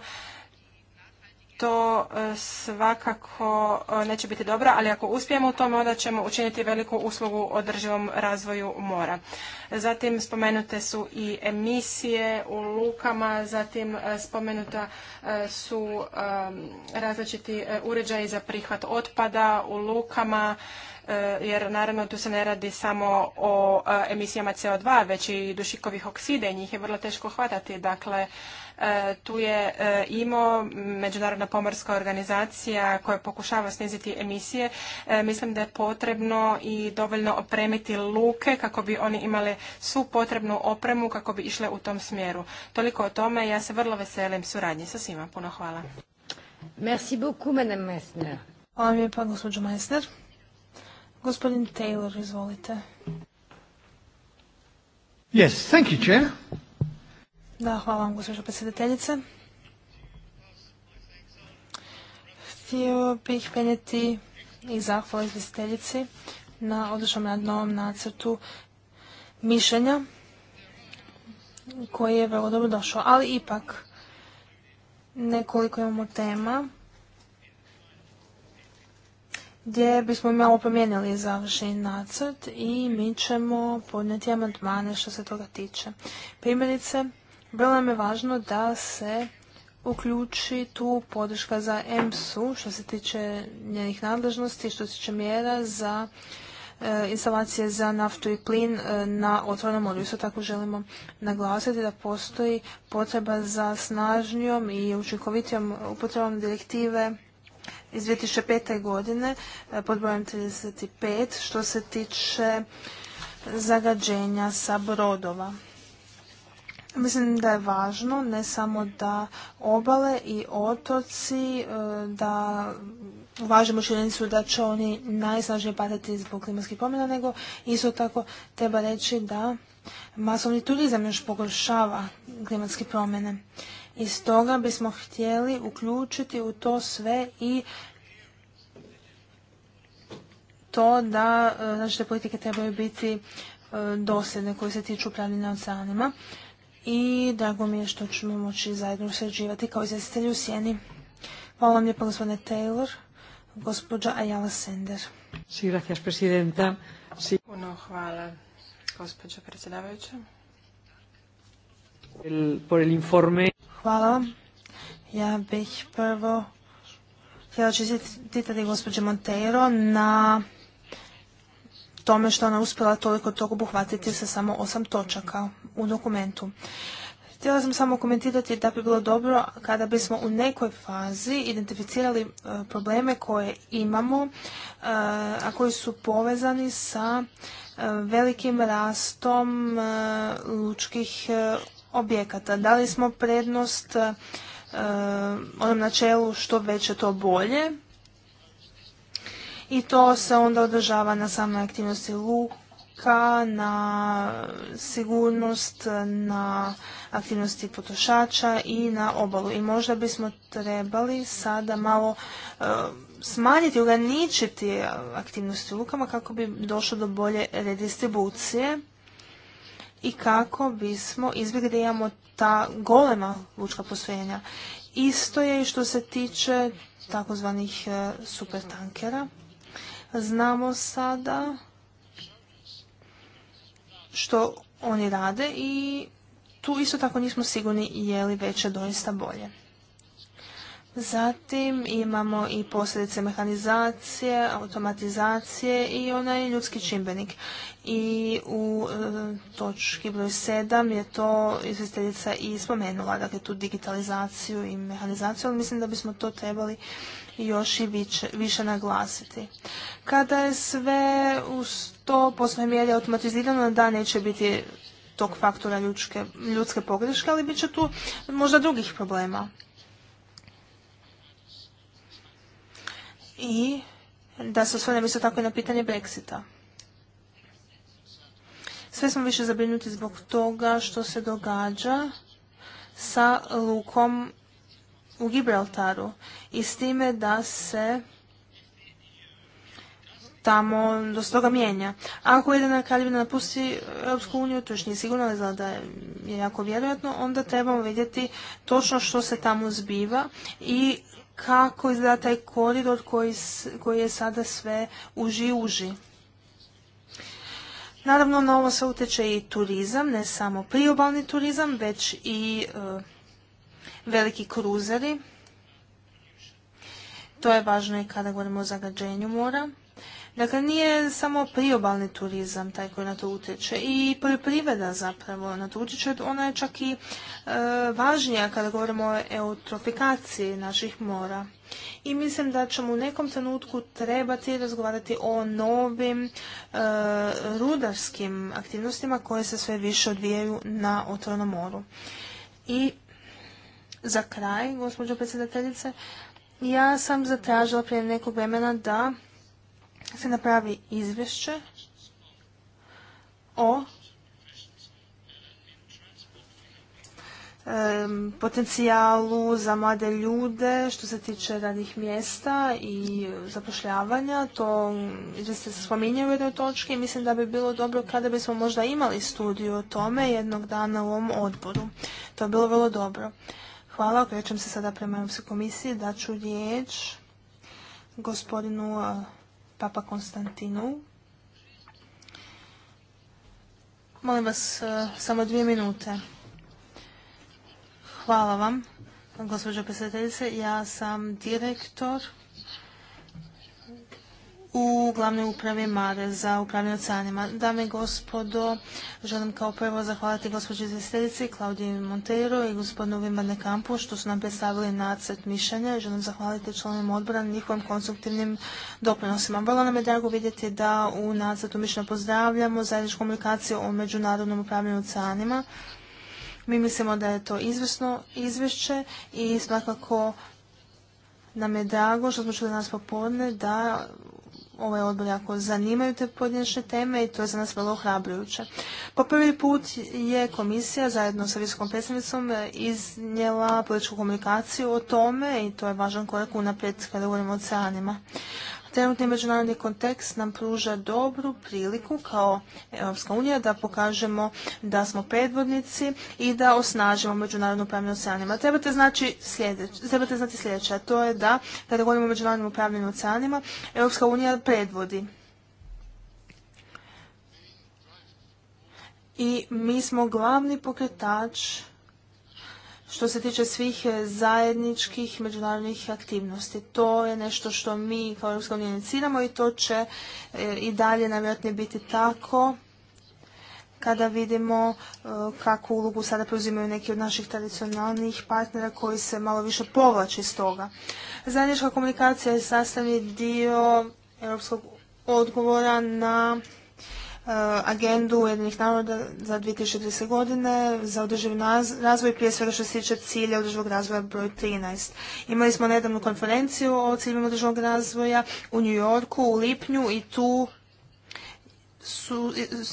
to e, svakako e, neće biti dobro, ali ako uspijemo u tome, onda ćemo učiniti veliku uslugu održivom razvoju mora. Zatim spomenute su i emisije u lukama, zatim e, spomenuta su različiti uređaji za prihvat otpada u lukama, jer naravno tu se ne radi samo o emisijama CO2, već i dušikovih oksida i njih je vrlo teško hvatati. Dakle, E, tu je e, IMO, Međunarodna pomorska organizacija koja pokušava sniziti emisije. E, mislim da je potrebno i dovoljno opremiti luke kako bi oni imali svu potrebnu opremu kako bi išle u tom smjeru. Toliko o tome. Ja se vrlo veselim suradnji sa svima. Puno hvala. Merci beaucoup, madame Hvala vam lijepa, gospođo Messner. Gospodin Taylor, izvolite. Yes, thank you, Chair. Da, hvala vam, gospođo predsjedateljice. Htio bih penjeti i zahvala izvjestiteljici na na radnom nacrtu mišljenja koji je vrlo dobro došao, ali ipak nekoliko imamo tema gdje bismo malo promijenili završeni nacrt i mi ćemo podnijeti amandmane što se toga tiče. Primjerice, vrlo nam je važno da se uključi tu podrška za EMSU što se tiče njenih nadležnosti, što se tiče mjera za e, instalacije za naftu i plin e, na otvorenom moru. Isto tako želimo naglasiti da postoji potreba za snažnijom i učinkovitijom upotrebom direktive iz 2005. godine e, pod brojem 35 što se tiče zagađenja sa brodova. Mislim da je važno ne samo da obale i otoci, e, da uvažimo činjenicu da će oni najsnažnije patiti zbog klimatskih promjena, nego isto tako treba reći da masovni turizam još pogoršava klimatske promjene. I stoga bismo htjeli uključiti u to sve i to da e, naše politike trebaju biti e, dosljedne koje se tiču upravljanja oceanima i drago mi je što ćemo moći zajedno sređivati kao izvjestitelji u sjeni. Hvala vam lijepo gospodine Taylor, gospođa Ayala Sender. gracias, presidenta. Puno hvala, gospođo predsjedavajuća. El, por el informe. Hvala vam. Ja bih prvo htjela čestitati gospođe Monteiro na tome što ona uspjela toliko toga obuhvatiti sa samo osam točaka u dokumentu. Htjela sam samo komentirati da bi bilo dobro kada bismo u nekoj fazi identificirali e, probleme koje imamo, e, a koji su povezani sa e, velikim rastom lučkih objekata. Dali smo prednost onom načelu što veće to bolje, i to se onda održava na same aktivnosti luka, na sigurnost, na aktivnosti potrošača i na obalu. I možda bismo trebali sada malo e, smanjiti, ograničiti aktivnosti u lukama kako bi došlo do bolje redistribucije i kako bismo izbjegli da imamo ta golema lučka posvojenja. Isto je i što se tiče takozvanih e, supertankera znamo sada što oni rade i tu isto tako nismo sigurni je li veće doista bolje. Zatim imamo i posljedice mehanizacije, automatizacije i onaj ljudski čimbenik. I u e, točki broj 7 je to izvjestiteljica i spomenula, dakle tu digitalizaciju i mehanizaciju, ali mislim da bismo to trebali još i više, naglasiti. Kada je sve u 100% mjeri automatizirano, da neće biti tog faktora ljudske, pogreške, ali bit će tu možda drugih problema. I da se osvrnem isto tako i na pitanje Brexita. Sve smo više zabrinuti zbog toga što se događa sa lukom u Gibraltaru i s time da se tamo do stoga mijenja. Ako jedna kraljevina napusti Europsku uniju, to još nije sigurno, ali da je jako vjerojatno, onda trebamo vidjeti točno što se tamo zbiva i kako izgleda taj koridor koji, je sada sve uži uži. Naravno, na ovo se utječe i turizam, ne samo priobalni turizam, već i e, veliki kruzeri. To je važno i kada govorimo o zagađenju mora. Dakle, nije samo priobalni turizam taj koji na to utječe i poljoprivreda zapravo na to utječe. Ona je čak i e, važnija kada govorimo o eutrofikaciji naših mora. I mislim da ćemo u nekom trenutku trebati razgovarati o novim e, rudarskim aktivnostima koje se sve više odvijaju na otvornom moru. I za kraj, gospođo predsjedateljice, ja sam zatražila prije nekog vremena da se napravi izvješće o potencijalu za mlade ljude što se tiče radnih mjesta i zapošljavanja. To se spominjali u jednoj točki i mislim da bi bilo dobro kada bismo možda imali studiju o tome jednog dana u ovom odboru. To bi bilo vrlo dobro. Hvala, okrećem se sada prema Europskoj komisiji, da ću riječ gospodinu Papa Konstantinu. Molim vas samo dvije minute. Hvala vam, gospođo predsjedateljice. Ja sam direktor u glavnoj upravi Mare za upravljanje oceanima. Dame i gospodo, želim kao prvo zahvaliti gospođi izvjestiteljici Klaudiji Monteiro i gospodinu Vimane Kampu što su nam predstavili nacrt mišljenja i želim zahvaliti članovima odbora na njihovim konstruktivnim doprinosima. Vrlo nam je drago vidjeti da u nacrtu mišljenja pozdravljamo zajedničku komunikaciju o međunarodnom upravljanju oceanima. Mi mislimo da je to izvrsno izvješće i svakako nam je drago što smo čuli danas popodne da ovaj odbor jako zanimaju te pojedinačne teme i to je za nas vrlo ohrabrujuće. Po prvi put je komisija zajedno sa visokom predstavnicom iznijela političku komunikaciju o tome i to je važan korak unaprijed kada govorimo o oceanima. Trenutni međunarodni kontekst nam pruža dobru priliku kao Europska unija da pokažemo da smo predvodnici i da osnažimo međunarodnu upravljanje oceanima. Trebate, znači znati sljedeće, a to je da kada govorimo o međunarodnom upravljanju oceanima, Europska unija predvodi. I mi smo glavni pokretač što se tiče svih eh, zajedničkih međunarodnih aktivnosti. To je nešto što mi kao Europska unija iniciramo i to će eh, i dalje najvjerojatnije biti tako kada vidimo eh, kakvu ulogu sada preuzimaju neki od naših tradicionalnih partnera koji se malo više povlači iz toga. Zajednička komunikacija je sastavni dio europskog odgovora na Eh, agendu jednih naroda za 2030 godine za održiv razvoj, prije svega što se tiče cilja održivog razvoja broj 13. Imali smo nedavnu konferenciju o ciljima održivog razvoja u New Yorku u lipnju i tu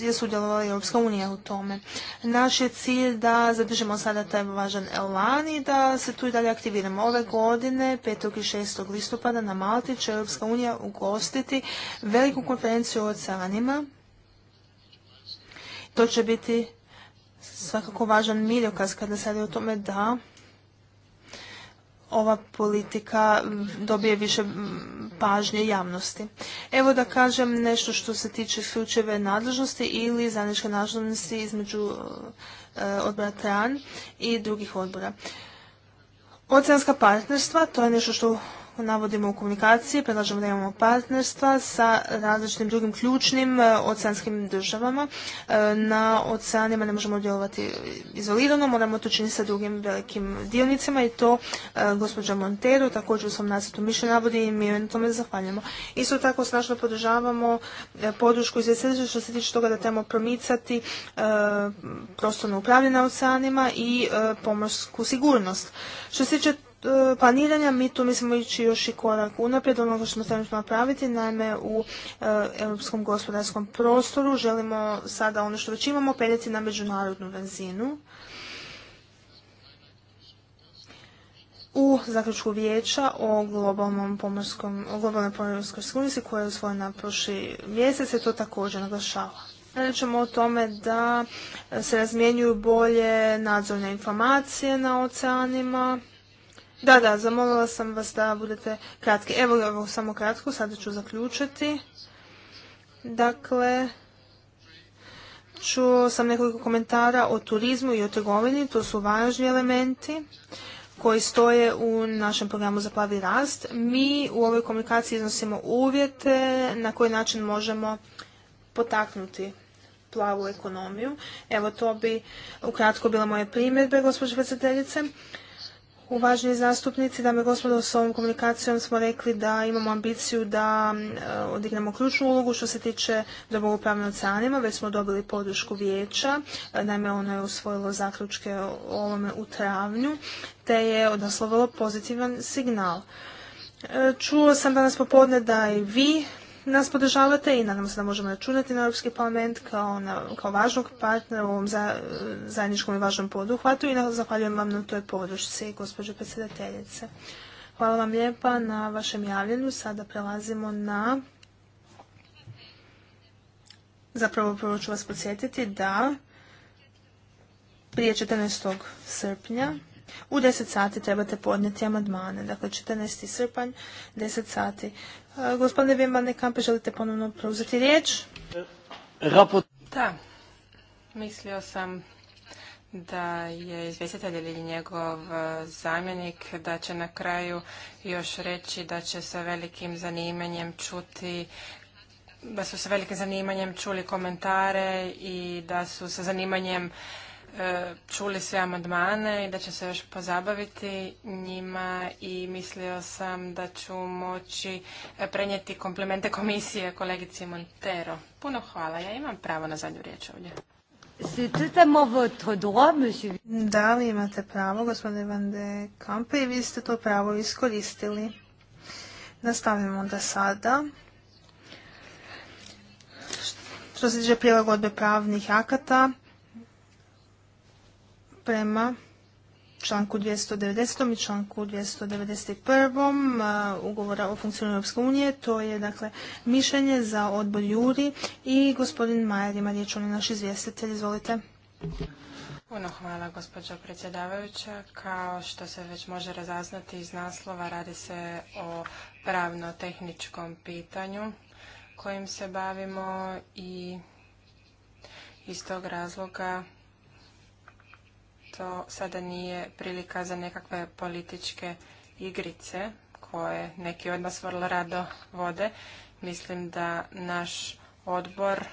je sudjelovala Europska unija u tome. Naš je cilj da zadržimo sada taj važan elan i da se tu i dalje aktiviramo. Ove godine, 5. i 6. listopada na Malti će Europska unija ugostiti veliku konferenciju o oceanima to će biti svakako važan miljokaz kada se o tome da ova politika dobije više pažnje javnosti. Evo da kažem nešto što se tiče slučajeve nadležnosti ili zajedničke nadležnosti između eh, odbora TRAN i drugih odbora. Oceanska partnerstva, to je nešto što navodimo u komunikaciji, predlažemo da imamo partnerstva sa različitim drugim ključnim e, oceanskim državama. E, na oceanima ne možemo djelovati izolirano, moramo to činiti sa drugim velikim dionicama i to e, gospođa Montero također u svom nacrtu mišljenja navodi i mi joj na tome zahvaljujemo. Isto tako snažno podržavamo podršku izvjestitelja što se tiče toga da trebamo promicati prostorno upravljanje na oceanima i pomorsku sigurnost. Što se tiče E, planiranja mi tu mislimo ići još i korak unaprijed ono što smo trenutno napraviti, naime u e, europskom gospodarskom prostoru želimo sada ono što već imamo peljeti na međunarodnu razinu. U zaključku vijeća o globalnom pomorskom, o globalnoj pomorskoj skunisi koja je usvojena prošli mjesec se to također naglašava. ćemo o tome da se razmjenjuju bolje nadzorne informacije na oceanima, da, da, zamolila sam vas da budete kratki. Evo, evo samo kratko, sada ću zaključiti. Dakle, čuo sam nekoliko komentara o turizmu i o trgovini, to su važni elementi koji stoje u našem programu za plavi rast. Mi u ovoj komunikaciji iznosimo uvjete na koji način možemo potaknuti plavu ekonomiju. Evo to bi ukratko bila moje primjedbe, gospođo predsjedateljice. Uvaženi zastupnici, dame i gospodo, s ovom komunikacijom smo rekli da imamo ambiciju da e, odignemo ključnu ulogu što se tiče dobog upravljanja oceanima. Već smo dobili podršku vijeća, e, naime ono je usvojilo zaključke o ovome u travnju, te je odaslovalo pozitivan signal. E, čuo sam danas popodne da i vi nas podržavate i nadam se da možemo računati na Europski parlament kao, važnog partnera u ovom zajedničkom i važnom poduhvatu i na, zahvaljujem vam na toj podršci, gospođo predsjedateljice. Hvala vam lijepa na vašem javljenju. Sada prelazimo na... Zapravo prvo ću vas podsjetiti da prije 14. srpnja u 10 sati trebate podnijeti amandmane, dakle 14. srpanj, 10 sati. E, gospodine Vimbalne, Kampe, želite ponovno preuzeti riječ? Da, mislio sam da je izvjestitelj ili njegov e, zamjenik da će na kraju još reći da će sa velikim zanimanjem čuti da su sa velikim zanimanjem čuli komentare i da su sa zanimanjem E, čuli sve amandmane i da će se još pozabaviti njima i mislio sam da ću moći e, prenijeti komplimente komisije kolegici Montero. Puno hvala, ja imam pravo na zadnju riječ ovdje. Da li imate pravo, gospodine Van de Kampe, i vi ste to pravo iskoristili. Nastavimo da sada. Što se tiče prilagodbe pravnih akata, prema članku 290. i članku 291. Uh, ugovora o funkcioniranju Europske unije. To je dakle mišljenje za odbor Juri i gospodin Majer ima riječ, on naš izvjestitelj. Izvolite. Puno hvala gospođo predsjedavajuća. Kao što se već može razaznati iz naslova, radi se o pravno-tehničkom pitanju kojim se bavimo i iz tog razloga to sada nije prilika za nekakve političke igrice koje neki od nas vrlo rado vode. Mislim da naš odbor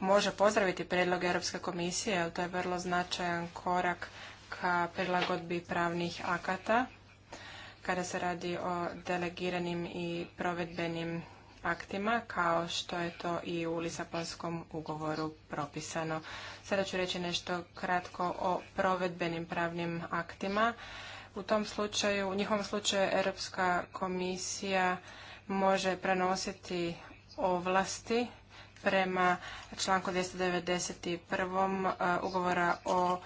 može pozdraviti predlog Europske komisije, jer to je vrlo značajan korak ka prilagodbi pravnih akata kada se radi o delegiranim i provedbenim aktima kao što je to i u Lisabonskom ugovoru propisano. Sada ću reći nešto kratko o provedbenim pravnim aktima. U tom slučaju, u njihovom slučaju Europska komisija može prenositi ovlasti prema članku 291. E, ugovora o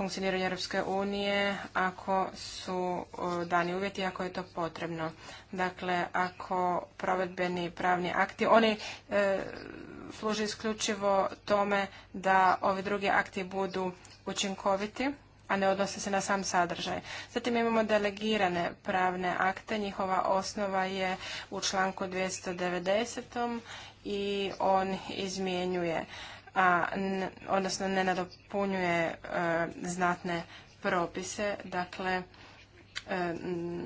funkcioniranje Europske unije ako su e, dani uvjeti, ako je to potrebno. Dakle, ako provedbeni pravni akti, oni e, služe isključivo tome da ovi drugi akti budu učinkoviti, a ne odnose se na sam sadržaj. Zatim imamo delegirane pravne akte, njihova osnova je u članku 290. i on izmjenjuje a odnosno ne nadopunjuje e, znatne propise, dakle e,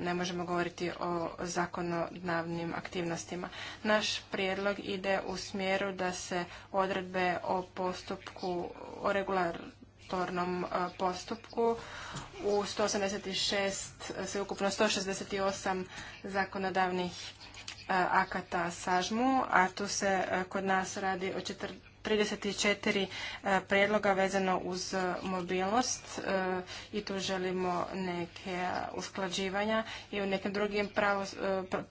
ne možemo govoriti o zakonodavnim aktivnostima. Naš prijedlog ide u smjeru da se odredbe o postupku, o regulatornom e, postupku u 186, ukupno 168 zakonodavnih akata sažmu, a tu se kod nas radi o 34 e, prijedloga vezano uz e, mobilnost e, i tu želimo neke usklađivanja i u nekim drugim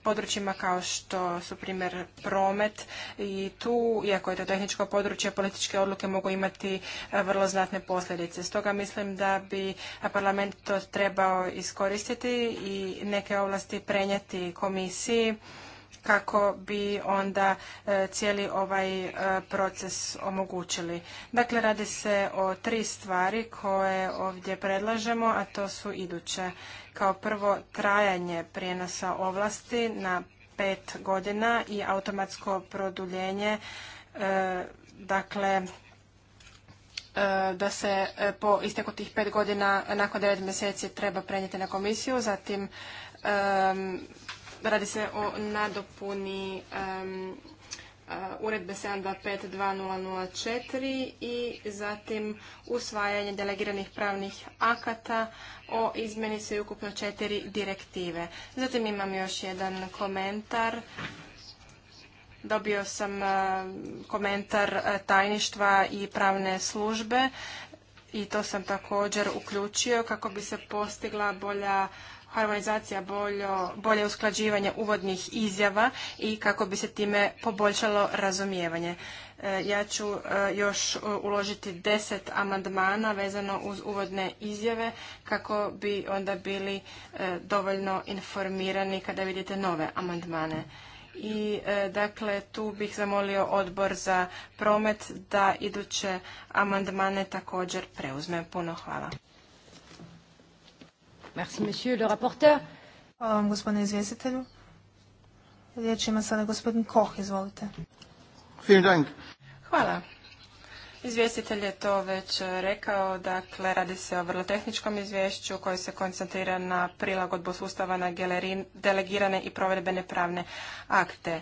područjima kao što su primjer promet i tu, iako je to tehničko područje, političke odluke mogu imati vrlo znatne posljedice. Stoga mislim da bi parlament to trebao iskoristiti i neke ovlasti prenijeti komisiji kako bi onda e, cijeli ovaj e, proces omogućili. Dakle, radi se o tri stvari koje ovdje predlažemo, a to su iduće. Kao prvo, trajanje prijenosa ovlasti na pet godina i automatsko produljenje, e, dakle, da se po isteku tih pet godina nakon devet mjeseci treba prenijeti na komisiju, zatim Radi se o nadopuni e, uredbe 725-2004 i zatim usvajanje delegiranih pravnih akata o izmeni se ukupno četiri direktive. Zatim imam još jedan komentar. Dobio sam e, komentar e, tajništva i pravne službe i to sam također uključio kako bi se postigla bolja harmonizacija, bolje, bolje usklađivanje uvodnih izjava i kako bi se time poboljšalo razumijevanje. E, ja ću e, još e, uložiti deset amandmana vezano uz uvodne izjave kako bi onda bili dovoljno informirani kada vidite nove amandmane. I dakle tu bih zamolio odbor za promet da iduće amandmane također preuzme. Puno hvala. Merci, monsieur le rapporteur. Hvala vam, gospodine izvjestitelju. Riječ ima sada gospodin Koh, izvolite. Hvala. Izvjestitelj je to već rekao, dakle radi se o vrlo tehničkom izvješću koji se koncentrira na prilagodbu sustava na delegirane i provedbene pravne akte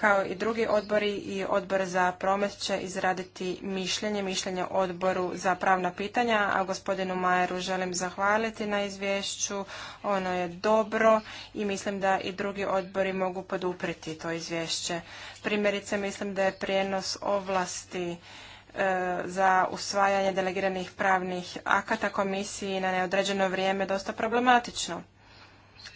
kao i drugi odbori i odbor za promet će izraditi mišljenje, mišljenje odboru za pravna pitanja, a gospodinu Majeru želim zahvaliti na izvješću, ono je dobro i mislim da i drugi odbori mogu podupriti to izvješće. Primjerice mislim da je prijenos ovlasti e, za usvajanje delegiranih pravnih akata komisiji na neodređeno vrijeme dosta problematično.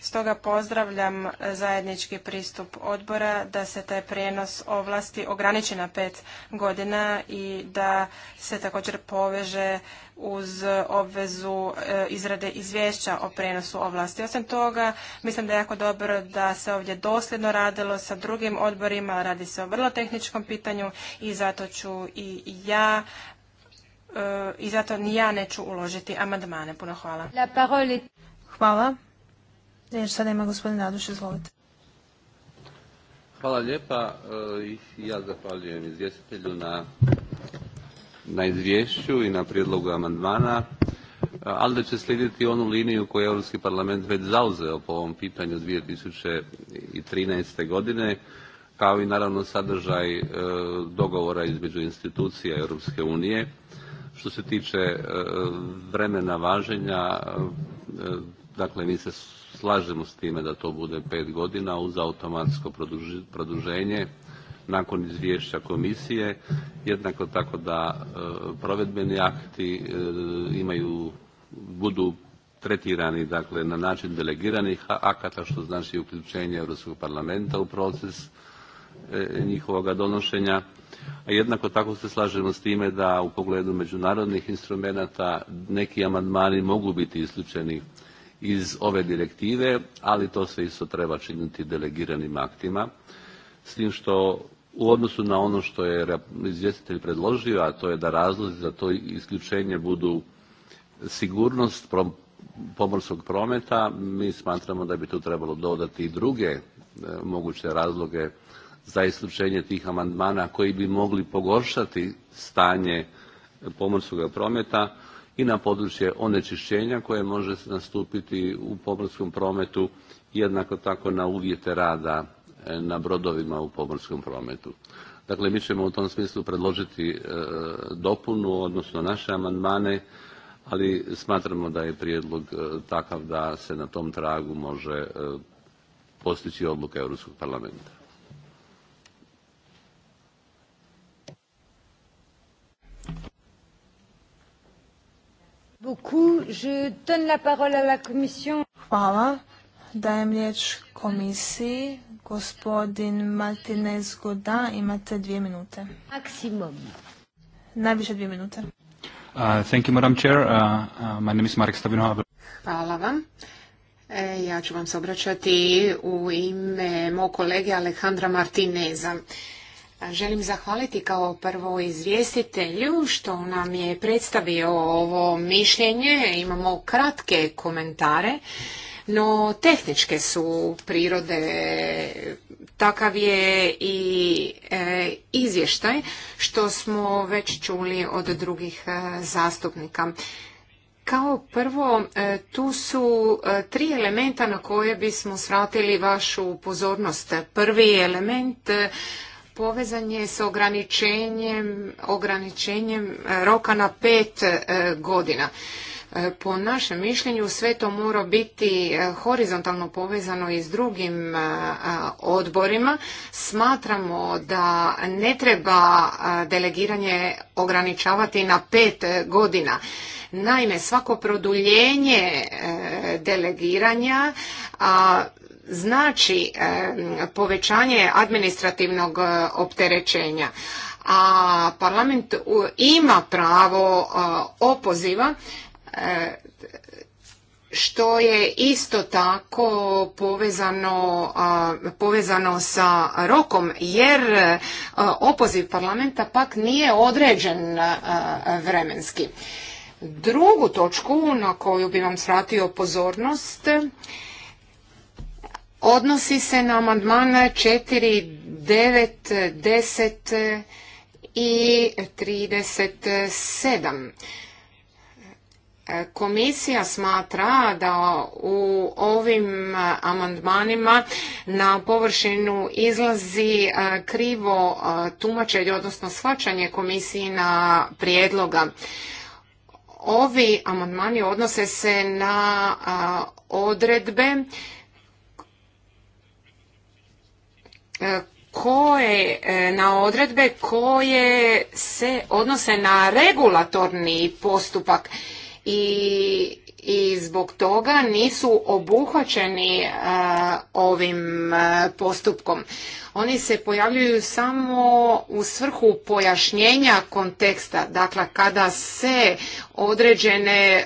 Stoga pozdravljam e, zajednički pristup odbora da se taj prijenos ovlasti ograniči na pet godina i da se također poveže uz obvezu e, izrade izvješća o prenosu ovlasti. Osim toga, mislim da je jako dobro da se ovdje dosljedno radilo sa drugim odborima, radi se o vrlo tehničkom pitanju i zato ću i ja e, i zato ni ja neću uložiti amandmane. Puno hvala. Hvala. Riječ sada ima gospodin Raduš, izvolite. Hvala lijepa e, i ja zahvaljujem izvjestitelju na, na izvješću i na prijedlogu amandmana, e, ali da će slijediti onu liniju koju je Europski parlament već zauzeo po ovom pitanju 2013. godine, kao i naravno sadržaj e, dogovora između institucija Europske unije. Što se tiče vremena važenja, dakle mi se slažemo s time da to bude pet godina uz automatsko produženje nakon izvješća komisije, jednako tako da e, provedbeni akti e, imaju, budu tretirani dakle na način delegiranih akata što znači uključenje Europskog parlamenta u proces e, njihovog donošenja. A jednako tako se slažemo s time da u pogledu međunarodnih instrumenata neki amandmani mogu biti isključeni iz ove direktive, ali to se isto treba činiti delegiranim aktima. S tim što u odnosu na ono što je izvjestitelj predložio, a to je da razlozi za to isključenje budu sigurnost pomorskog prometa, mi smatramo da bi tu trebalo dodati i druge e, moguće razloge za isključenje tih amandmana koji bi mogli pogoršati stanje pomorskog prometa i na područje onečišćenja koje može nastupiti u pomorskom prometu jednako tako na uvjete rada e, na brodovima u pomorskom prometu. Dakle, mi ćemo u tom smislu predložiti e, dopunu, odnosno naše amandmane, ali smatramo da je prijedlog e, takav da se na tom tragu može postići odluka Europskog parlamenta. Hvala. Dajem riječ komisiji. Gospodin Martinez Goda, imate dvije minute. Maksimum. Najviše dvije minute. Uh, thank you, Madam Chair. Uh, uh my name is Hvala vam. E, ja ću vam se obraćati u ime mog kolege Alejandra Martineza. Želim zahvaliti kao prvo izvjestitelju što nam je predstavio ovo mišljenje. Imamo kratke komentare, no tehničke su prirode. Takav je i e, izvještaj što smo već čuli od drugih e, zastupnika. Kao prvo, e, tu su tri elementa na koje bismo svratili vašu pozornost. Prvi element povezan je s ograničenjem, ograničenjem e, roka na pet e, godina. E, po našem mišljenju sve to mora biti horizontalno povezano i s drugim odborima. Smatramo da ne treba delegiranje ograničavati na pet godina. Naime, svako produljenje delegiranja znači e, povećanje administrativnog e, opterećenja a parlament ima pravo e, opoziva što je isto tako povezano, povezano sa rokom jer opoziv parlamenta pak nije određen vremenski. Drugu točku na koju bi vam svratio pozornost odnosi se na amandmane 4, 9, 10 i 37. Komisija smatra da u ovim amandmanima na površinu izlazi krivo tumačenje, odnosno shvaćanje komisiji na prijedloga. Ovi amandmani odnose se na odredbe E, koje e, na odredbe koje se odnose na regulatorni postupak i, i zbog toga nisu obuhvaćeni e, ovim postupkom. Oni se pojavljuju samo u svrhu pojašnjenja konteksta, dakle kada se određene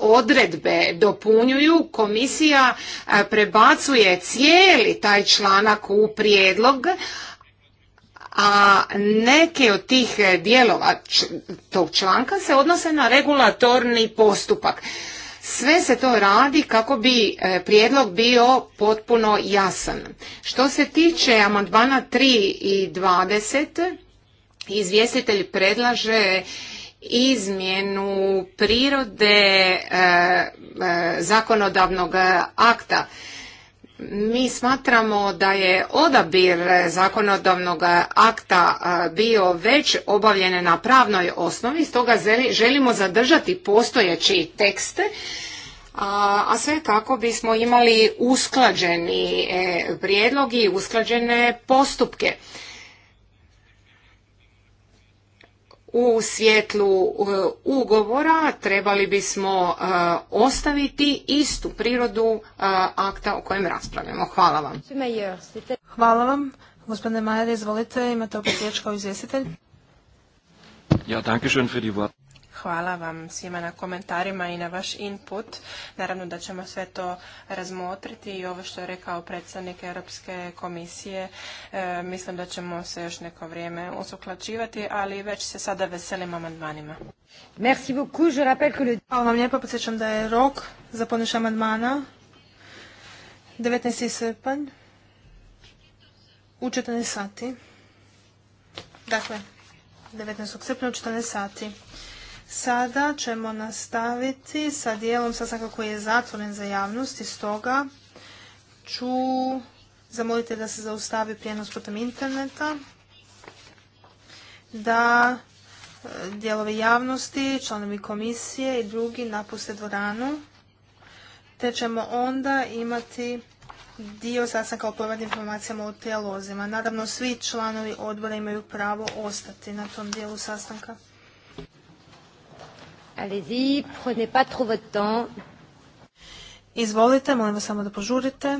odredbe dopunjuju, komisija e, prebacuje cijeli taj članak u prijedlog, a neke od tih dijelova tog članka se odnose na regulatorni postupak. Sve se to radi kako bi e, prijedlog bio potpuno jasan. Što se tiče amandmana 3 i 20, izvjestitelj predlaže izmjenu prirode e, e, zakonodavnog akta. Mi smatramo da je odabir zakonodavnog akta e, bio već obavljen na pravnoj osnovi, stoga želimo zadržati postojeći tekst, a sve kako bismo imali usklađeni prijedlog i usklađene postupke. u svjetlu e, ugovora trebali bismo e, ostaviti istu prirodu e, akta o kojem raspravljamo. Hvala vam. Hvala vam. Gospodine Majer, izvolite, imate opet riječ kao izvjestitelj. Ja, danke schön für die Hvala vam svima na komentarima i na vaš input. Naravno da ćemo sve to razmotriti i ovo što je rekao predstavnik Europske komisije, e, mislim da ćemo se još neko vrijeme usuklačivati, ali već se sada veselim amandmanima. Merci beaucoup, Hvala vam lijepo, podsjećam da je rok za podnošenje amandmana 19. srpanj u 14 sati. Dakle, 19. srpnja u 14 sati. Sada ćemo nastaviti sa dijelom sastanka koji je zatvoren za javnost i stoga ću zamoliti da se zaustavi prijenos putem interneta, da e, dijelovi javnosti, članovi komisije i drugi napuste dvoranu, te ćemo onda imati dio sastanka o povratnim informacijama o telozima. Naravno, svi članovi odbora imaju pravo ostati na tom dijelu sastanka. Allez-y, prenez pas trop votre temps. Izvolite, molim vas samo da požurite.